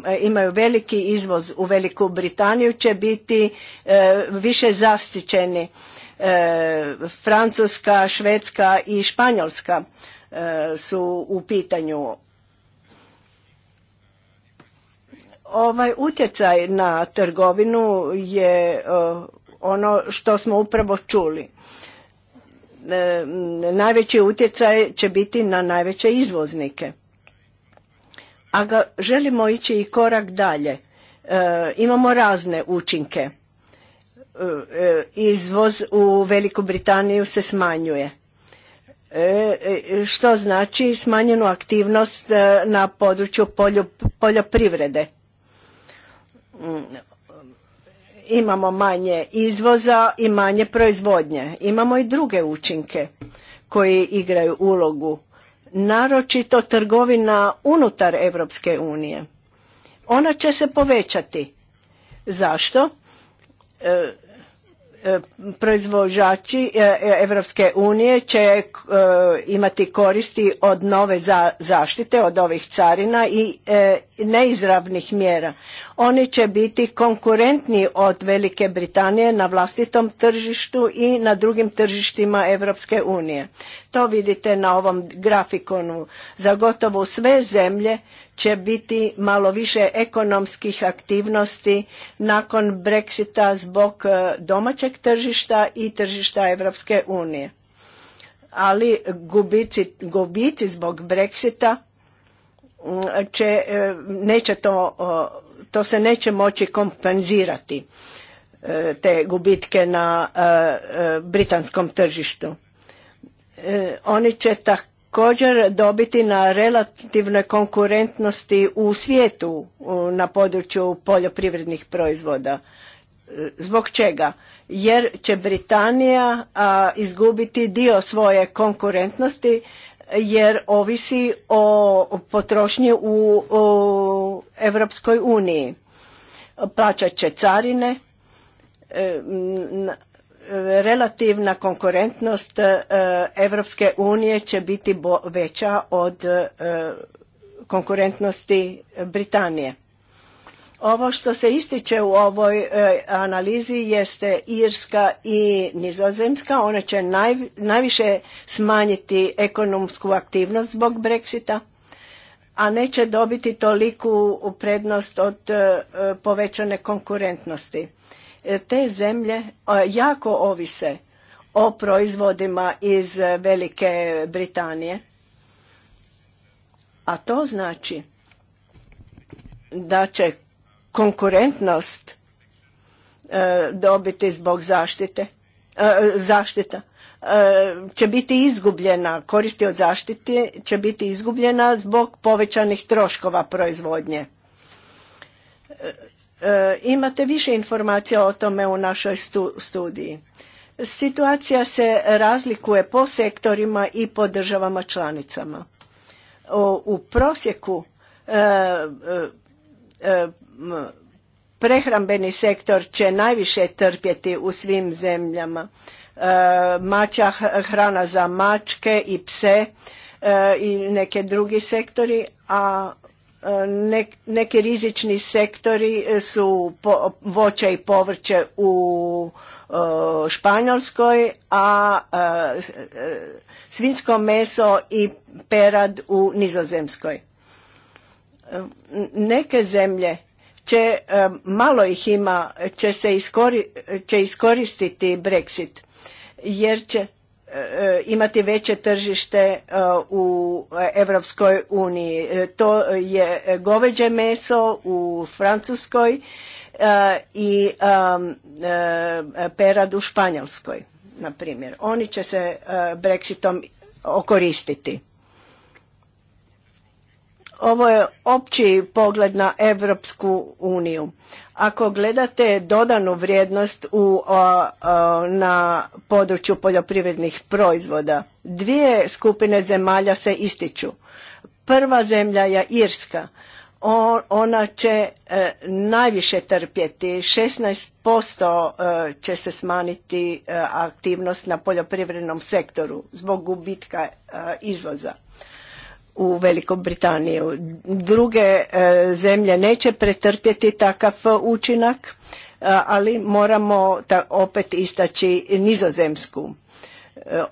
E, imaju veliki izvoz u Veliku Britaniju će biti e, više zaštićeni. E, Francuska, Švedska i Španjolska su u pitanju. Ovaj utjecaj na trgovinu je ono što smo upravo čuli. Najveći utjecaj će biti na najveće izvoznike a ga, želimo ići i korak dalje. E, imamo razne učinke. E, e, izvoz u Veliku Britaniju se smanjuje. što znači smanjenu aktivnost na području poljoprivrede. Mm, imamo manje izvoza i manje proizvodnje. Imamo i druge učinke koji igraju ulogu naročito trgovina unutar Europske unije. Ona će se povećati. Zašto? E, E, proizvođači e, e, Evropske unije će imati koristi od nove zaštite, od ovih carina i neizravnih mjera. Oni će biti konkurentni od Velike Britanije na vlastitom tržištu i na drugim tržištima Evropske unije. To vidite na ovom grafikonu. Za gotovo sve zemlje će biti malo više ekonomskih aktivnosti nakon Brexita zbog e, domaćeg tržišta i tržišta Europske unije. Ali gubici, zbog Brexita će, e, neće to, to se neće moći kompenzirati e, te gubitke na britanskom tržištu. Oni će tak također dobiti na relativnoj konkurentnosti u svijetu na području poljoprivrednih proizvoda. E, zbog čega? Jer će Britanija izgubiti dio svoje konkurentnosti jer ovisi o potrošnji u, Europskoj uniji. Plaćat će carine, e, na relativna konkurentnost e, Evropske unije će biti veća od e, konkurentnosti Britanije. Ovo što se ističe u ovoj e, analizi jeste Irska i Nizozemska. One će najviše smanjiti ekonomsku aktivnost zbog Brexita, a neće dobiti toliku prednost od povećane konkurentnosti te zemlje e, jako ovise o proizvodima iz e, Velike Britanije. A to znači da će konkurentnost e, dobiti zbog zaštite, zaštita će biti izgubljena, koristi od zaštite će biti izgubljena zbog povećanih troškova proizvodnje. E, imate više informacija o tome u našoj studiji. Situacija se razlikuje po sektorima i po državama članicama. u prosjeku e, e, prehrambeni sektor će najviše trpjeti u svim zemljama. E, mača hrana za mačke i pse i neke drugi sektori, a E, neki rizični sektori e, su voće i povrće u e, Španjolskoj, a svinsko meso i perad u Nizozemskoj. Neke zemlje će, malo ih ima, će, se će iskoristiti Brexit, jer će E, imati veće tržište e, u Europskoj uniji. E, to je goveđe meso u Francuskoj i perad u Španjolskoj, na primjer. Oni će se Brexitom okoristiti. Ovo je opći pogled na Evropsku uniju. Ako gledate dodanu vrijednost u, na području poljoprivrednih proizvoda, dvije skupine zemalja se ističu. Prva zemlja je Irska. ona će e, najviše trpjeti. 16% e, će se smanjiti e, aktivnost na poljoprivrednom sektoru zbog gubitka e, izvoza u Velikom Britaniju. Druge e, zemlje neće pretrpjeti takav e, učinak, e, ali moramo opet istaći nizozemsku.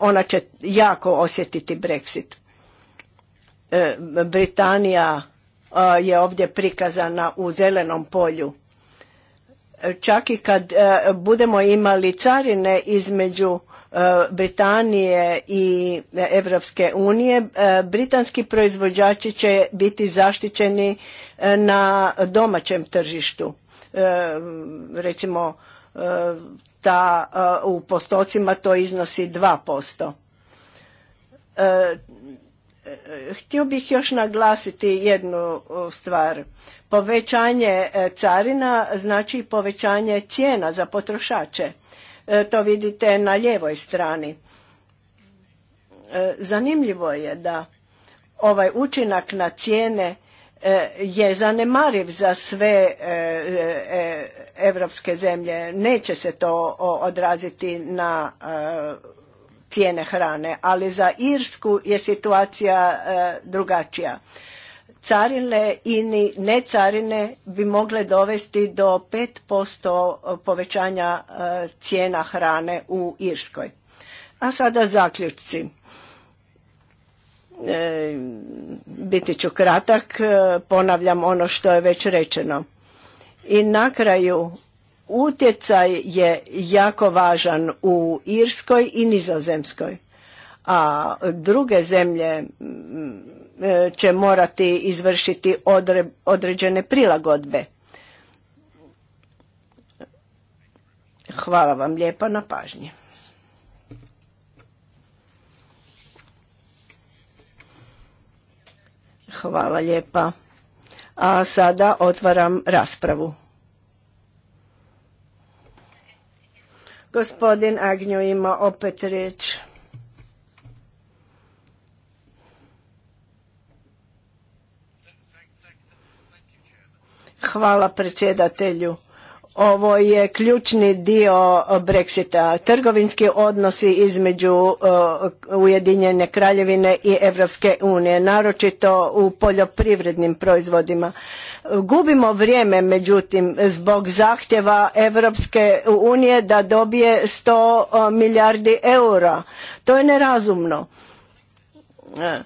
Ona će jako osjetiti Brexit. Britanija je ovdje prikazana u zelenom polju. Čak i kad budemo imali carine između E, Britanije i Europske unije, e, britanski proizvođači će biti zaštićeni e, na domaćem tržištu. Recimo, ta, u postocima to iznosi 2%. Htio bih još naglasiti jednu stvar. Povećanje carina znači povećanje cijena za potrošače E, to vidite na ljevoj strani. E, zanimljivo je da ovaj učinak na cijene e, je zanemariv za sve evropske zemlje. Neće se to odraziti na cijene hrane, ali za Irsku je situacija drugačija. Carine i ne necarine bi mogle dovesti do 5% povećanja e, cijena hrane u Irskoj. A sada zaključci. E, biti ću kratak, e, ponavljam ono što je već rečeno. I na kraju utjecaj je jako važan u Irskoj i Nizozemskoj. A druge zemlje E, će morati izvršiti određene prilagodbe. Hvala vam lijepa na pažnji. Hvala lijepa. A sada otvaram raspravu. Gospodin Agnju ima opet riječ. Hvala predsjedatelju. Ovo je ključni dio Brexita. Trgovinski odnosi između e, Ujedinjene kraljevine i Europske unije, naročito u poljoprivrednim proizvodima. Gubimo vrijeme, međutim, zbog zahtjeva Evropske unije da dobije 100 e, milijardi eura. To je nerazumno. E,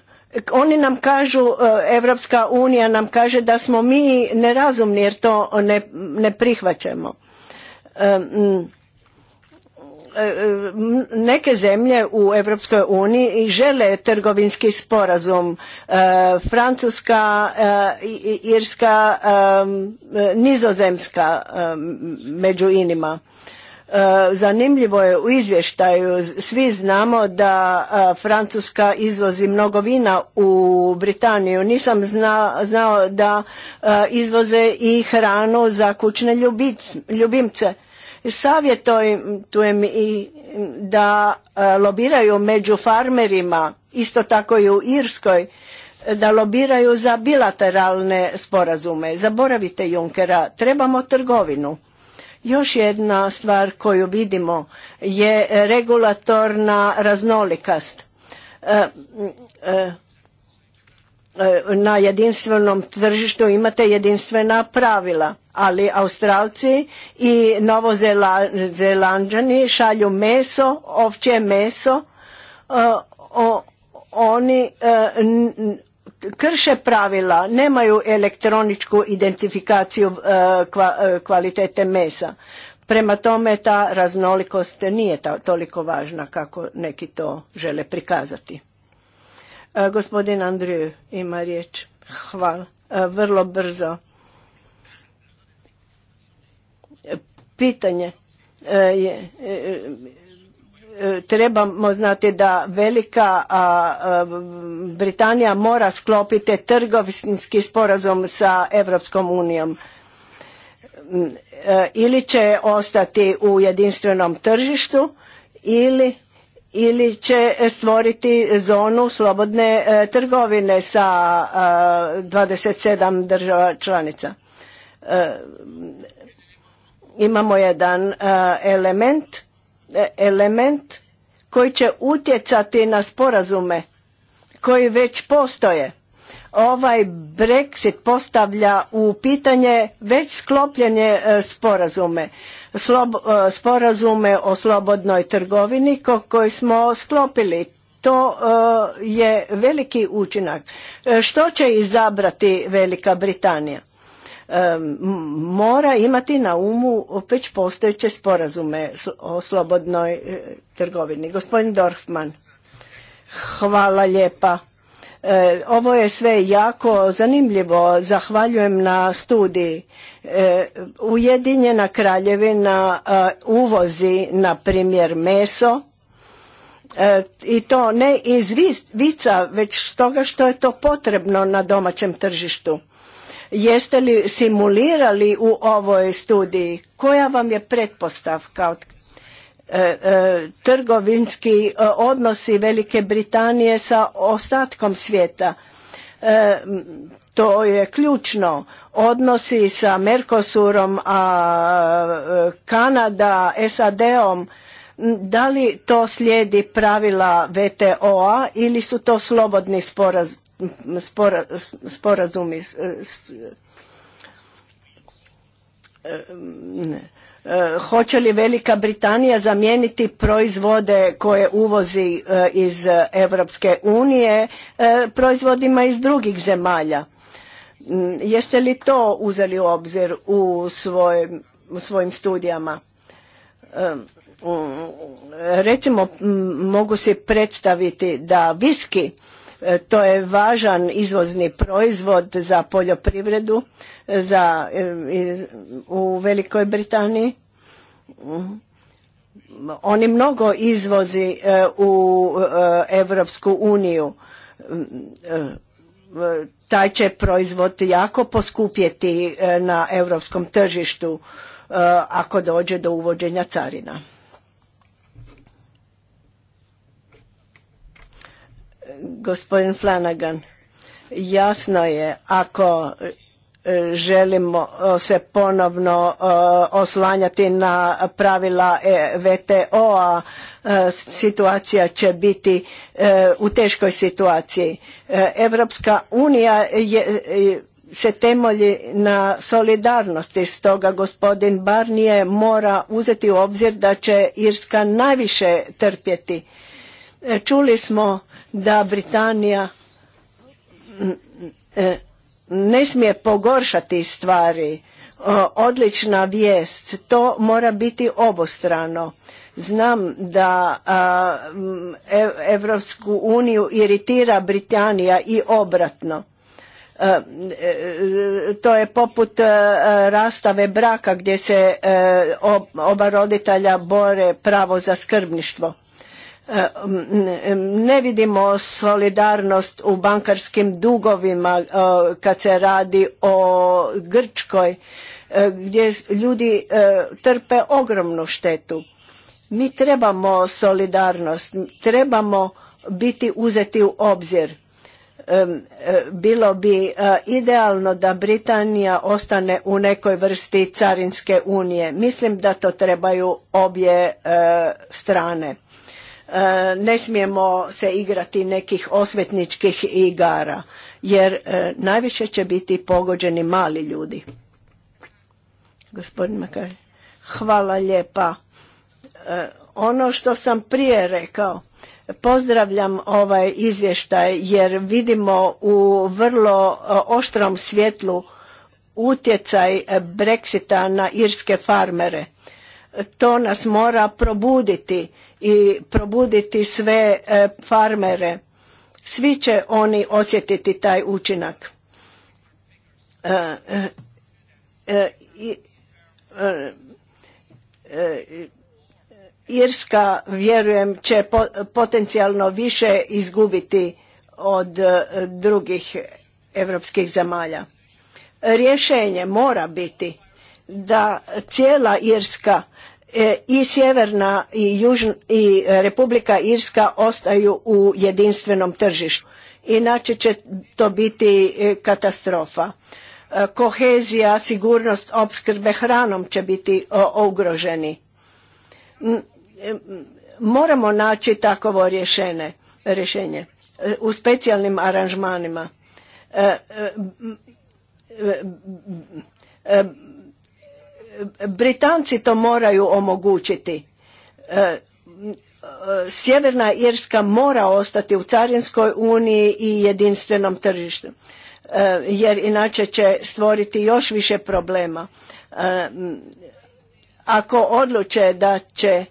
oni nam kažu, e, Evropska unija nam kaže da smo mi nerazumni jer to ne, prihvaćamo. E, e, neke zemlje u Evropskoj uniji žele trgovinski sporazum. Francuska, Irska, Nizozemska među inima Eh, zanimljivo je u izvještaju, svi znamo da eh, Francuska izvozi mnogo vina u Britaniju. Nisam znao da eh, izvoze i hranu za kućne ljubimce. Savjetujem i da lobiraju među farmerima, isto tako i u Irskoj, da lobiraju za bilateralne sporazume. Zaboravite Junkera, trebamo trgovinu još jedna stvar koju vidimo je regulatorna raznolikast. E, e, e, na jedinstvenom tržištu imate jedinstvena pravila, ali Australci i Novozelandžani šalju meso, ovčje meso, oni krše pravila, nemaju elektroničku identifikaciju e, e, kvalitete mesa. Prema tome ta raznolikost nije toliko važna kako neki to žele prikazati. E, gospodin Andriju ima riječ. Hvala. Vrlo brzo. Pitanje je trebamo znati da Velika Britanija mora sklopiti trgovinski sporazum sa Europskom unijom e, ili će ostati u jedinstvenom tržištu ili ili će stvoriti zonu slobodne e, trgovine sa dvadeset 27 država članica. E, imamo jedan element E, element koji će utjecati na sporazume koji već postoje. Ovaj Brexit postavlja u pitanje već sklopljenje e, sporazume. E, sporazume o slobodnoj trgovini koji smo sklopili. To je veliki učinak. Što će izabrati Velika Britanija? mora imati na umu već postojeće sporazume o slobodnoj e, trgovini. Gospodin Dorfman, hvala lijepa. E, ovo je sve jako zanimljivo. Zahvaljujem na studiji. E, Ujedinjena kraljevina uvozi, na primjer, meso i to ne iz vica, već toga što je to potrebno na domaćem tržištu Jeste li simulirali u ovoj studiji? Koja vam je pretpostavka? E, e, trgovinski e, odnosi Velike Britanije sa ostatkom svijeta. To je ključno. Odnosi sa Mercosurom, a Kanada, SAD-om, da li to slijedi pravila VTO-a ili su to slobodni sporaz, sporazumi e, hoće li Velika Britanija zamijeniti proizvode koje uvozi e, iz Europske unije e, proizvodima iz drugih zemalja. Mm, jeste li to uzeli u obzir u svojim, u svojim studijama? Recimo, mogu se predstaviti da viski E, to je važan izvozni proizvod za poljoprivredu e, za, e, u Velikoj Britaniji. Oni mnogo izvozi u Europsku uniju. Taj će proizvod jako poskupjeti na europskom tržištu ako dođe do uvođenja carina. Gospodin Flanagan, jasno je ako e, želimo e, se ponovno e, oslanjati na pravila VTO-a, situacija će biti u teškoj situaciji. Evropska unija je, se temelji na solidarnosti, stoga gospodin Barnije mora uzeti u obzir da će Irska najviše trpjeti. Čuli smo da Britanija e, ne smije pogoršati stvari. Odlična vijest, to mora biti obostrano. Znam da e, Evropsku uniju iritira Britanija i obratno. E, to je poput rastave braka gdje se oba roditelja bore pravo za skrbništvo E, ne vidimo solidarnost u bankarskim dugovima e, kad se radi o Grčkoj e, gdje ljudi trpe ogromnu štetu. Mi trebamo solidarnost, trebamo biti uzeti u obzir. Bilo bi idealno da Britanija ostane u nekoj vrsti carinske unije. Mislim da to trebaju obje strane E, ne smijemo se igrati nekih osvetničkih igara jer e, najviše će biti pogođeni mali ljudi. Gospodin Makar, hvala lijepa. E, ono što sam prije rekao, pozdravljam ovaj izvještaj jer vidimo u vrlo oštrom svjetlu utjecaj Brexita na irske farmere. To nas mora probuditi i probuditi sve e, farmere. Svi će oni osjetiti taj učinak. E, e, Irska, vjerujem, će potencijalno više izgubiti od drugih evropskih zemalja. Rješenje mora biti da cijela Irska E, i Sjeverna i, i e, Republika Irska ostaju u jedinstvenom tržištu. Inače će to biti e, katastrofa. Kohezija, sigurnost opskrbe hranom će biti ugroženi. Moramo naći takovo rješenje u specijalnim aranžmanima. Britanci to moraju omogućiti. E, e, Sjeverna Irska mora ostati u Carinskoj uniji i jedinstvenom tržištu e, jer inače će stvoriti još više problema. Ako odluče da će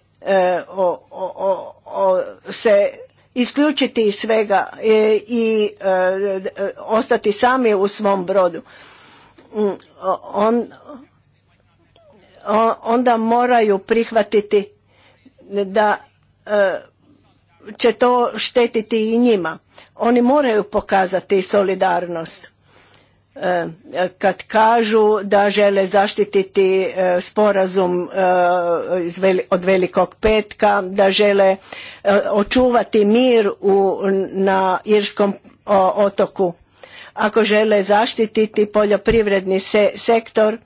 se isključiti iz svega i, i ostati sami u svom brodu, mm, on onda moraju prihvatiti da e, će to štetiti i njima. Oni moraju pokazati solidarnost e, kad kažu da žele zaštititi e, sporazum od velikog petka, da žele očuvati mir na Irskom otoku. Ako žele zaštititi poljoprivredni sektor,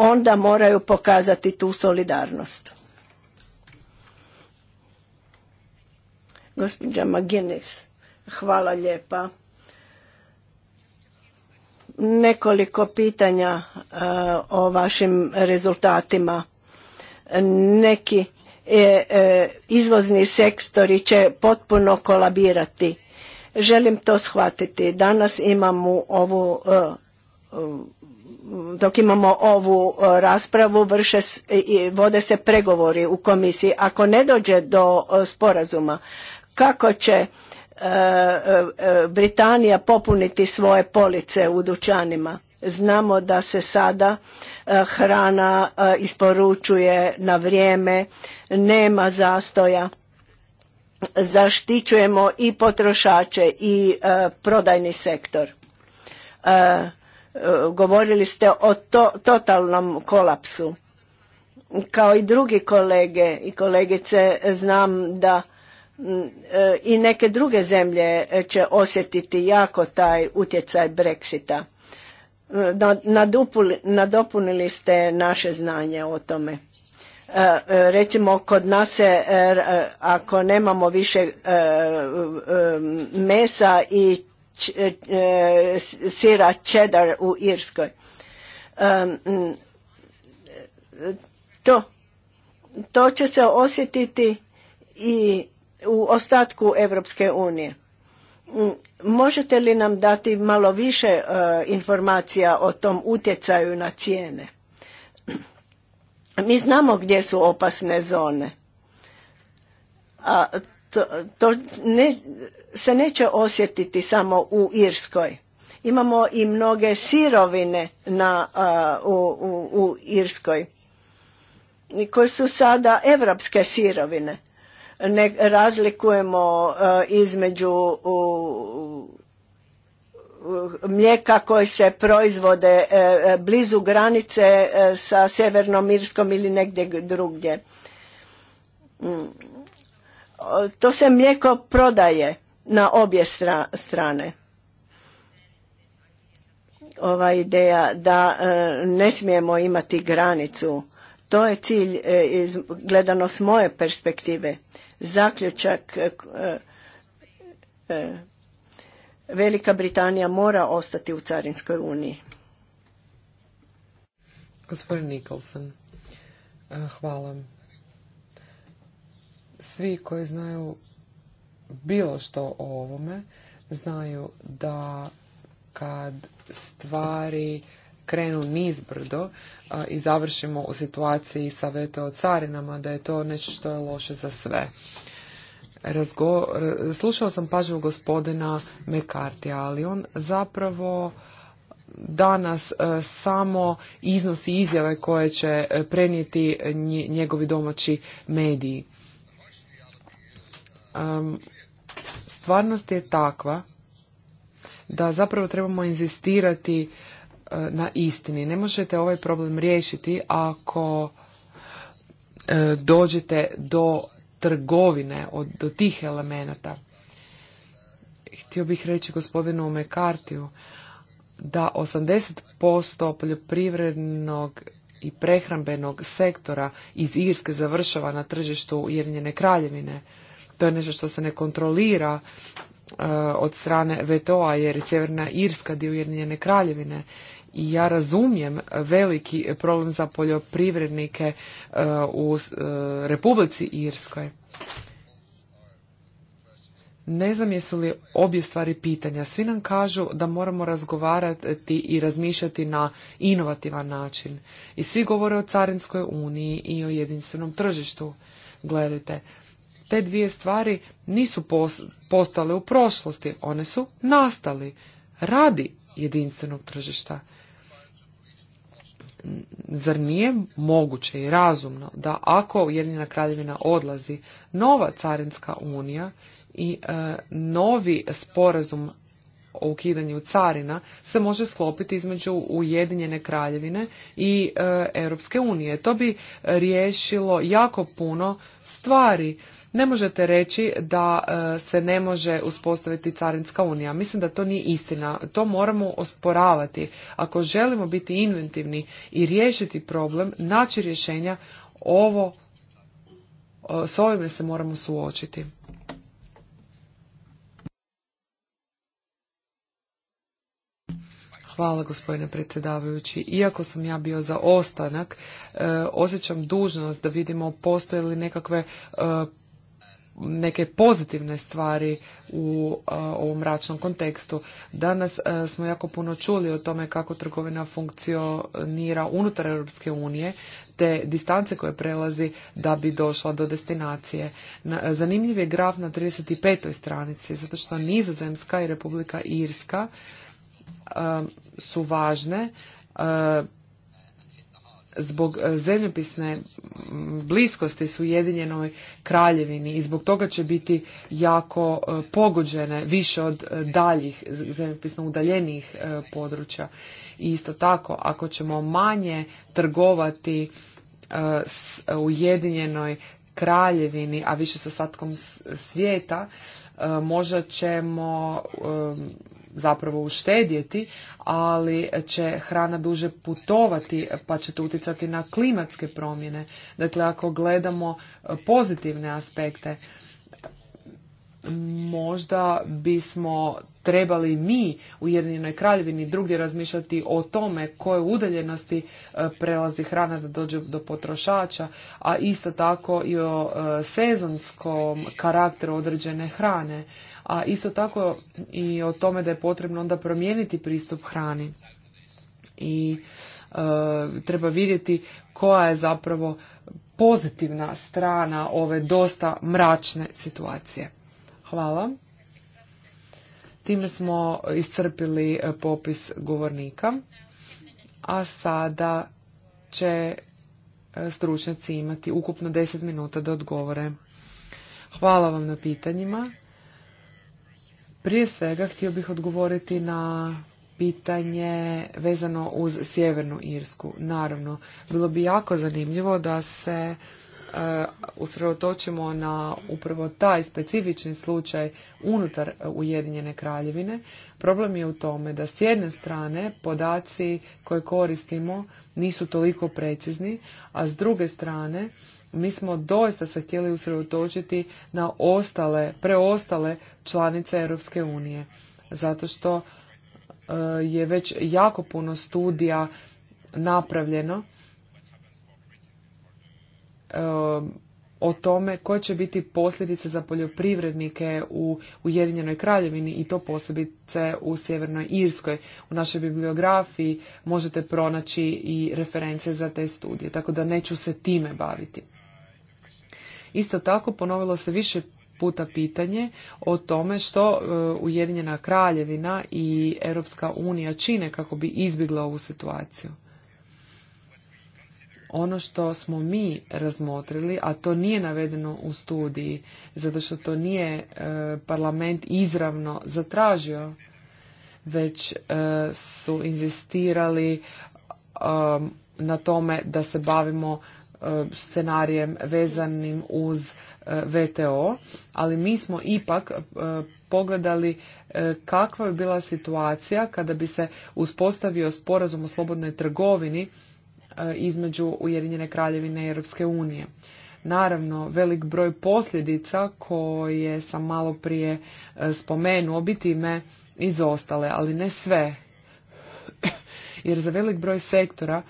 onda moraju pokazati tu solidarnost. Gospođa Maginis, hvala lijepa. Nekoliko pitanja e, o vašim rezultatima. Neki e, e, izvozni sektori će potpuno kolabirati. Želim to shvatiti. Danas imamo ovu dok imamo ovu e, raspravu vrše i vode se pregovori u komisiji ako ne dođe do e, sporazuma kako će e, Britanija popuniti svoje police u dućanima znamo da se sada hrana isporučuje na vrijeme nema zastoja zaštićujemo i potrošače i prodajni sektor Govorili ste o to, totalnom kolapsu. Kao i drugi kolege i kolegice znam da mm, e, i neke druge zemlje će osjetiti jako taj utjecaj Brexita. E, nadopunili ste naše znanje o tome. E, recimo kod nas se ako nemamo više mesa i E, sira cheddar u Irskoj. To, to će se osjetiti i u ostatku Europske unije. Možete li nam dati malo više e, informacija o tom utjecaju na cijene? Mi znamo gdje su opasne zone. A to, to ne, se neće osjetiti samo u Irskoj. Imamo i mnoge sirovine na, u, u, u Irskoj koje su sada evropske sirovine. Ne razlikujemo između mlijeka koje se proizvode e, e, blizu granice e, sa Severnom Irskom ili negdje drugdje. Mm. To se mlijeko prodaje na obje strane. Ova ideja da e, ne smijemo imati granicu, to je cilj e, iz, gledano s moje perspektive. Zaključak e, Velika Britanija mora ostati u Carinskoj uniji. Gospodin Nicholson, hvala. Svi koji znaju bilo što o ovome, znaju da kad stvari krenu nizbrdo i završimo u situaciji sa VTO carinama, da je to nešto što je loše za sve. slušao sam pažnju gospodina McCarthy, ali on zapravo danas e, samo iznosi izjave koje će e, prenijeti njegovi domaći mediji. Um, stvarnost je takva da zapravo trebamo inzistirati e, na istini. Ne možete ovaj problem riješiti ako e, dođete do trgovine, do tih elemenata. Htio bih reći gospodinu Mekartiju da 80% poljoprivrednog i prehrambenog sektora iz Irske završava na tržištu Ujedinjene kraljevine. To je nešto što se ne kontrolira e, od strane VTO-a jer je Sjeverna Irska dio Ujedinjene kraljevine i ja razumijem veliki problem za poljoprivrednike e, u e, Republici Irskoj. Ne znam jesu li obje stvari pitanja. Svi nam kažu da moramo razgovarati i razmišljati na inovativan način. I svi govore o Carinskoj uniji i o jedinstvenom tržištu. Gledajte, te dvije stvari nisu postale u prošlosti, one su nastali radi jedinstvenog tržišta. Zar nije moguće i razumno da ako Ujedinjena kraljevina odlazi, nova carinska unija i e, novi sporazum o ukidanju carina se može sklopiti između Ujedinjene kraljevine i e, Europske unije. To bi riješilo jako puno stvari ne možete reći da e, se ne može uspostaviti carinska unija. Mislim da to nije istina. To moramo osporavati. Ako želimo biti inventivni i riješiti problem, naći rješenja, ovo e, s ovime se moramo suočiti. Hvala gospodine predsjedavajući. Iako sam ja bio za ostanak, e, osjećam dužnost da vidimo postoje li nekakve neke pozitivne stvari u ovom mračnom kontekstu. Danas smo jako puno čuli o tome kako trgovina funkcionira unutar Europske unije, te distance koje prelazi da bi došla do destinacije. Zanimljiv je graf na 35. stranici, zato što Nizozemska i Republika Irska su važne zbog e, zemljopisne bliskosti su Ujedinjenoj kraljevini i zbog toga će biti jako e, pogođene više od e, daljih zemljopisno udaljenijih područja. I isto tako, ako ćemo manje trgovati s Ujedinjenoj kraljevini, a više sa ostatkom svijeta, možda ćemo zapravo uštedjeti, ali će hrana duže putovati pa će to utjecati na klimatske promjene. Dakle, ako gledamo e, pozitivne aspekte, možda bismo trebali mi u Jedinoj kraljevini drugdje razmišljati o tome koje udaljenosti e, prelazi hrana da dođe do potrošača, a isto tako i o e, sezonskom karakteru određene hrane, a isto tako i o tome da je potrebno onda promijeniti pristup hrani. I e, treba vidjeti koja je zapravo pozitivna strana ove dosta mračne situacije. Hvala. Time smo iscrpili e, popis govornika, a sada će e, stručnjaci imati ukupno 10 minuta da odgovore. Hvala vam na pitanjima. Prije svega htio bih odgovoriti na pitanje vezano uz Sjevernu Irsku. Naravno, bilo bi jako zanimljivo da se E, usredotočimo na upravo taj specifični slučaj unutar Ujedinjene kraljevine, problem je u tome da s jedne strane podaci koje koristimo nisu toliko precizni, a s druge strane mi smo doista se htjeli usredotočiti na ostale, preostale članice Europske unije. Zato što e, je već jako puno studija napravljeno Um, o tome koje će biti posljedice za poljoprivrednike u Ujedinjenoj kraljevini i to posebice u Sjevernoj Irskoj. U našoj bibliografiji možete pronaći i reference za te studije, tako da neću se time baviti. Isto tako ponovilo se više puta pitanje o tome što uh, Ujedinjena kraljevina i Europska unija čine kako bi izbjegla ovu situaciju ono što smo mi razmotrili, a to nije navedeno u studiji, zato što to nije e, parlament izravno zatražio, već e, su inzistirali um, na tome da se bavimo e, scenarijem vezanim uz VTO, ali mi smo ipak pogledali kakva bi bila situacija kada bi se uspostavio sporazum o slobodnoj trgovini E, između Ujedinjene kraljevine i Europske unije. Naravno, velik broj posljedica koje sam malo prije e, spomenuo bi time izostale, ali ne sve. [coughs] Jer za velik broj sektora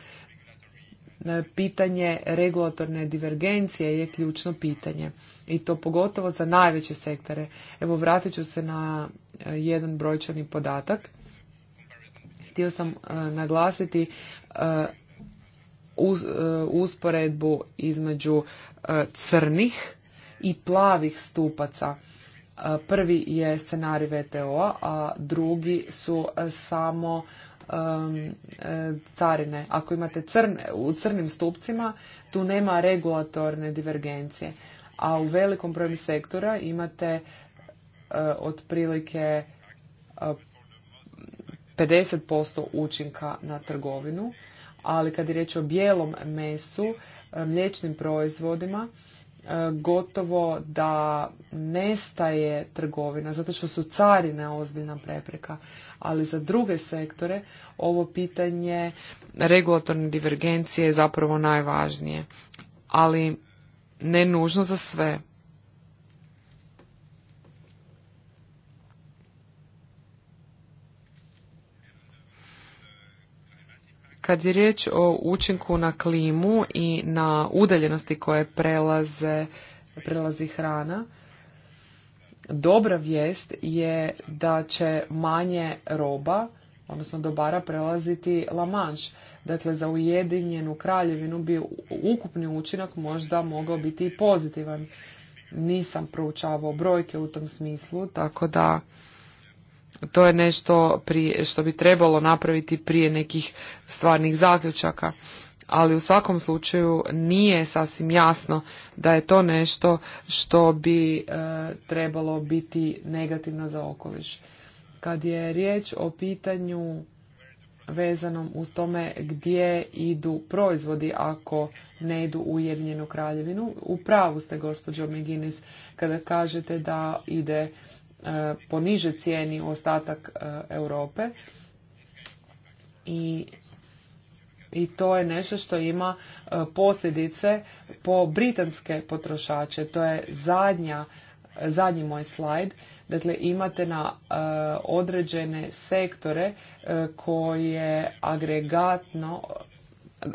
e, pitanje regulatorne divergencije je ključno pitanje. I to pogotovo za najveće sektore. Evo, vratit ću se na jedan brojčani podatak. Htio sam naglasiti uz, e, usporedbu između e, crnih i plavih stupaca. E, prvi je scenarij VTO-a, a drugi su samo carine. Ako imate u crnim stupcima, tu nema regulatorne divergencije. A u velikom broju sektora imate otprilike 50% učinka na trgovinu, ali kad je riječ o bijelom mesu, e, mliječnim proizvodima, e, gotovo da nestaje trgovina, zato što su carine ozbiljna prepreka. Ali za druge sektore ovo pitanje regulatorne divergencije je zapravo najvažnije. Ali ne nužno za sve. Kad je riječ o učinku na klimu i na udaljenosti koje prelaze, prelazi hrana, dobra vijest je da će manje roba, odnosno dobara, prelaziti La Manche. Dakle, za Ujedinjenu kraljevinu bi ukupni učinak možda mogao biti i pozitivan. Nisam proučavao brojke u tom smislu, tako da to je nešto što bi trebalo napraviti prije nekih stvarnih zaključaka ali u svakom slučaju nije sasvim jasno da je to nešto što bi e, trebalo biti negativno za okoliš kad je riječ o pitanju vezanom uz tome gdje idu proizvodi ako ne idu u Ujedinjenu kraljevinu. U pravu ste, gospođo Meginis, kada kažete da ide E, po niže cijeni u ostatak e, Europe i i to je nešto što ima e, posljedice po britanske potrošače. To je zadnja, zadnji moj slajd. Dakle, imate na određene sektore koje agregatno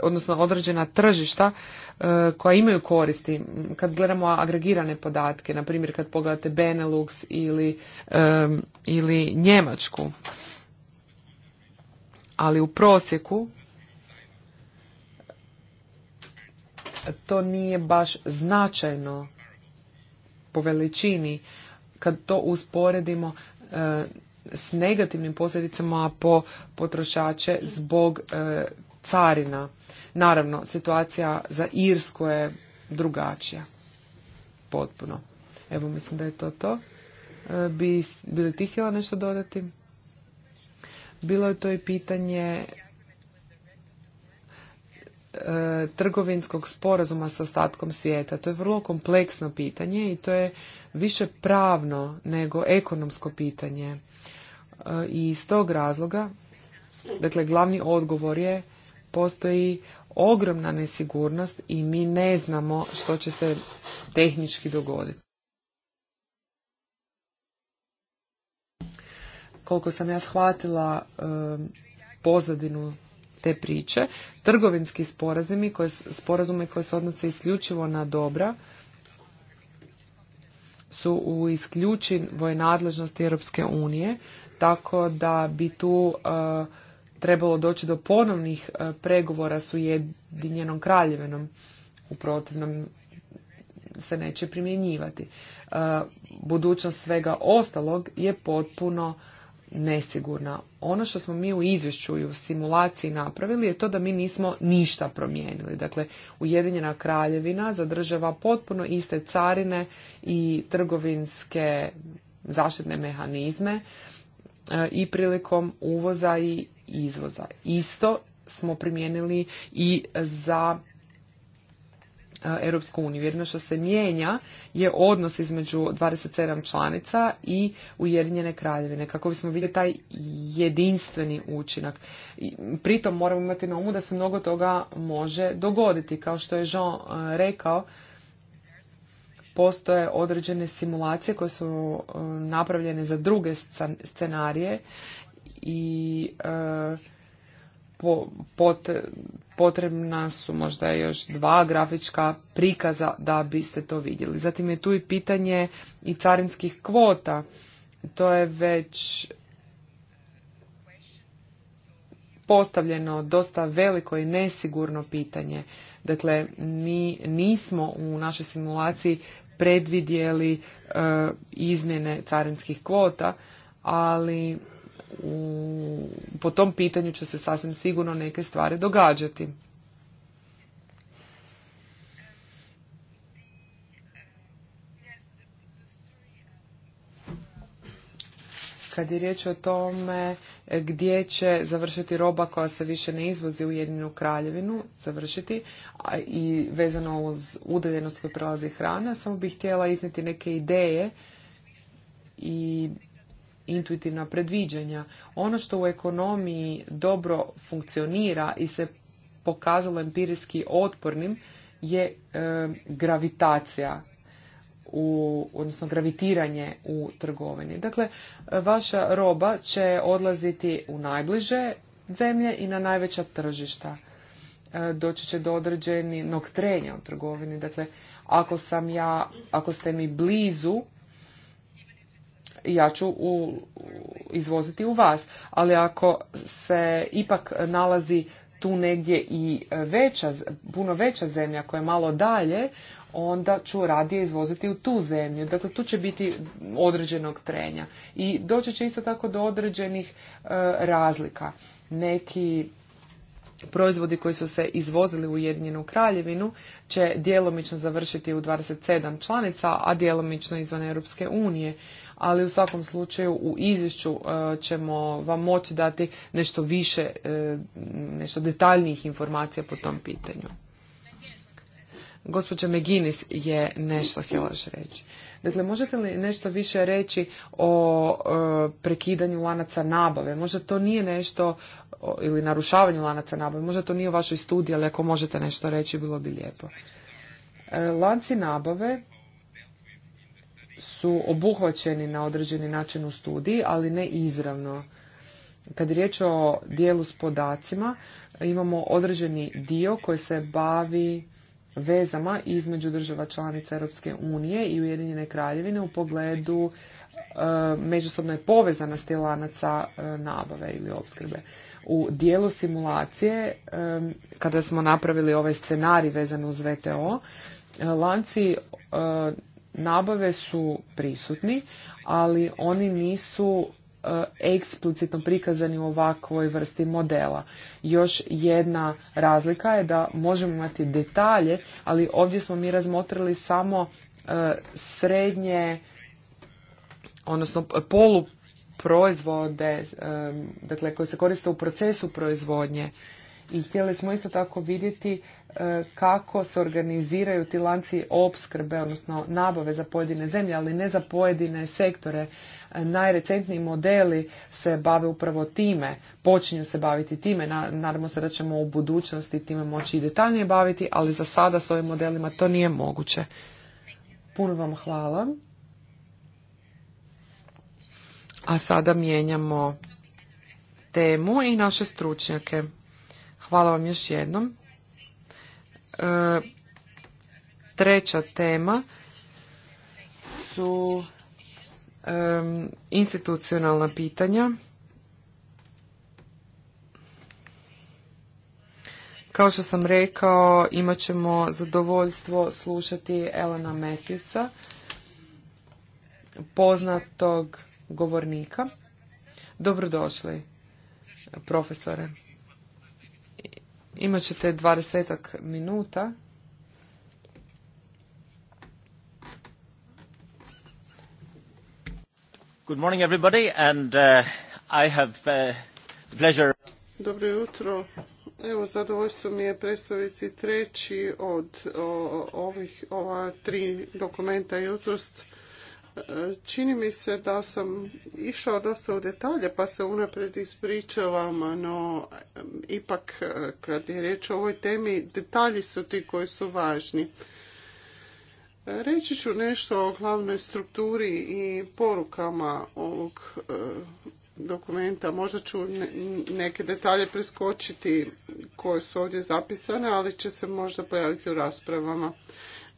odnosno određena tržišta e, koja imaju koristi. Kad gledamo agregirane podatke, na primjer kad pogledate Benelux ili, e, ili Njemačku, ali u prosjeku to nije baš značajno po veličini kad to usporedimo e, s negativnim posljedicama po potrošače zbog carina. Naravno, situacija za Irsku je drugačija. Potpuno. Evo, mislim da je to to. E, bi, bi li ti htjela nešto dodati? Bilo je to i pitanje e, trgovinskog sporazuma sa ostatkom svijeta. To je vrlo kompleksno pitanje i to je više pravno nego ekonomsko pitanje. E, I iz tog razloga, dakle, glavni odgovor je postoji ogromna nesigurnost i mi ne znamo što će se tehnički dogoditi. Koliko sam ja shvatila pozadinu te priče, trgovinski sporazumi koje, sporazume koje se odnose isključivo na dobra su u isključivoj nadležnosti Europske unije, tako da bi tu eh, trebalo doći do ponovnih e, pregovora s Ujedinjenom kraljevinom. U protivnom se neće primjenjivati. E, budućnost svega ostalog je potpuno nesigurna. Ono što smo mi u izvješću i u simulaciji napravili je to da mi nismo ništa promijenili. Dakle, Ujedinjena kraljevina zadržava potpuno iste carine i trgovinske zaštitne mehanizme e, i prilikom uvoza i izvoza. Isto smo primijenili i za e, Europsku uniju. Jedno što se mijenja je odnos između 27 članica i Ujedinjene kraljevine. Kako bismo vidjeli taj jedinstveni učinak. Pritom moramo imati na umu da se mnogo toga može dogoditi. Kao što je Jean e, rekao, postoje određene simulacije koje su e, napravljene za druge scenarije i e, potrebna su možda još dva grafička prikaza da biste to vidjeli. Zatim je tu i pitanje i carinskih kvota. To je već postavljeno dosta veliko i nesigurno pitanje. Dakle, mi nismo u našoj simulaciji predvidjeli e, izmjene carinskih kvota, ali u, po tom pitanju će se sasvim sigurno neke stvari događati. Kad je riječ o tome e, gdje će završiti roba koja se više ne izvozi u Jedinu kraljevinu, završiti i vezano uz udaljenost koju prelazi hrana, samo bih htjela izniti neke ideje i intuitivna predviđanja. Ono što u ekonomiji dobro funkcionira i se pokazalo empirijski otpornim je e, gravitacija u, odnosno gravitiranje u trgovini. Dakle, vaša roba će odlaziti u najbliže zemlje i na najveća tržišta. E, doći će do određenog trenja u trgovini. Dakle, ako sam ja, ako ste mi blizu, ja ću u, izvoziti u vas. Ali ako se ipak nalazi tu negdje i veća, puno veća zemlja koja je malo dalje, onda ću radije izvoziti u tu zemlju. Dakle, tu će biti određenog trenja. I doći će isto tako do određenih e, razlika. Neki proizvodi koji su se izvozili u Ujedinjenu kraljevinu će djelomično završiti u 27 članica, a djelomično izvan Europske unije ali u svakom slučaju u izvješću e, ćemo vam moći dati nešto više, e, nešto detaljnijih informacija po tom pitanju. Gospođa Meginis je nešto htjela reći. Dakle, možete li nešto više reći o e, prekidanju lanaca nabave? Možda to nije nešto, ili narušavanju lanaca nabave, možda to nije u vašoj studiji, ali ako možete nešto reći, bilo bi lijepo. lanci nabave su obuhvaćeni na određeni način u studiji, ali ne izravno. Kad je riječ o dijelu s podacima, imamo određeni dio koji se bavi vezama između država članica Europske unije i Ujedinjene kraljevine u pogledu e, međusobno je povezana lanaca e, nabave ili opskrbe. U dijelu simulacije, e, kada smo napravili ovaj scenarij vezan uz VTO, lanci nabave su prisutni, ali oni nisu e, eksplicitno prikazani u ovakvoj vrsti modela. Još jedna razlika je da možemo imati detalje, ali ovdje smo mi razmotrili samo e, srednje, odnosno poluproizvode, e, dakle koje se koriste u procesu proizvodnje i htjeli smo isto tako vidjeti e, kako se organiziraju ti lanci opskrbe, odnosno nabave za pojedine zemlje, ali ne za pojedine sektore. E, najrecentniji modeli se bave upravo time, počinju se baviti time. Nadamo se da ćemo u budućnosti time moći i detaljnije baviti, ali za sada s ovim modelima to nije moguće. Puno vam hvala. A sada mijenjamo temu i naše stručnjake. Hvala vam još jednom. E, treća tema su e, institucionalna pitanja. Kao što sam rekao, imat ćemo zadovoljstvo slušati Elena Matthewsa, poznatog govornika. Dobrodošli, profesore. Imat ćete dvadesetak minuta. Good morning everybody and uh, I have uh, pleasure... Dobro jutro. Evo, zadovoljstvo mi je predstaviti treći od ovih, ova tri dokumenta jutros. Čini mi se da sam išao dosta u detalje, pa se unaprijed ispričavam, no ipak eh, kad je riječ o ovoj temi, detalji su ti koji su važni. Reći ću nešto o glavnoj strukturi i porukama ovog eh, dokumenta. Možda ću neke detalje preskočiti koje su ovdje zapisane, ali će se možda pojaviti u raspravama.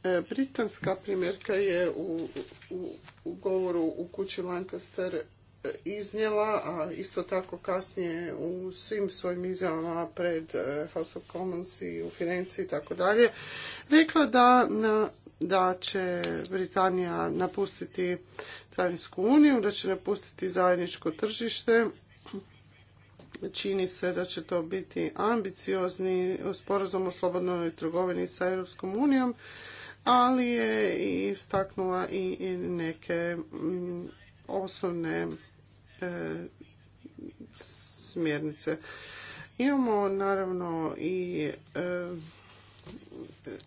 E, britanska primjerka je u, u govoru u kući Lancaster e, iznijela, a isto tako kasnije u svim svojim izjavama pred e, House of Commons i u Firenci i tako dalje, rekla da, na, da će Britanija napustiti Carinsku uniju, da će napustiti zajedničko tržište. Čini se da će to biti ambiciozni sporazum o slobodnoj trgovini sa Europskom unijom ali je istaknula i neke mm, osnovne e, smjernice. Imamo naravno i e,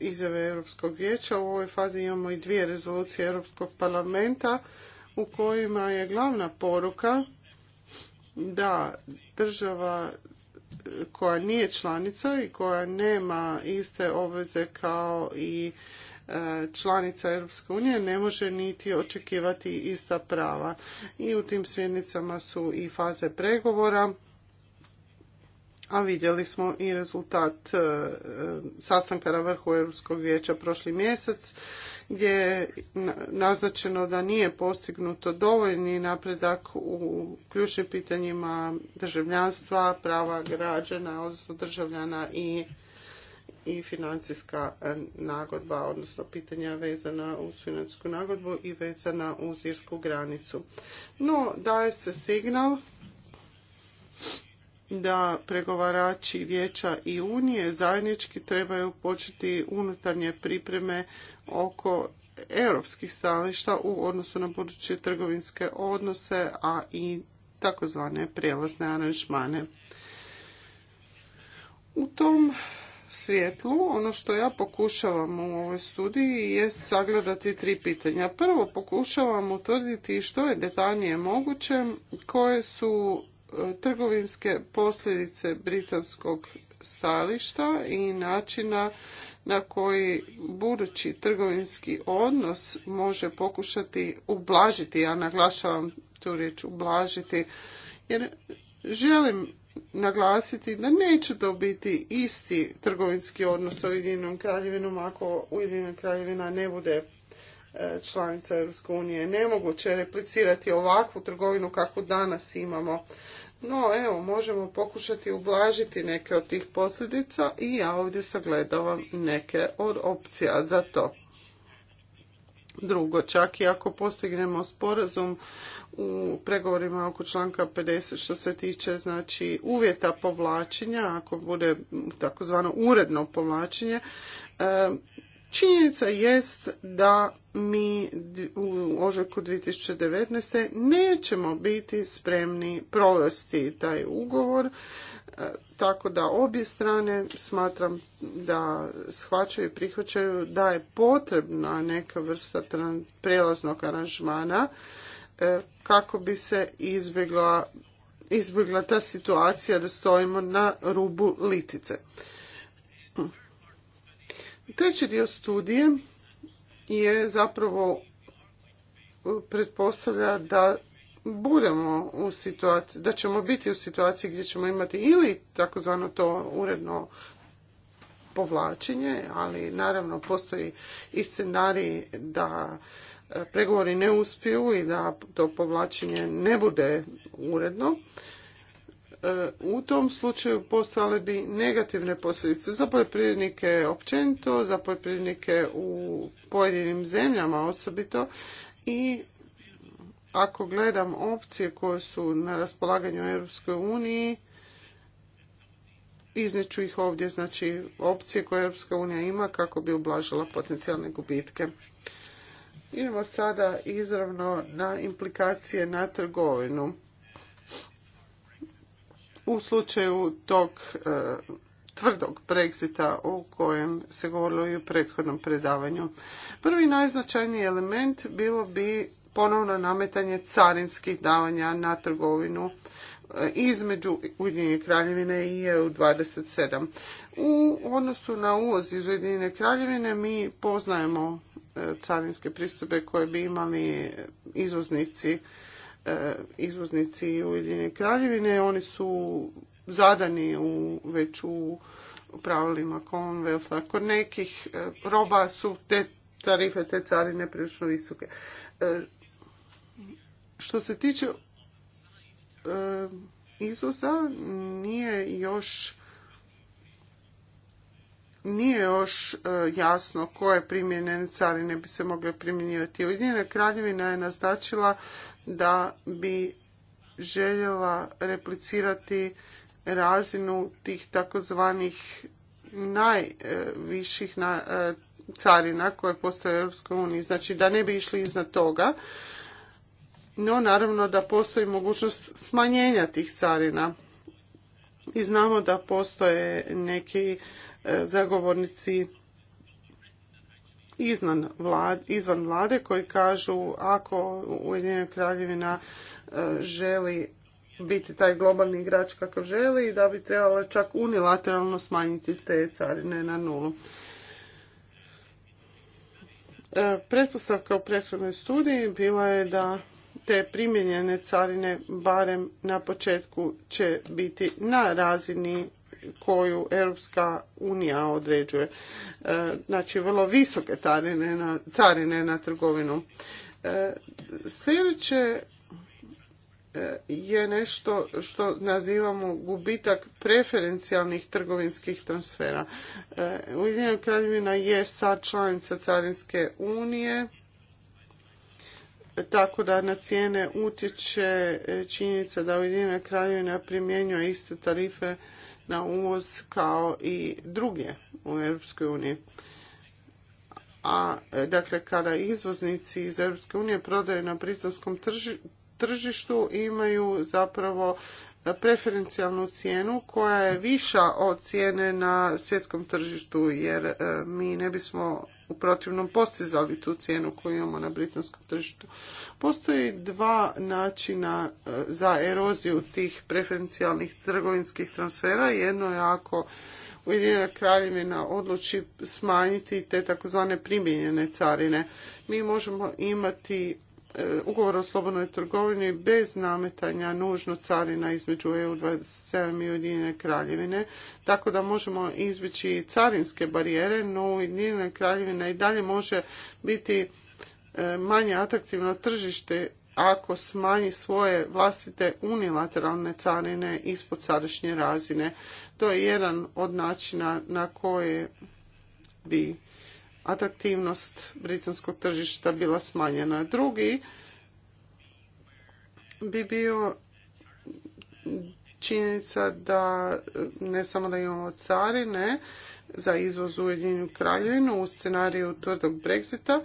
izjave Europskog vijeća. U ovoj fazi imamo i dvije rezolucije Europskog parlamenta u kojima je glavna poruka da država koja nije članica i koja nema iste obveze kao i članica Europske unije ne može niti očekivati ista prava. I u tim smjernicama su i faze pregovora, a vidjeli smo i rezultat e, sastanka na vrhu Europskog vijeća prošli mjesec gdje je naznačeno da nije postignuto dovoljni napredak u ključnim pitanjima državljanstva, prava građana, odnosno državljana i i financijska e, nagodba, odnosno pitanja vezana uz financijsku nagodbu i vezana uz irsku granicu. No, daje se signal da pregovarači vijeća i unije zajednički trebaju početi unutarnje pripreme oko europskih stajališta u odnosu na buduće trgovinske odnose, a i takozvane prijelazne aranžmane. U tom svjetlu, ono što ja pokušavam u ovoj studiji je sagledati tri pitanja. Prvo pokušavam utvrditi što je detaljnije moguće, koje su e, trgovinske posljedice britanskog stajališta i načina na koji budući trgovinski odnos može pokušati ublažiti, ja naglašavam tu riječ ublažiti, jer želim naglasiti da neće to biti isti trgovinski odnos sa Ujedinjenom kraljevinom ako Ujedinjena kraljevina ne bude e, članica Europske unije. Nemoguće je replicirati ovakvu trgovinu kakvu danas imamo. No, evo, možemo pokušati ublažiti neke od tih posljedica i ja ovdje sagledavam neke od opcija za to. Drugo, čak i ako postignemo sporazum u pregovorima oko članka 50 što se tiče znači uvjeta povlačenja, ako bude takozvano uredno povlačenje, e, činjenica jest da mi u ožujku 2019. nećemo biti spremni provesti taj ugovor E, tako da obje strane smatram da shvaćaju i prihvaćaju da je potrebna neka vrsta prelaznog aranžmana e, kako bi se izbjegla, izbjegla ta situacija da stojimo na rubu litice. Treći dio studije je zapravo e, pretpostavlja da budemo u situaciji, da ćemo biti u situaciji gdje ćemo imati ili takozvano to uredno povlačenje, ali naravno postoji i scenarij da e, pregovori ne uspiju i da to povlačenje ne bude uredno. E, u tom slučaju postale bi negativne posljedice za poljoprivrednike općenito, za poljoprivrednike u pojedinim zemljama osobito i ako gledam opcije koje su na raspolaganju Europskoj uniji, izneću ih ovdje, znači opcije koje Europska unija ima kako bi ublažila potencijalne gubitke. Idemo sada izravno na implikacije na trgovinu. U slučaju tog e, tvrdog Brexita o kojem se govorilo i u prethodnom predavanju. Prvi najznačajniji element bilo bi ponovno nametanje carinskih davanja na trgovinu e, između Ujedinjene kraljevine i EU27. U odnosu na uvoz iz Ujedinjene kraljevine mi poznajemo e, carinske pristupe koje bi imali e, izvoznici izvoznici Ujedinjene kraljevine. Oni su zadani u, već u pravilima Commonwealtha. Kod nekih roba su te tarife, te carine prilično visoke. Što se tiče e, izvoza, nije još nije još e, jasno koje primjene carine bi se mogle primjenjivati. Ujedinjena kraljevina je naznačila da bi željela replicirati razinu tih takozvanih najviših e, carina koje postoje u EU. Znači da ne bi išli iznad toga no naravno da postoji mogućnost smanjenja tih carina. I znamo da postoje neki e, zagovornici izvan vlade, koji kažu ako Ujedinjena kraljevina e, želi biti taj globalni igrač kakav želi i da bi trebalo čak unilateralno smanjiti te carine na nulu. E, pretpostavka u prethodnoj studiji bila je da te primjenjene carine barem na početku će biti na razini koju Europska unija određuje. E, znači vrlo visoke carine na, carine na trgovinu. E, sljedeće e, je nešto što nazivamo gubitak preferencijalnih trgovinskih transfera. Ujedinjena kraljevina je sad članica Carinske unije tako da na cijene utječe e, činjenica da Ujedinjena kraljevina primjenjuje iste tarife na uvoz kao i druge u Europskoj uniji. A e, dakle kada izvoznici iz Europske unije prodaju na britanskom tržištu imaju zapravo e, preferencijalnu cijenu koja je viša od cijene na svjetskom tržištu jer mi ne bismo u protivnom postizali tu cijenu koju imamo na britanskom tržištu. Postoji dva načina e, za eroziju tih preferencijalnih trgovinskih transfera. Jedno je ako Ujedinjena kraljevina odluči smanjiti te takozvane primijenjene carine. Mi možemo imati E, ugovor o slobodnoj trgovini bez nametanja nužno carina između EU27 i Ujedinjene kraljevine, tako da možemo izbjeći carinske barijere, no Ujedinjena kraljevina i dalje može biti e, manje atraktivno tržište ako smanji svoje vlastite unilateralne carine ispod sadašnje razine. To je jedan od načina na koje bi atraktivnost britanskog tržišta bila smanjena. Drugi bi bio činjenica da ne samo da imamo carine za izvoz u Ujedinjenu kraljevinu u scenariju tvrdog Brexita,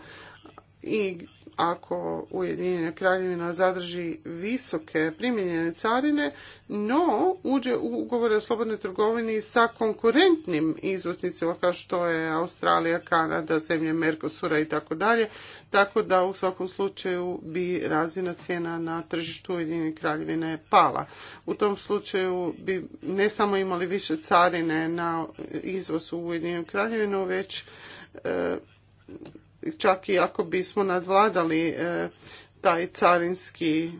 i ako Ujedinjena kraljevina zadrži visoke primjenjene carine, no uđe u ugovore o slobodnoj trgovini sa konkurentnim izvoznicima kao što je Australija, Kanada, zemlje Mercosura i tako dalje, tako da u svakom slučaju bi razina cijena na tržištu Ujedinjene kraljevine pala. U tom slučaju bi ne samo imali više carine na izvoz u Ujedinjenu kraljevinu, već e, čak i ako bismo nadvladali e, taj carinski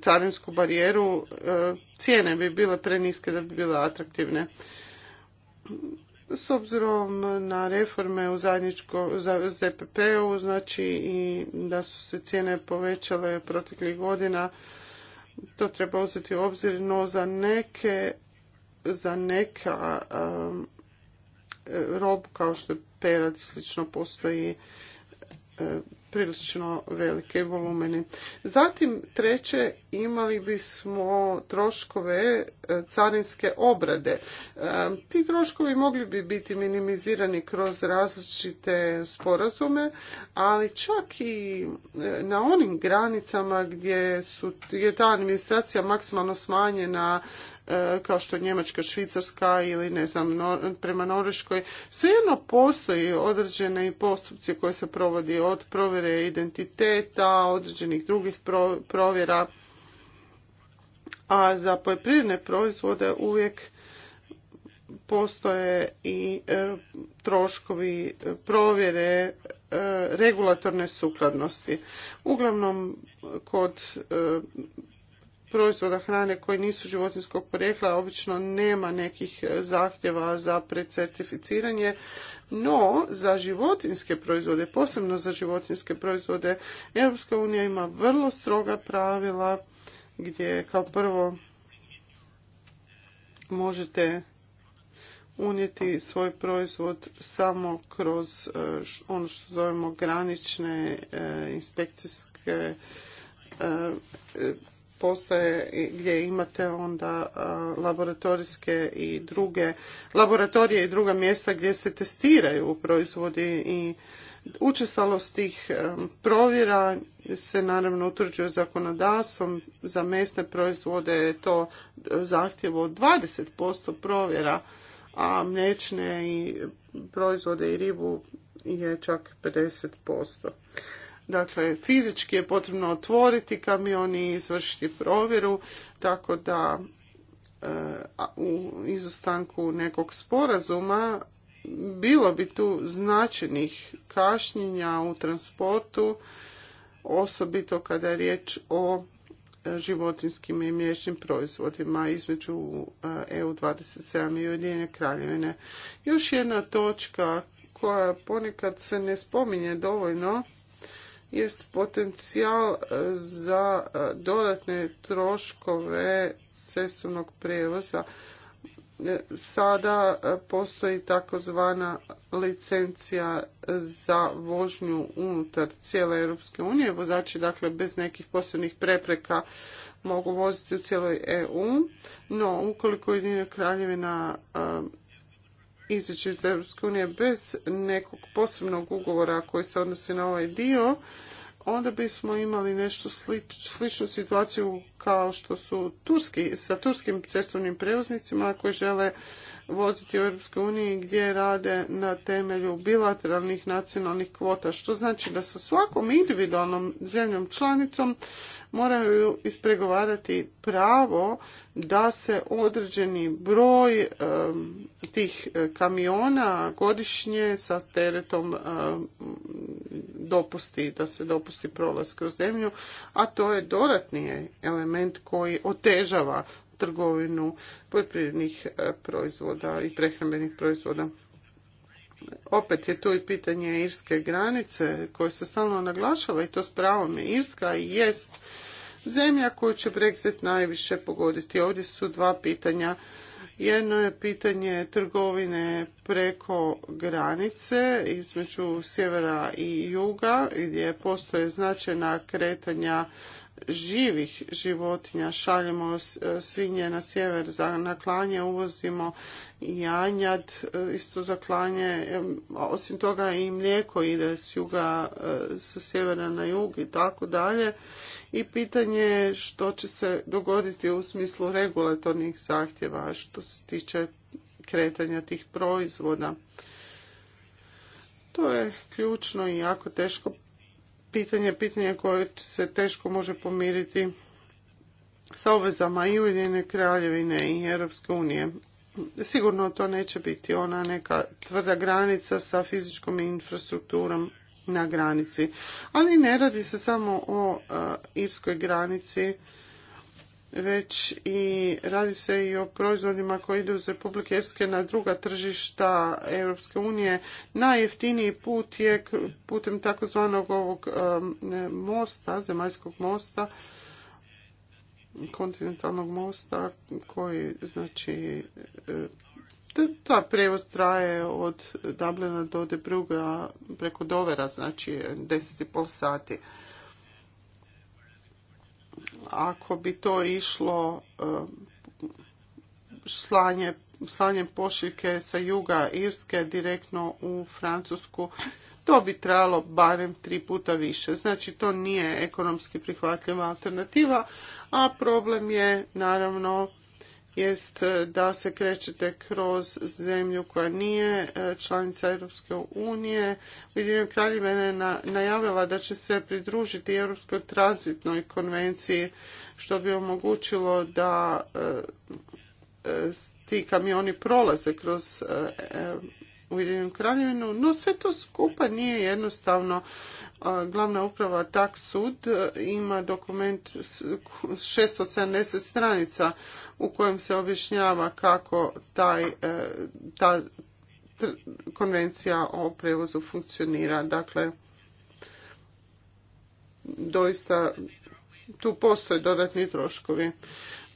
carinsku barijeru, e, cijene bi bile preniske da bi bile atraktivne. S obzirom na reforme u zajedničko za ZPP-u, znači i da su se cijene povećale proteklih godina, to treba uzeti u obzir, no za neke za neka e, rob kao što je perad slično postoji prilično velike volumene. Zatim treće imali bismo troškove e, carinske obrade. E, ti troškovi mogli bi biti minimizirani kroz različite sporazume, ali čak i e, na onim granicama gdje, su, gdje je ta administracija maksimalno smanjena E, kao što je Njemačka, Švicarska ili ne znam prema Norveškoj, svejedno postoji određene postupci koje se provodi od provjere identiteta, određenih drugih provjera, a za poljoprivredne proizvode uvijek postoje i e, troškovi provjere e, regulatorne sukladnosti. Uglavnom, kod proizvoda hrane koji nisu životinskog porijekla obično nema nekih e, zahtjeva za precertificiranje, no za životinske proizvode, posebno za životinske proizvode, Europska unija ima vrlo stroga pravila gdje kao prvo možete unijeti svoj proizvod samo kroz e, ono što zovemo granične e, inspekcijske postoje gdje imate onda laboratorijske i druge laboratorije i druga mjesta gdje se testiraju proizvodi i učestalost tih provjera se naravno utvrđuje zakonodavstvom za mesne proizvode je to zahtjev od 20% provjera a mliječne i proizvode i ribu je čak 50%. Dakle, fizički je potrebno otvoriti kamion i izvršiti provjeru, tako da e, u izostanku nekog sporazuma bilo bi tu značajnih kašnjenja u transportu, osobito kada je riječ o e, životinskim i mliječnim proizvodima između e, EU27 i Ujedinjene kraljevine. Još jedna točka koja ponekad se ne spominje dovoljno jest potencijal e, za e, dodatne troškove cestovnog prijevoza. E, sada postoji takozvana licencija za vožnju unutar cijele Europske unije. Vozači dakle bez nekih posebnih prepreka mogu voziti u cijeloj EU, no ukoliko Ujedinjena kraljevina izaći iz Europske unije bez nekog posebnog ugovora koji se odnosi na ovaj dio, onda bismo imali nešto sličnu situaciju kao što su turski, sa turskim cestovnim prevoznicima koji žele voziti u Europskoj uniji gdje rade na temelju bilateralnih nacionalnih kvota, što znači da sa svakom individualnom zemljom članicom moraju ispregovarati pravo da se određeni broj tih e, kamiona godišnje sa teretom e, dopusti, da se dopusti prolaz kroz zemlju, a to je dodatni element koji otežava trgovinu poljoprivrednih e, proizvoda i prehrambenih proizvoda. Opet je tu i pitanje irske granice koje se stalno naglašava i to s pravom. Irska i jest zemlja koju će Brexit najviše pogoditi. Ovdje su dva pitanja. Jedno je pitanje trgovine preko granice između sjevera i juga gdje postoje značajna kretanja živih životinja šaljemo e, svinje na sjever za naklanje, uvozimo janjad e, isto za klanje, osim toga i mlijeko ide s juga, e, sa sjevera na jug i tako dalje. I pitanje je što će se dogoditi u smislu regulatornih zahtjeva što se tiče kretanja tih proizvoda. To je ključno i jako teško pitanje, pitanje koje se teško može pomiriti sa obvezama i Ujedinjene kraljevine i Europske unije. Sigurno to neće biti ona neka tvrda granica sa fizičkom infrastrukturom na granici. Ali ne radi se samo o irskoj granici već i radi se i o proizvodima koji idu iz Republike Evske na druga tržišta Europske unije. Najjeftiniji put je putem takozvanog ovog mosta, zemaljskog mosta, kontinentalnog mosta koji znači e, ta prevoz traje od Dublina do Debruga preko Dovera, znači 10,5 sati ako bi to išlo eh, slanje, slanjem pošiljke sa juga Irske direktno u Francusku, to bi trajalo barem tri puta više. Znači to nije ekonomski prihvatljiva alternativa, a problem je naravno jest e, da se krećete kroz zemlju koja nije e, članica Europske unije. Ujedinjena kraljevina je najavila da će se pridružiti Europskoj tranzitnoj konvenciji što bi omogućilo da e, ti kamioni prolaze kroz Ujedinjenu kraljevinu, no sve to skupa nije jednostavno. Glavna uprava tak sud e, ima dokument 670 stranica u kojem se objašnjava kako taj, e, ta konvencija o prevozu funkcionira. Dakle, doista tu postoje dodatni troškovi.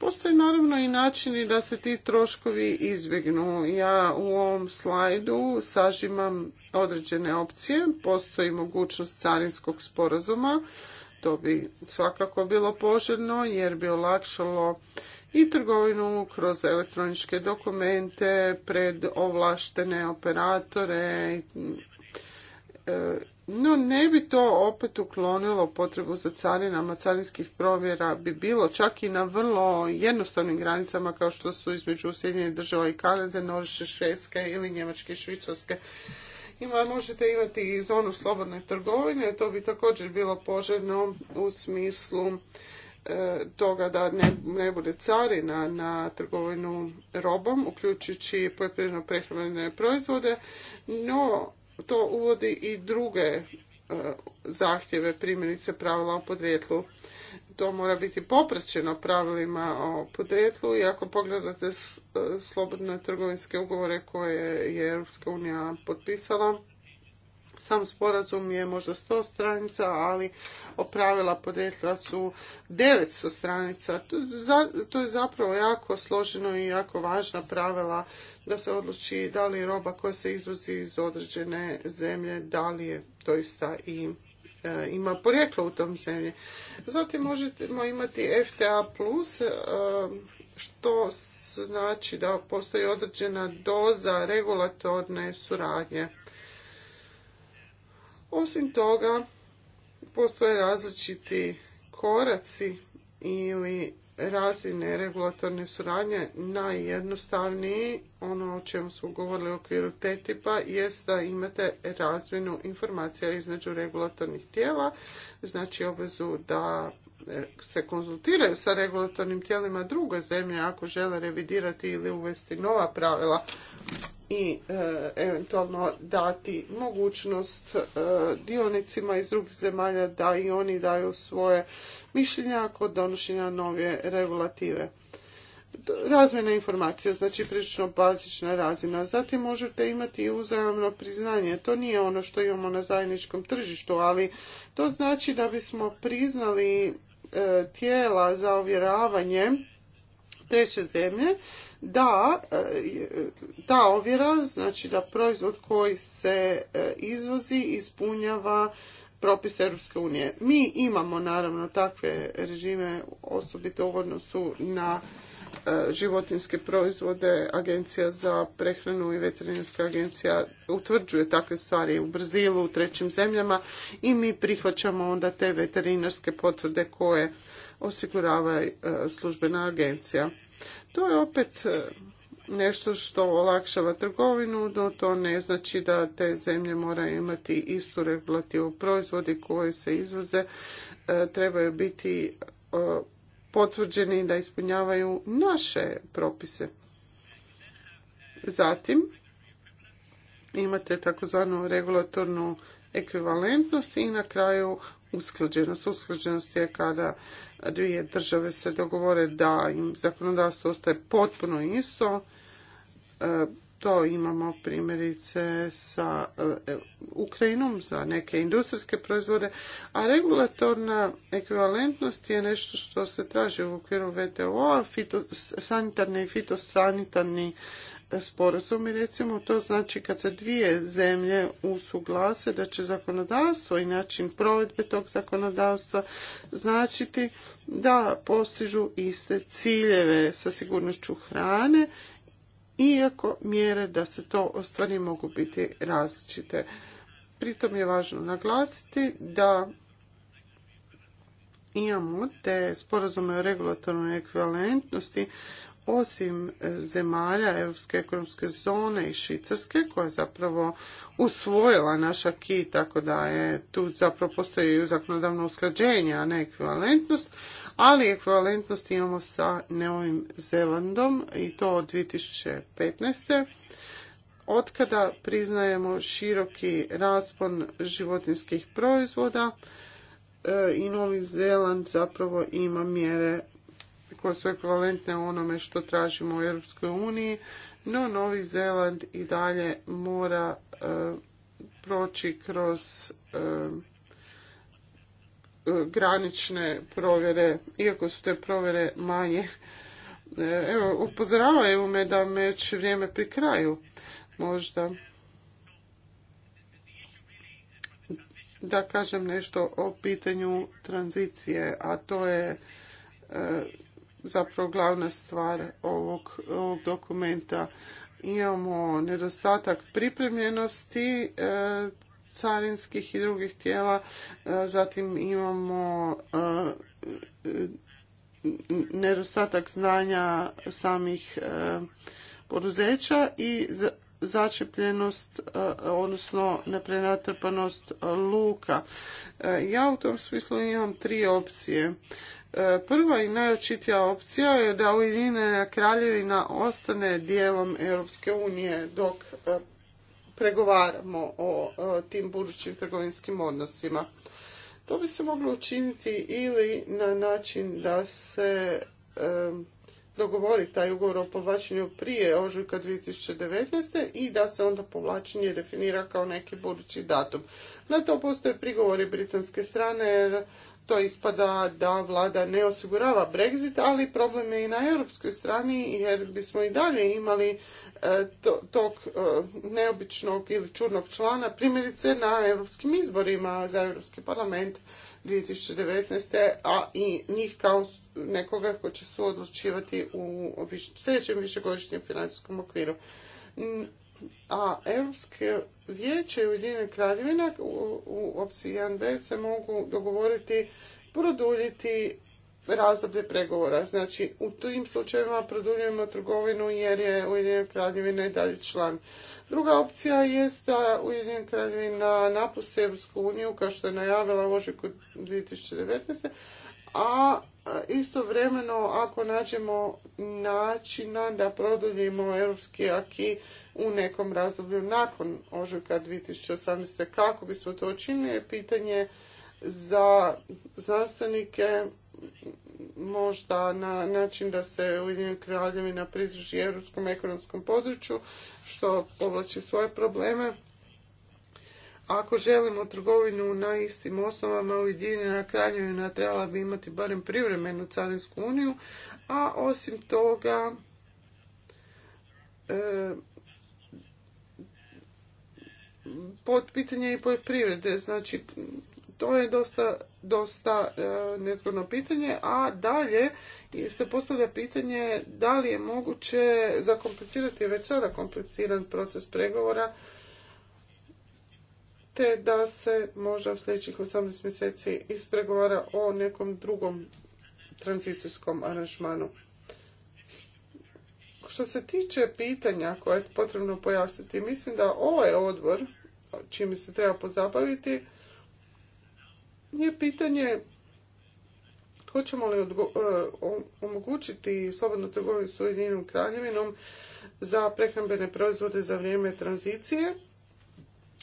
Postoje naravno i načini da se ti troškovi izbjegnu. Ja u ovom slajdu sažimam određene opcije. Postoji mogućnost carinskog sporazuma. To bi svakako bilo poželjno jer bi olakšalo i trgovinu kroz elektroničke dokumente pred ovlaštene operatore e, no ne bi to opet uklonilo potrebu za carinama, carinskih provjera bi bilo čak i na vrlo jednostavnim granicama kao što su između Sjedinjenih država i Kanade, Norše, Švedske ili Njemačke i Švicarske. Ima, možete imati i zonu slobodne trgovine, to bi također bilo poželjno u smislu e, toga da ne, ne bude carina na trgovinu robom, uključujući poljoprivredno prehrambene proizvode, no to uvodi i druge e, zahtjeve, primjerice pravila o podrijetlu. To mora biti popraćeno pravilima o podrijetlu i ako pogledate e, slobodne trgovinske ugovore koje je Europska unija potpisala, sam sporazum je možda 100 stranica, ali opravila podrijetla su 900 stranica. To je zapravo jako složeno i jako važna pravila da se odluči da li roba koja se izvozi iz određene zemlje, da li je doista i e, ima porijeklo u tom zemlji. Zatim možemo imati FTA+, e, što znači da postoji određena doza regulatorne suradnje. Osim toga, postoje različiti koraci ili razine regulatorne suradnje najjednostavniji, ono o čemu smo govorili u okviru TTIP-a, jest da imate razvinu informacija između regulatornih tijela, znači obvezu da e, se konzultiraju sa regulatornim tijelima druge zemlje ako žele revidirati ili uvesti nova pravila i e, eventualno dati mogućnost e, dionicima iz drugih zemalja da i oni daju svoje mišljenja kod donošenja nove regulative. Razmjena informacija, znači prilično bazična razina. Zatim možete imati i uzajamno priznanje. To nije ono što imamo na zajedničkom tržištu, ali to znači da bismo priznali e, tijela za ovjeravanje treće zemlje da e, ta ovjera, znači da proizvod koji se e, izvozi ispunjava propis Europske unije. Mi imamo naravno takve režime, osobito u odnosu na e, životinske proizvode, agencija za prehranu i veterinarska agencija utvrđuje takve stvari u Brazilu, u trećim zemljama i mi prihvaćamo onda te veterinarske potvrde koje osigurava e, službena agencija. To je opet e, nešto što olakšava trgovinu, no to ne znači da te zemlje moraju imati istu regulativu. Proizvodi koje se izvoze e, trebaju biti potvrđeni da ispunjavaju naše propise. Zatim imate takozvanu regulatornu ekvivalentnost i na kraju usklađenost. Usklađenost je kada dvije države se dogovore da im zakonodavstvo ostaje potpuno isto. E, to imamo primjerice sa e, Ukrajinom za neke industrijske proizvode, a regulatorna ekvivalentnost je nešto što se traži u okviru VTO-a, sanitarni i fitosanitarni sporazumi, recimo to znači kad se dvije zemlje usuglase da će zakonodavstvo i način provedbe tog zakonodavstva značiti da postižu iste ciljeve sa sigurnošću hrane, iako mjere da se to ostvari mogu biti različite. Pritom je važno naglasiti da imamo te sporazume o regulatornoj ekvivalentnosti osim e, zemalja Europske ekonomske zone i Švicarske, koja je zapravo usvojila naša ki, tako da je tu zapravo postoji zakonodavno usklađenje, a ne ekvivalentnost, ali ekvivalentnost imamo sa Novim Zelandom i to od 2015 otkada priznajemo široki raspon životinskih proizvoda e, i Novi Zeland zapravo ima mjere koje su ekvivalentne onome što tražimo u Europskoj uniji, no Novi Zeland i dalje mora eh, proći kroz eh, eh, granične provjere, iako su te provjere manje. Evo, upozoravaju me da me već vrijeme pri kraju, možda. Da kažem nešto o pitanju tranzicije, a to je zapravo glavna stvar ovog, ovog dokumenta. Imamo nedostatak pripremljenosti e, carinskih i drugih tijela, e, zatim imamo e, nedostatak znanja samih poduzeća i začepljenost, odnosno neprenatrpanost luka. Ja u tom smislu imam tri opcije. E, prva i najočitija opcija je da Ujedinjena kraljevina ostane dijelom Europske unije dok e, pregovaramo o e, tim budućim trgovinskim odnosima. To bi se moglo učiniti ili na način da se dogovori taj ugovor o povlačenju prije ožujka 2019. i da se onda povlačenje definira kao neki budući datum. Na to postoje prigovori britanske strane jer to ispada da vlada ne osigurava Brexit, ali problem je i na europskoj strani jer bismo i dalje imali e, tog e, neobičnog ili čurnog člana, primjerice na europskim izborima za Europski parlament 2019. a i njih kao nekoga ko će su odlučivati u sljedećem višegodišnjem financijskom okviru. A europske vijeće i Ujedinjene kraljevina u, opciji 1b se mogu dogovoriti produljiti razdoblje pregovora. Znači, u tim slučajevima produljujemo trgovinu jer je Ujedinjena kraljevina i dalje član. Druga opcija je da Ujedinjena kraljevina napusti Evropsku uniju, kao što je najavila u ožujku 2019 a e, istovremeno ako nađemo načina da produljimo europski aki u nekom razdoblju nakon ožujka 2018. Kako bismo to učinili je pitanje za znanstvenike možda na način da se Ujedinjena kraljevina pridruži europskom ekonomskom području što povlači svoje probleme ako želimo trgovinu na istim osnovama, Ujedinjena kraljevina trebala bi imati barem privremenu carinsku uniju, a osim toga e, pod pitanje i poljoprivrede, znači to je dosta, dosta e, nezgodno pitanje, a dalje se postavlja pitanje da li je moguće zakomplicirati već sada kompliciran proces pregovora te da se možda u sljedećih 18 mjeseci ispregovara o nekom drugom tranzicijskom aranžmanu. Što se tiče pitanja koje je potrebno pojasniti, mislim da ovaj odbor, čime se treba pozabaviti, je pitanje hoćemo li e, omogućiti slobodnu trgovinu s Ujedinjenom kraljevinom za prehrambene proizvode za vrijeme tranzicije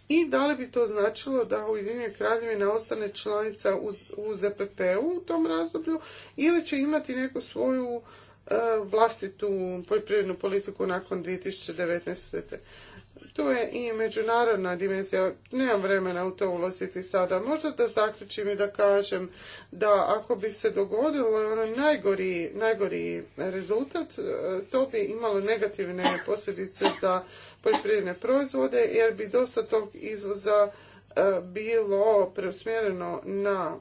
i da li bi to značilo da Ujedinjena kraljevina ostane članica u ZPP-u u tom razdoblju ili će imati neku svoju e, vlastitu poljoprivrednu politiku nakon 2019. Tu je i međunarodna dimenzija. Nemam vremena u to ulaziti sada. Možda da zaključim i da kažem da ako bi se dogodilo onaj najgori, najgori rezultat, e, to bi imalo negativne posljedice za poljoprivredne proizvode, jer bi dosta tog izvoza e, bilo preusmjereno na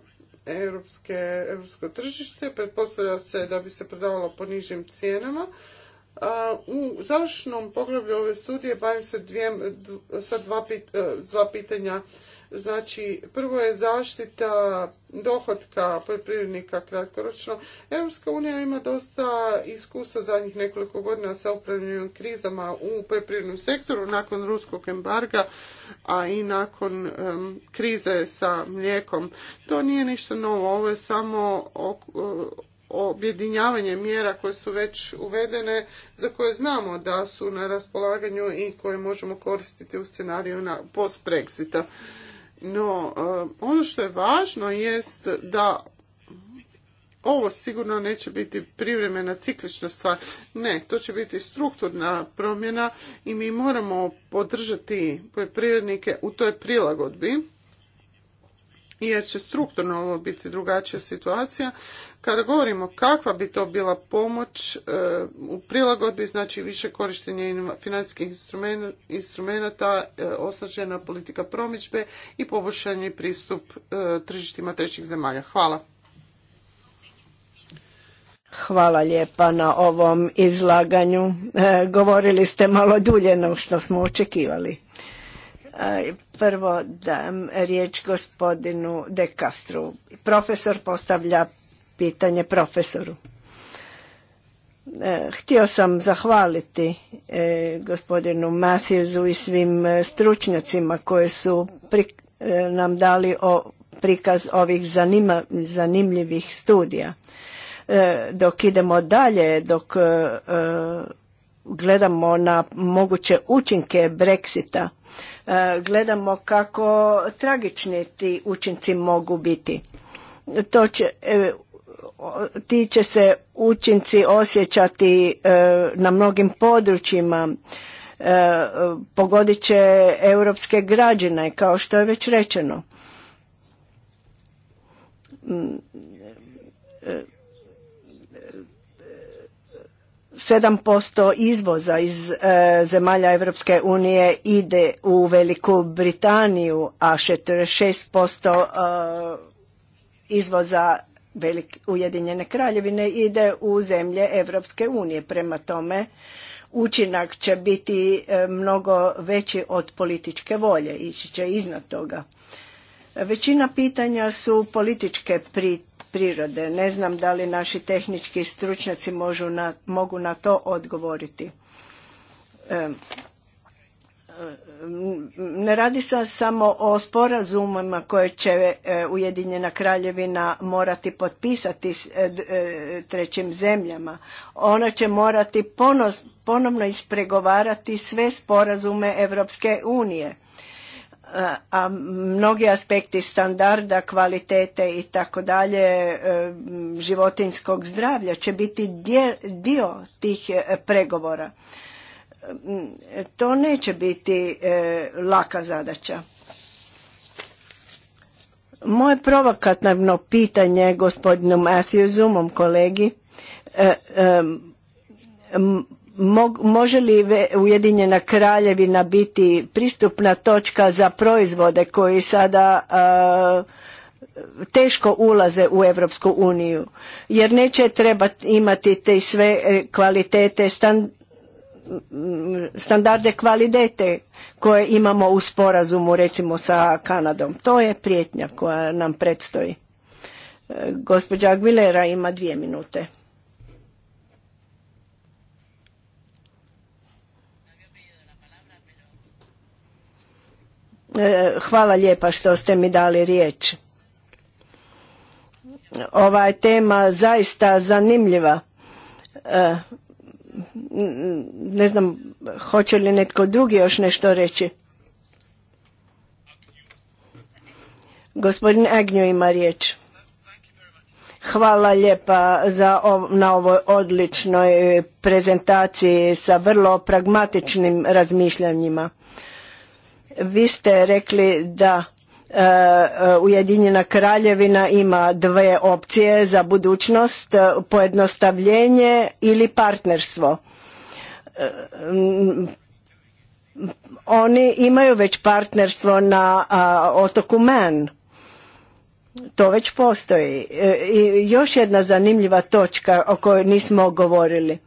europsko tržište. Pretpostavlja se da bi se prodavalo po nižim cijenama u završnom poglavlju ove studije bavim se dvijem, sa e, dva, pitanja. Znači, prvo je zaštita dohotka poljoprivrednika kratkoročno. Europska unija ima dosta iskustva zadnjih nekoliko godina sa upravljanjem krizama u poljoprivrednom sektoru nakon ruskog embarga, a i nakon krize sa mlijekom. To nije ništa novo, ovo je samo objedinjavanje mjera koje su već uvedene, za koje znamo da su na raspolaganju i koje možemo koristiti u scenariju na post Brexita. No, eh, ono što je važno jest da ovo sigurno neće biti privremena ciklična stvar. Ne, to će biti strukturna promjena i mi moramo podržati poljoprivrednike u toj prilagodbi jer će strukturno ovo biti drugačija situacija. Kada govorimo kakva bi to bila pomoć e, u prilagodbi, znači više korištenje financijskih instrumenata, e, osnažena politika promičbe i poboljšanje pristup e, tržištima trećih zemalja. Hvala. Hvala lijepa na ovom izlaganju. govorili ste malo dulje nego što smo očekivali. Prvo dam riječ gospodinu De Castro. Profesor postavlja pitanje profesoru. E, htio sam zahvaliti e, gospodinu Matthewsu i svim e, stručnjacima koji su nam dali o prikaz ovih zanimljivih studija. Dok idemo dalje, dok gledamo na moguće učinke Brexita, E, gledamo kako tragični ti učinci mogu biti. To će, e, ti će se učinci osjećati e, na mnogim područjima, pogodit će europske građane, kao što je već rečeno mm, 7% izvoza iz e, zemalja Europske unije ide u Veliku Britaniju, a 46% e, izvoza Velik Ujedinjene kraljevine ide u zemlje Europske unije. Prema tome učinak će biti e, mnogo veći od političke volje, ići će iznad toga. Većina pitanja su političke pri prirode. Ne znam da li naši tehnički stručnjaci na, mogu na to odgovoriti. E, ne radi se samo o sporazumima koje će e, Ujedinjena kraljevina morati potpisati s e, e, trećim zemljama. Ona će morati ponovno ispregovarati sve sporazume Europske unije a mnogi aspekti standarda, kvalitete i tako dalje e, životinskog zdravlja će biti dio tih e, pregovora. Mm, to neće biti e, laka zadaća. Moje provokativno pitanje gospodinu Matthewsu, kolegi, može li Ujedinjena kraljevina biti pristupna točka za proizvode koji sada teško ulaze u Europsku uniju jer neće trebati imati te sve e, kvalitete standarde kvalitete koje imamo u sporazumu recimo sa Kanadom. To je prijetnja koja nam predstoji. E, gospođa Aguilera ima dvije minute. E, hvala lijepa što ste mi dali riječ. Ova je tema zaista zanimljiva. E, ne znam, hoće li netko drugi još nešto reći? Gospodin Agnju ima riječ. Hvala lijepa za na ovoj odličnoj prezentaciji sa vrlo pragmatičnim razmišljanjima. Vi ste rekli da e, e, Ujedinjena kraljevina ima dve opcije za budućnost, e, pojednostavljenje ili partnerstvo. Oni imaju već partnerstvo na otoku Man. To već postoji. I još jedna zanimljiva točka o kojoj nismo govorili.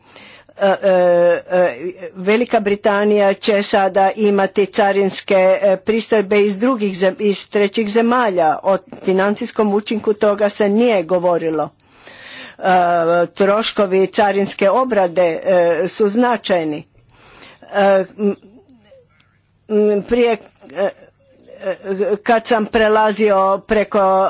E, e, e, Velika Britanija će sada imati carinske pristojbe iz drugih iz trećih zemalja. O financijskom učinku toga se nije govorilo. Troškovi carinske obrade su značajni. Prije kad sam prelazio preko e,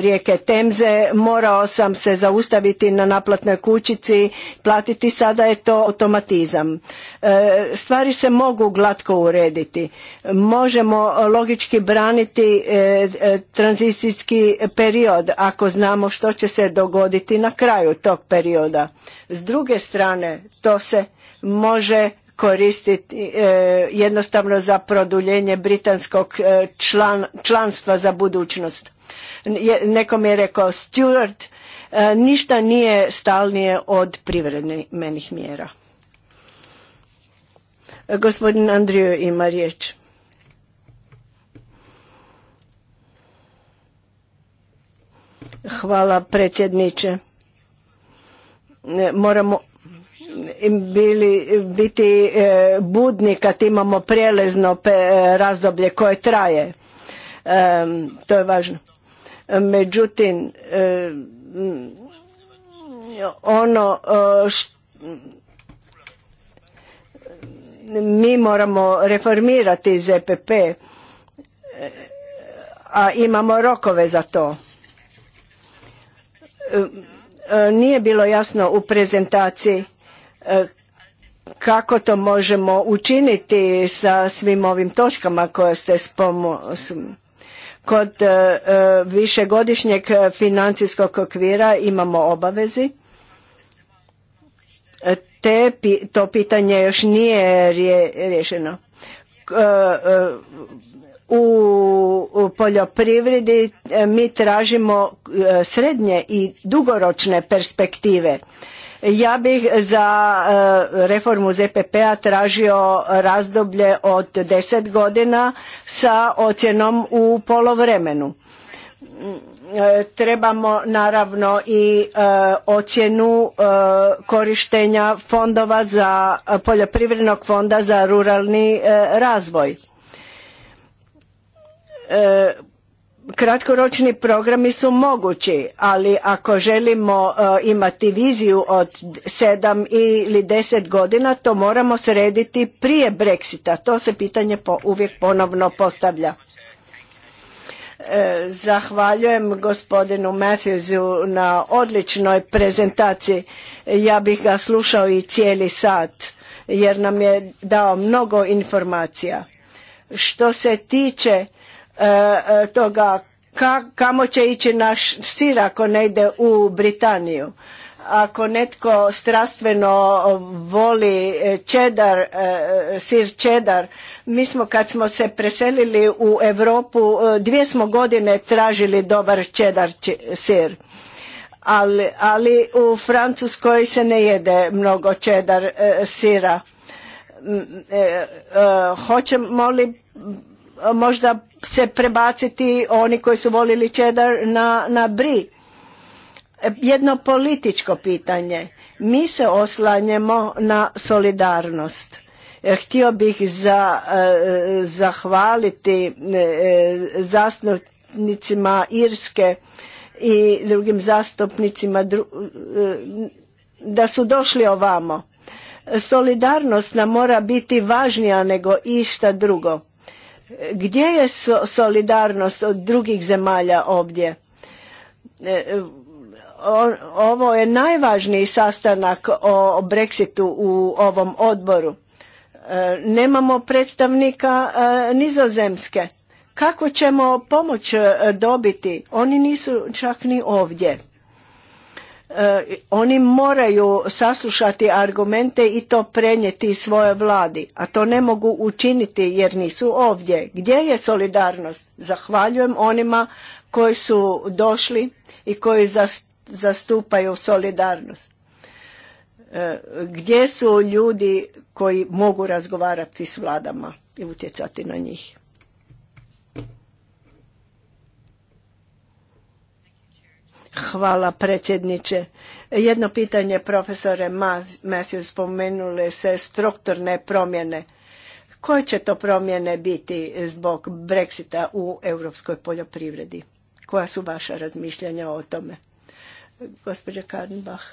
rijeke Temze morao sam se zaustaviti na naplatnoj kućici, platiti sada je to automatizam. E, stvari se mogu glatko urediti. Možemo logički braniti e, tranzicijski period ako znamo što će se dogoditi na kraju tog perioda. S druge strane to se može koristiti e, jednostavno za produljenje britanskog e, članstva za budućnost. Nekom je rekao Stuart, e, ništa nije stalnije od privremenih mjera. Gospodin Andriju ima riječ. Hvala predsjedniče. Moramo bili, biti e, budni kad imamo prijelezno e, razdoblje koje traje. E, to je važno. Međutim, ono što mi moramo reformirati ZPP, a imamo rokove za to. Nije bilo jasno u prezentaciji E, kako to možemo učiniti sa svim ovim točkama koje se spomenuli kod e, e, višegodišnjeg financijskog okvira imamo obavezi to pitanje još nije riješeno. rješeno u, u poljoprivredi mi tražimo srednje i dugoročne perspektive ja bih za e, reformu ZPP-a tražio razdoblje od deset godina sa ocjenom u polovremenu. E, trebamo naravno i e, ocjenu korištenja fondova za poljoprivrednog fonda za ruralni razvoj kratkoročni programi su mogući, ali ako želimo uh, imati viziju od sedam ili deset godina, to moramo srediti prije Brexita. To se pitanje po, uvijek ponovno postavlja. Uh, zahvaljujem gospodinu Matthewsu na odličnoj prezentaciji. Ja bih ga slušao i cijeli sat jer nam je dao mnogo informacija. Što se tiče E, e, toga ka, kamo će ići naš sir ako ne ide u Britaniju. Ako netko strastveno voli čedar, e, sir čedar, mi smo kad smo se preselili u Europu dvije smo godine tražili dobar čedar sir. Ali, ali u Francuskoj se ne jede mnogo čedar sira. Hoćemo li možda se prebaciti oni koji su volili čedar na, na bri. Jedno političko pitanje. Mi se oslanjemo na solidarnost. E, htio bih za, e, zahvaliti e, zastupnicima Irske i drugim zastupnicima da su došli ovamo. Solidarnost nam mora biti važnija nego išta drugo gdje je solidarnost od drugih zemalja ovdje? E, ovo je najvažniji sastanak o Brexitu u ovom odboru. E, nemamo predstavnika e, nizozemske. Kako ćemo pomoć dobiti? Oni nisu čak ni ovdje. E, oni moraju saslušati argumente i to prenijeti svoje vladi, a to ne mogu učiniti jer nisu ovdje. Gdje je solidarnost? Zahvaljujem onima koji su došli i koji zastupaju solidarnost. E, gdje su ljudi koji mogu razgovarati s vladama i utjecati na njih? Hvala predsjedniče. Jedno pitanje profesore Matthews spomenule se strukturne promjene. Koje će to promjene biti zbog Brexita u europskoj poljoprivredi? Koja su vaša razmišljanja o tome? Gospođa Karnbach.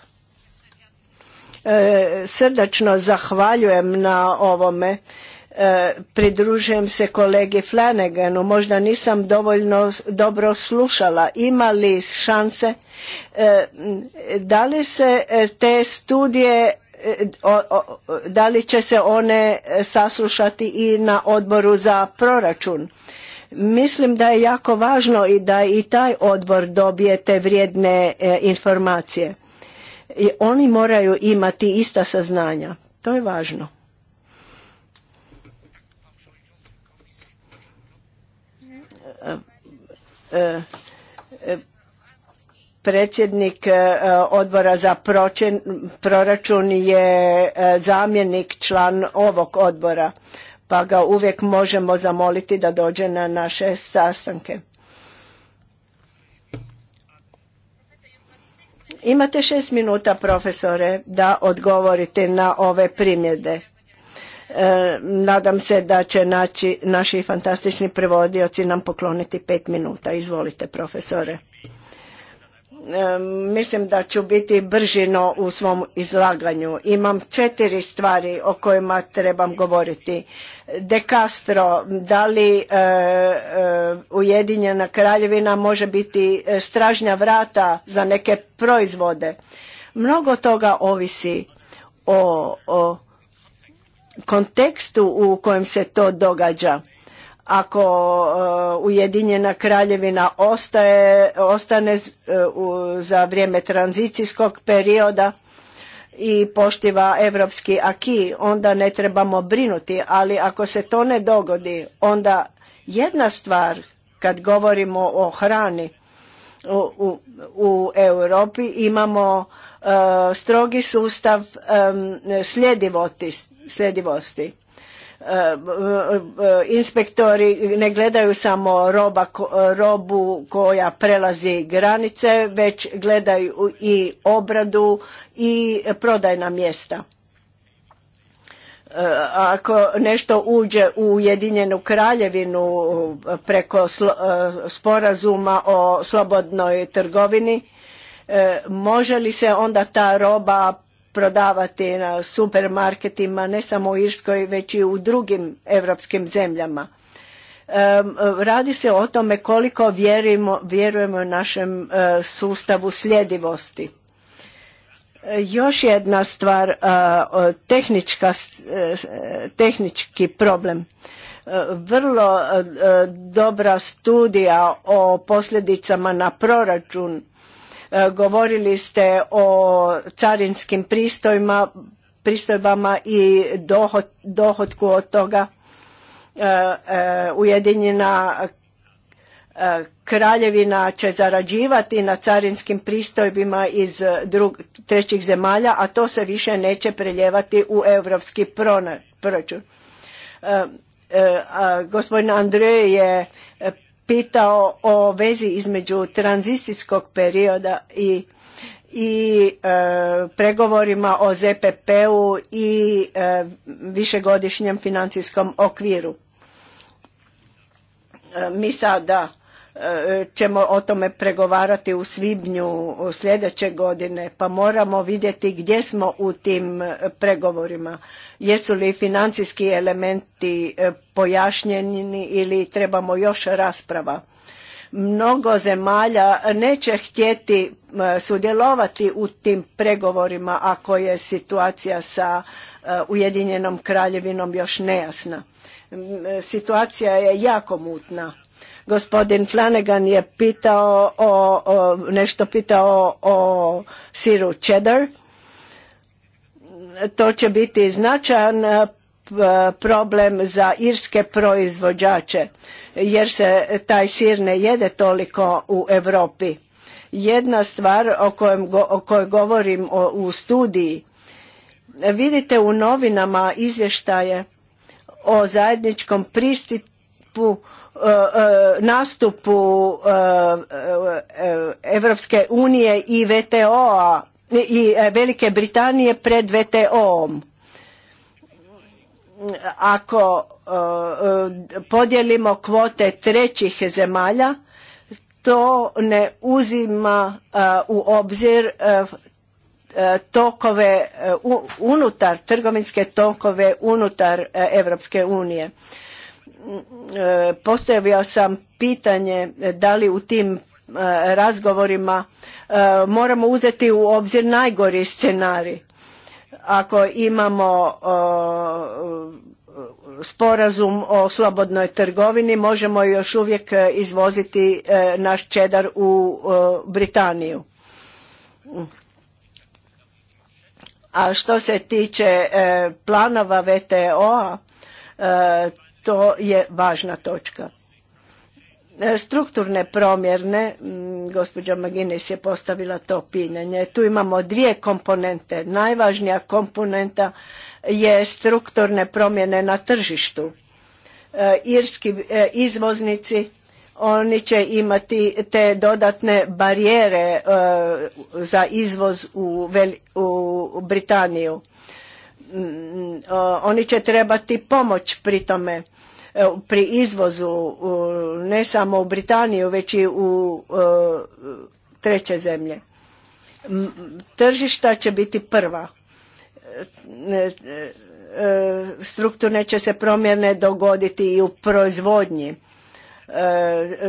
E, srdačno zahvaljujem na ovome pridružujem se kolegi Flanaganu, možda nisam dovoljno dobro slušala, ima li šanse, e, da li se e, te studije, e, da li će se one saslušati i na odboru za proračun? Mislim da je jako važno i da i taj odbor dobije te vrijedne informacije. Oni moraju imati ista saznanja. To je važno. E, e, predsjednik e, odbora za proračun je zamjenik član ovog odbora, pa ga uvijek možemo zamoliti da dođe na naše sastanke. Imate šest minuta, profesore, da odgovorite na ove primjede. E, nadam se da će naći naši fantastični prevodioci nam pokloniti pet minuta. Izvolite, profesore. E, mislim da ću biti bržino u svom izlaganju. Imam četiri stvari o kojima trebam govoriti. De Castro, da li e, Ujedinjena kraljevina može biti stražnja vrata za neke proizvode? Mnogo toga ovisi o kontekstu u kojem se to događa ako e, Ujedinjena kraljevina ostaje, ostane e, za vrijeme tranzicijskog perioda i poštiva evropski aki, onda ne trebamo brinuti, ali ako se to ne dogodi, onda jedna stvar kad govorimo o hrani u, u, Europi imamo e, strogi sustav um, sljedivosti. E, e, inspektori ne gledaju samo roba, robu koja prelazi granice, već gledaju i obradu i prodajna mjesta. E, ako nešto uđe u Ujedinjenu kraljevinu preko sporazuma o slobodnoj trgovini, može li se onda ta roba prodavati na supermarketima ne samo u Irskoj već i u drugim europskim zemljama. Radi se o tome koliko vjerujemo, vjerujemo našem e, sustavu sljedivosti. E, još jedna stvar, e, tehnička, tehnički problem. Vrlo dobra studija o posljedicama na proračun E, govorili ste o carinskim pristojbama i dohodku od toga. E, e, Ujedinjena kraljevina će zarađivati na carinskim pristojbima iz trećih zemalja, a to se više neće preljevati u europski proračun. E, gospodin Andrej je pitao o vezi između tranzicijskog perioda i i e, pregovorima o ZPP-u i e, višegodišnjem financijskom okviru. E, mi sada ćemo o tome pregovarati u svibnju sljedeće godine, pa moramo vidjeti gdje smo u tim e, pregovorima. Jesu li financijski elementi e, pojašnjeni ili trebamo još rasprava? Mnogo zemalja neće htjeti e, sudjelovati u tim pregovorima ako je situacija sa Ujedinjenom kraljevinom još nejasna. Situacija je jako mutna Gospodin Flanagan je pitao o, nešto pitao o siru cheddar. To će biti značajan e, problem za irske proizvođače jer se taj sir ne jede toliko u Europi. Jedna stvar o, kojem, o kojoj govorim u studiji, vidite u novinama izvještaje o zajedničkom pristupu E, e, nastupu e, Evropske unije i VTO-a i Velike Britanije pred VTO-om. Ako podijelimo kvote trećih zemalja, to ne uzima u obzir tokove unutar, trgovinske tokove unutar Evropske unije postavio sam pitanje e, da li u tim e, razgovorima e, moramo uzeti u obzir najgori scenarij. Ako imamo sporazum o slobodnoj trgovini možemo još uvijek izvoziti naš čedar u Britaniju. A što se tiče planova VTO-a, to je važna točka. E, strukturne promjerne, gospođa Maginis je postavila to pitanje, tu imamo dvije komponente. Najvažnija komponenta je strukturne promjene na tržištu. E, irski e, izvoznici oni će imati te dodatne barijere za izvoz u, Britaniju. oni će trebati pomoć pri tome pri izvozu ne samo u Britaniju već i u e, treće zemlje. Tržišta će biti prva. E, e, strukturne će se promjene dogoditi i u proizvodnji.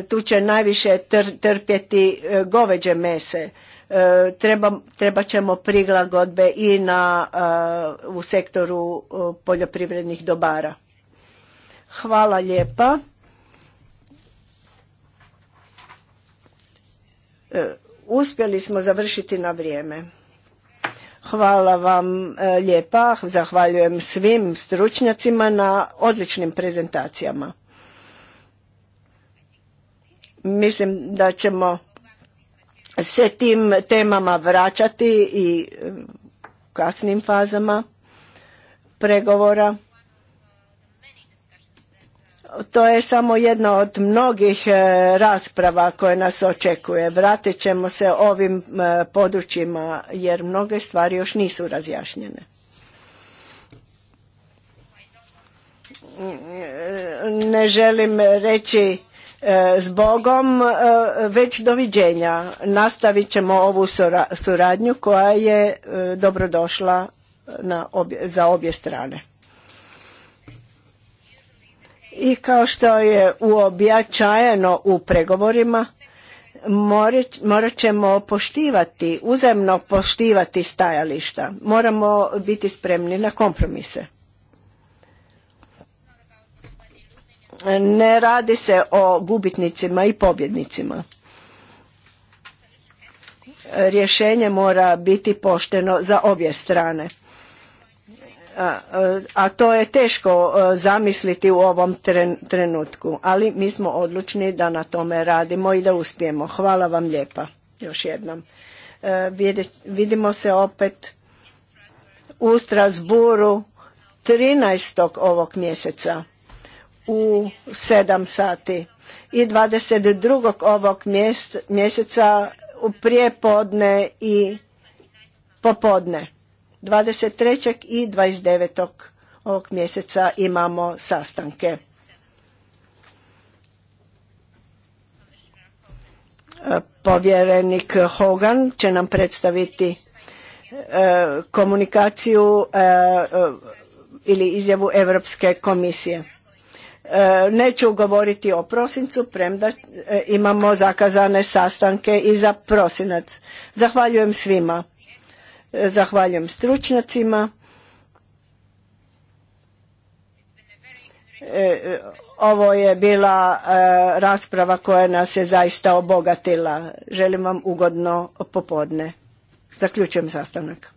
Tu će najviše trpjeti goveđe mese. Treba, ćemo prilagodbe i na, u sektoru poljoprivrednih dobara. Hvala lijepa. E, uspjeli smo završiti na vrijeme. Hvala vam e, lijepa. Zahvaljujem svim stručnjacima na odličnim prezentacijama. Mislim da ćemo se tim temama vraćati i u e, kasnim fazama pregovora to je samo jedna od mnogih e, rasprava koje nas očekuje. Vratit ćemo se ovim e, područjima jer mnoge stvari još nisu razjašnjene. Ne želim reći e, zbogom, već doviđenja. Nastavit ćemo ovu suradnju koja je dobrodošla za obje strane. I kao što je uobjačajeno u pregovorima, morat ćemo poštivati, uzemno poštivati stajališta. Moramo biti spremni na kompromise. Ne radi se o gubitnicima i pobjednicima. Rješenje mora biti pošteno za obje strane a to je teško zamisliti u ovom trenutku, ali mi smo odlučni da na tome radimo i da uspijemo. Hvala vam lijepa još jednom. E, vidimo se opet u Strasburu 13. ovog mjeseca u 7 sati i 22. ovog mjeseca u prijepodne i popodne. 23. i 29. ovog mjeseca imamo sastanke. Povjerenik Hogan će nam predstaviti e, komunikaciju e, e, ili izjavu Europske komisije. Neću govoriti o prosincu, premda imamo zakazane sastanke i za prosinac. Zahvaljujem svima. Zahvaljujem stručnjacima. E, ovo je bila e, rasprava koja nas je zaista obogatila. Želim vam ugodno popodne. Zaključujem sastanak.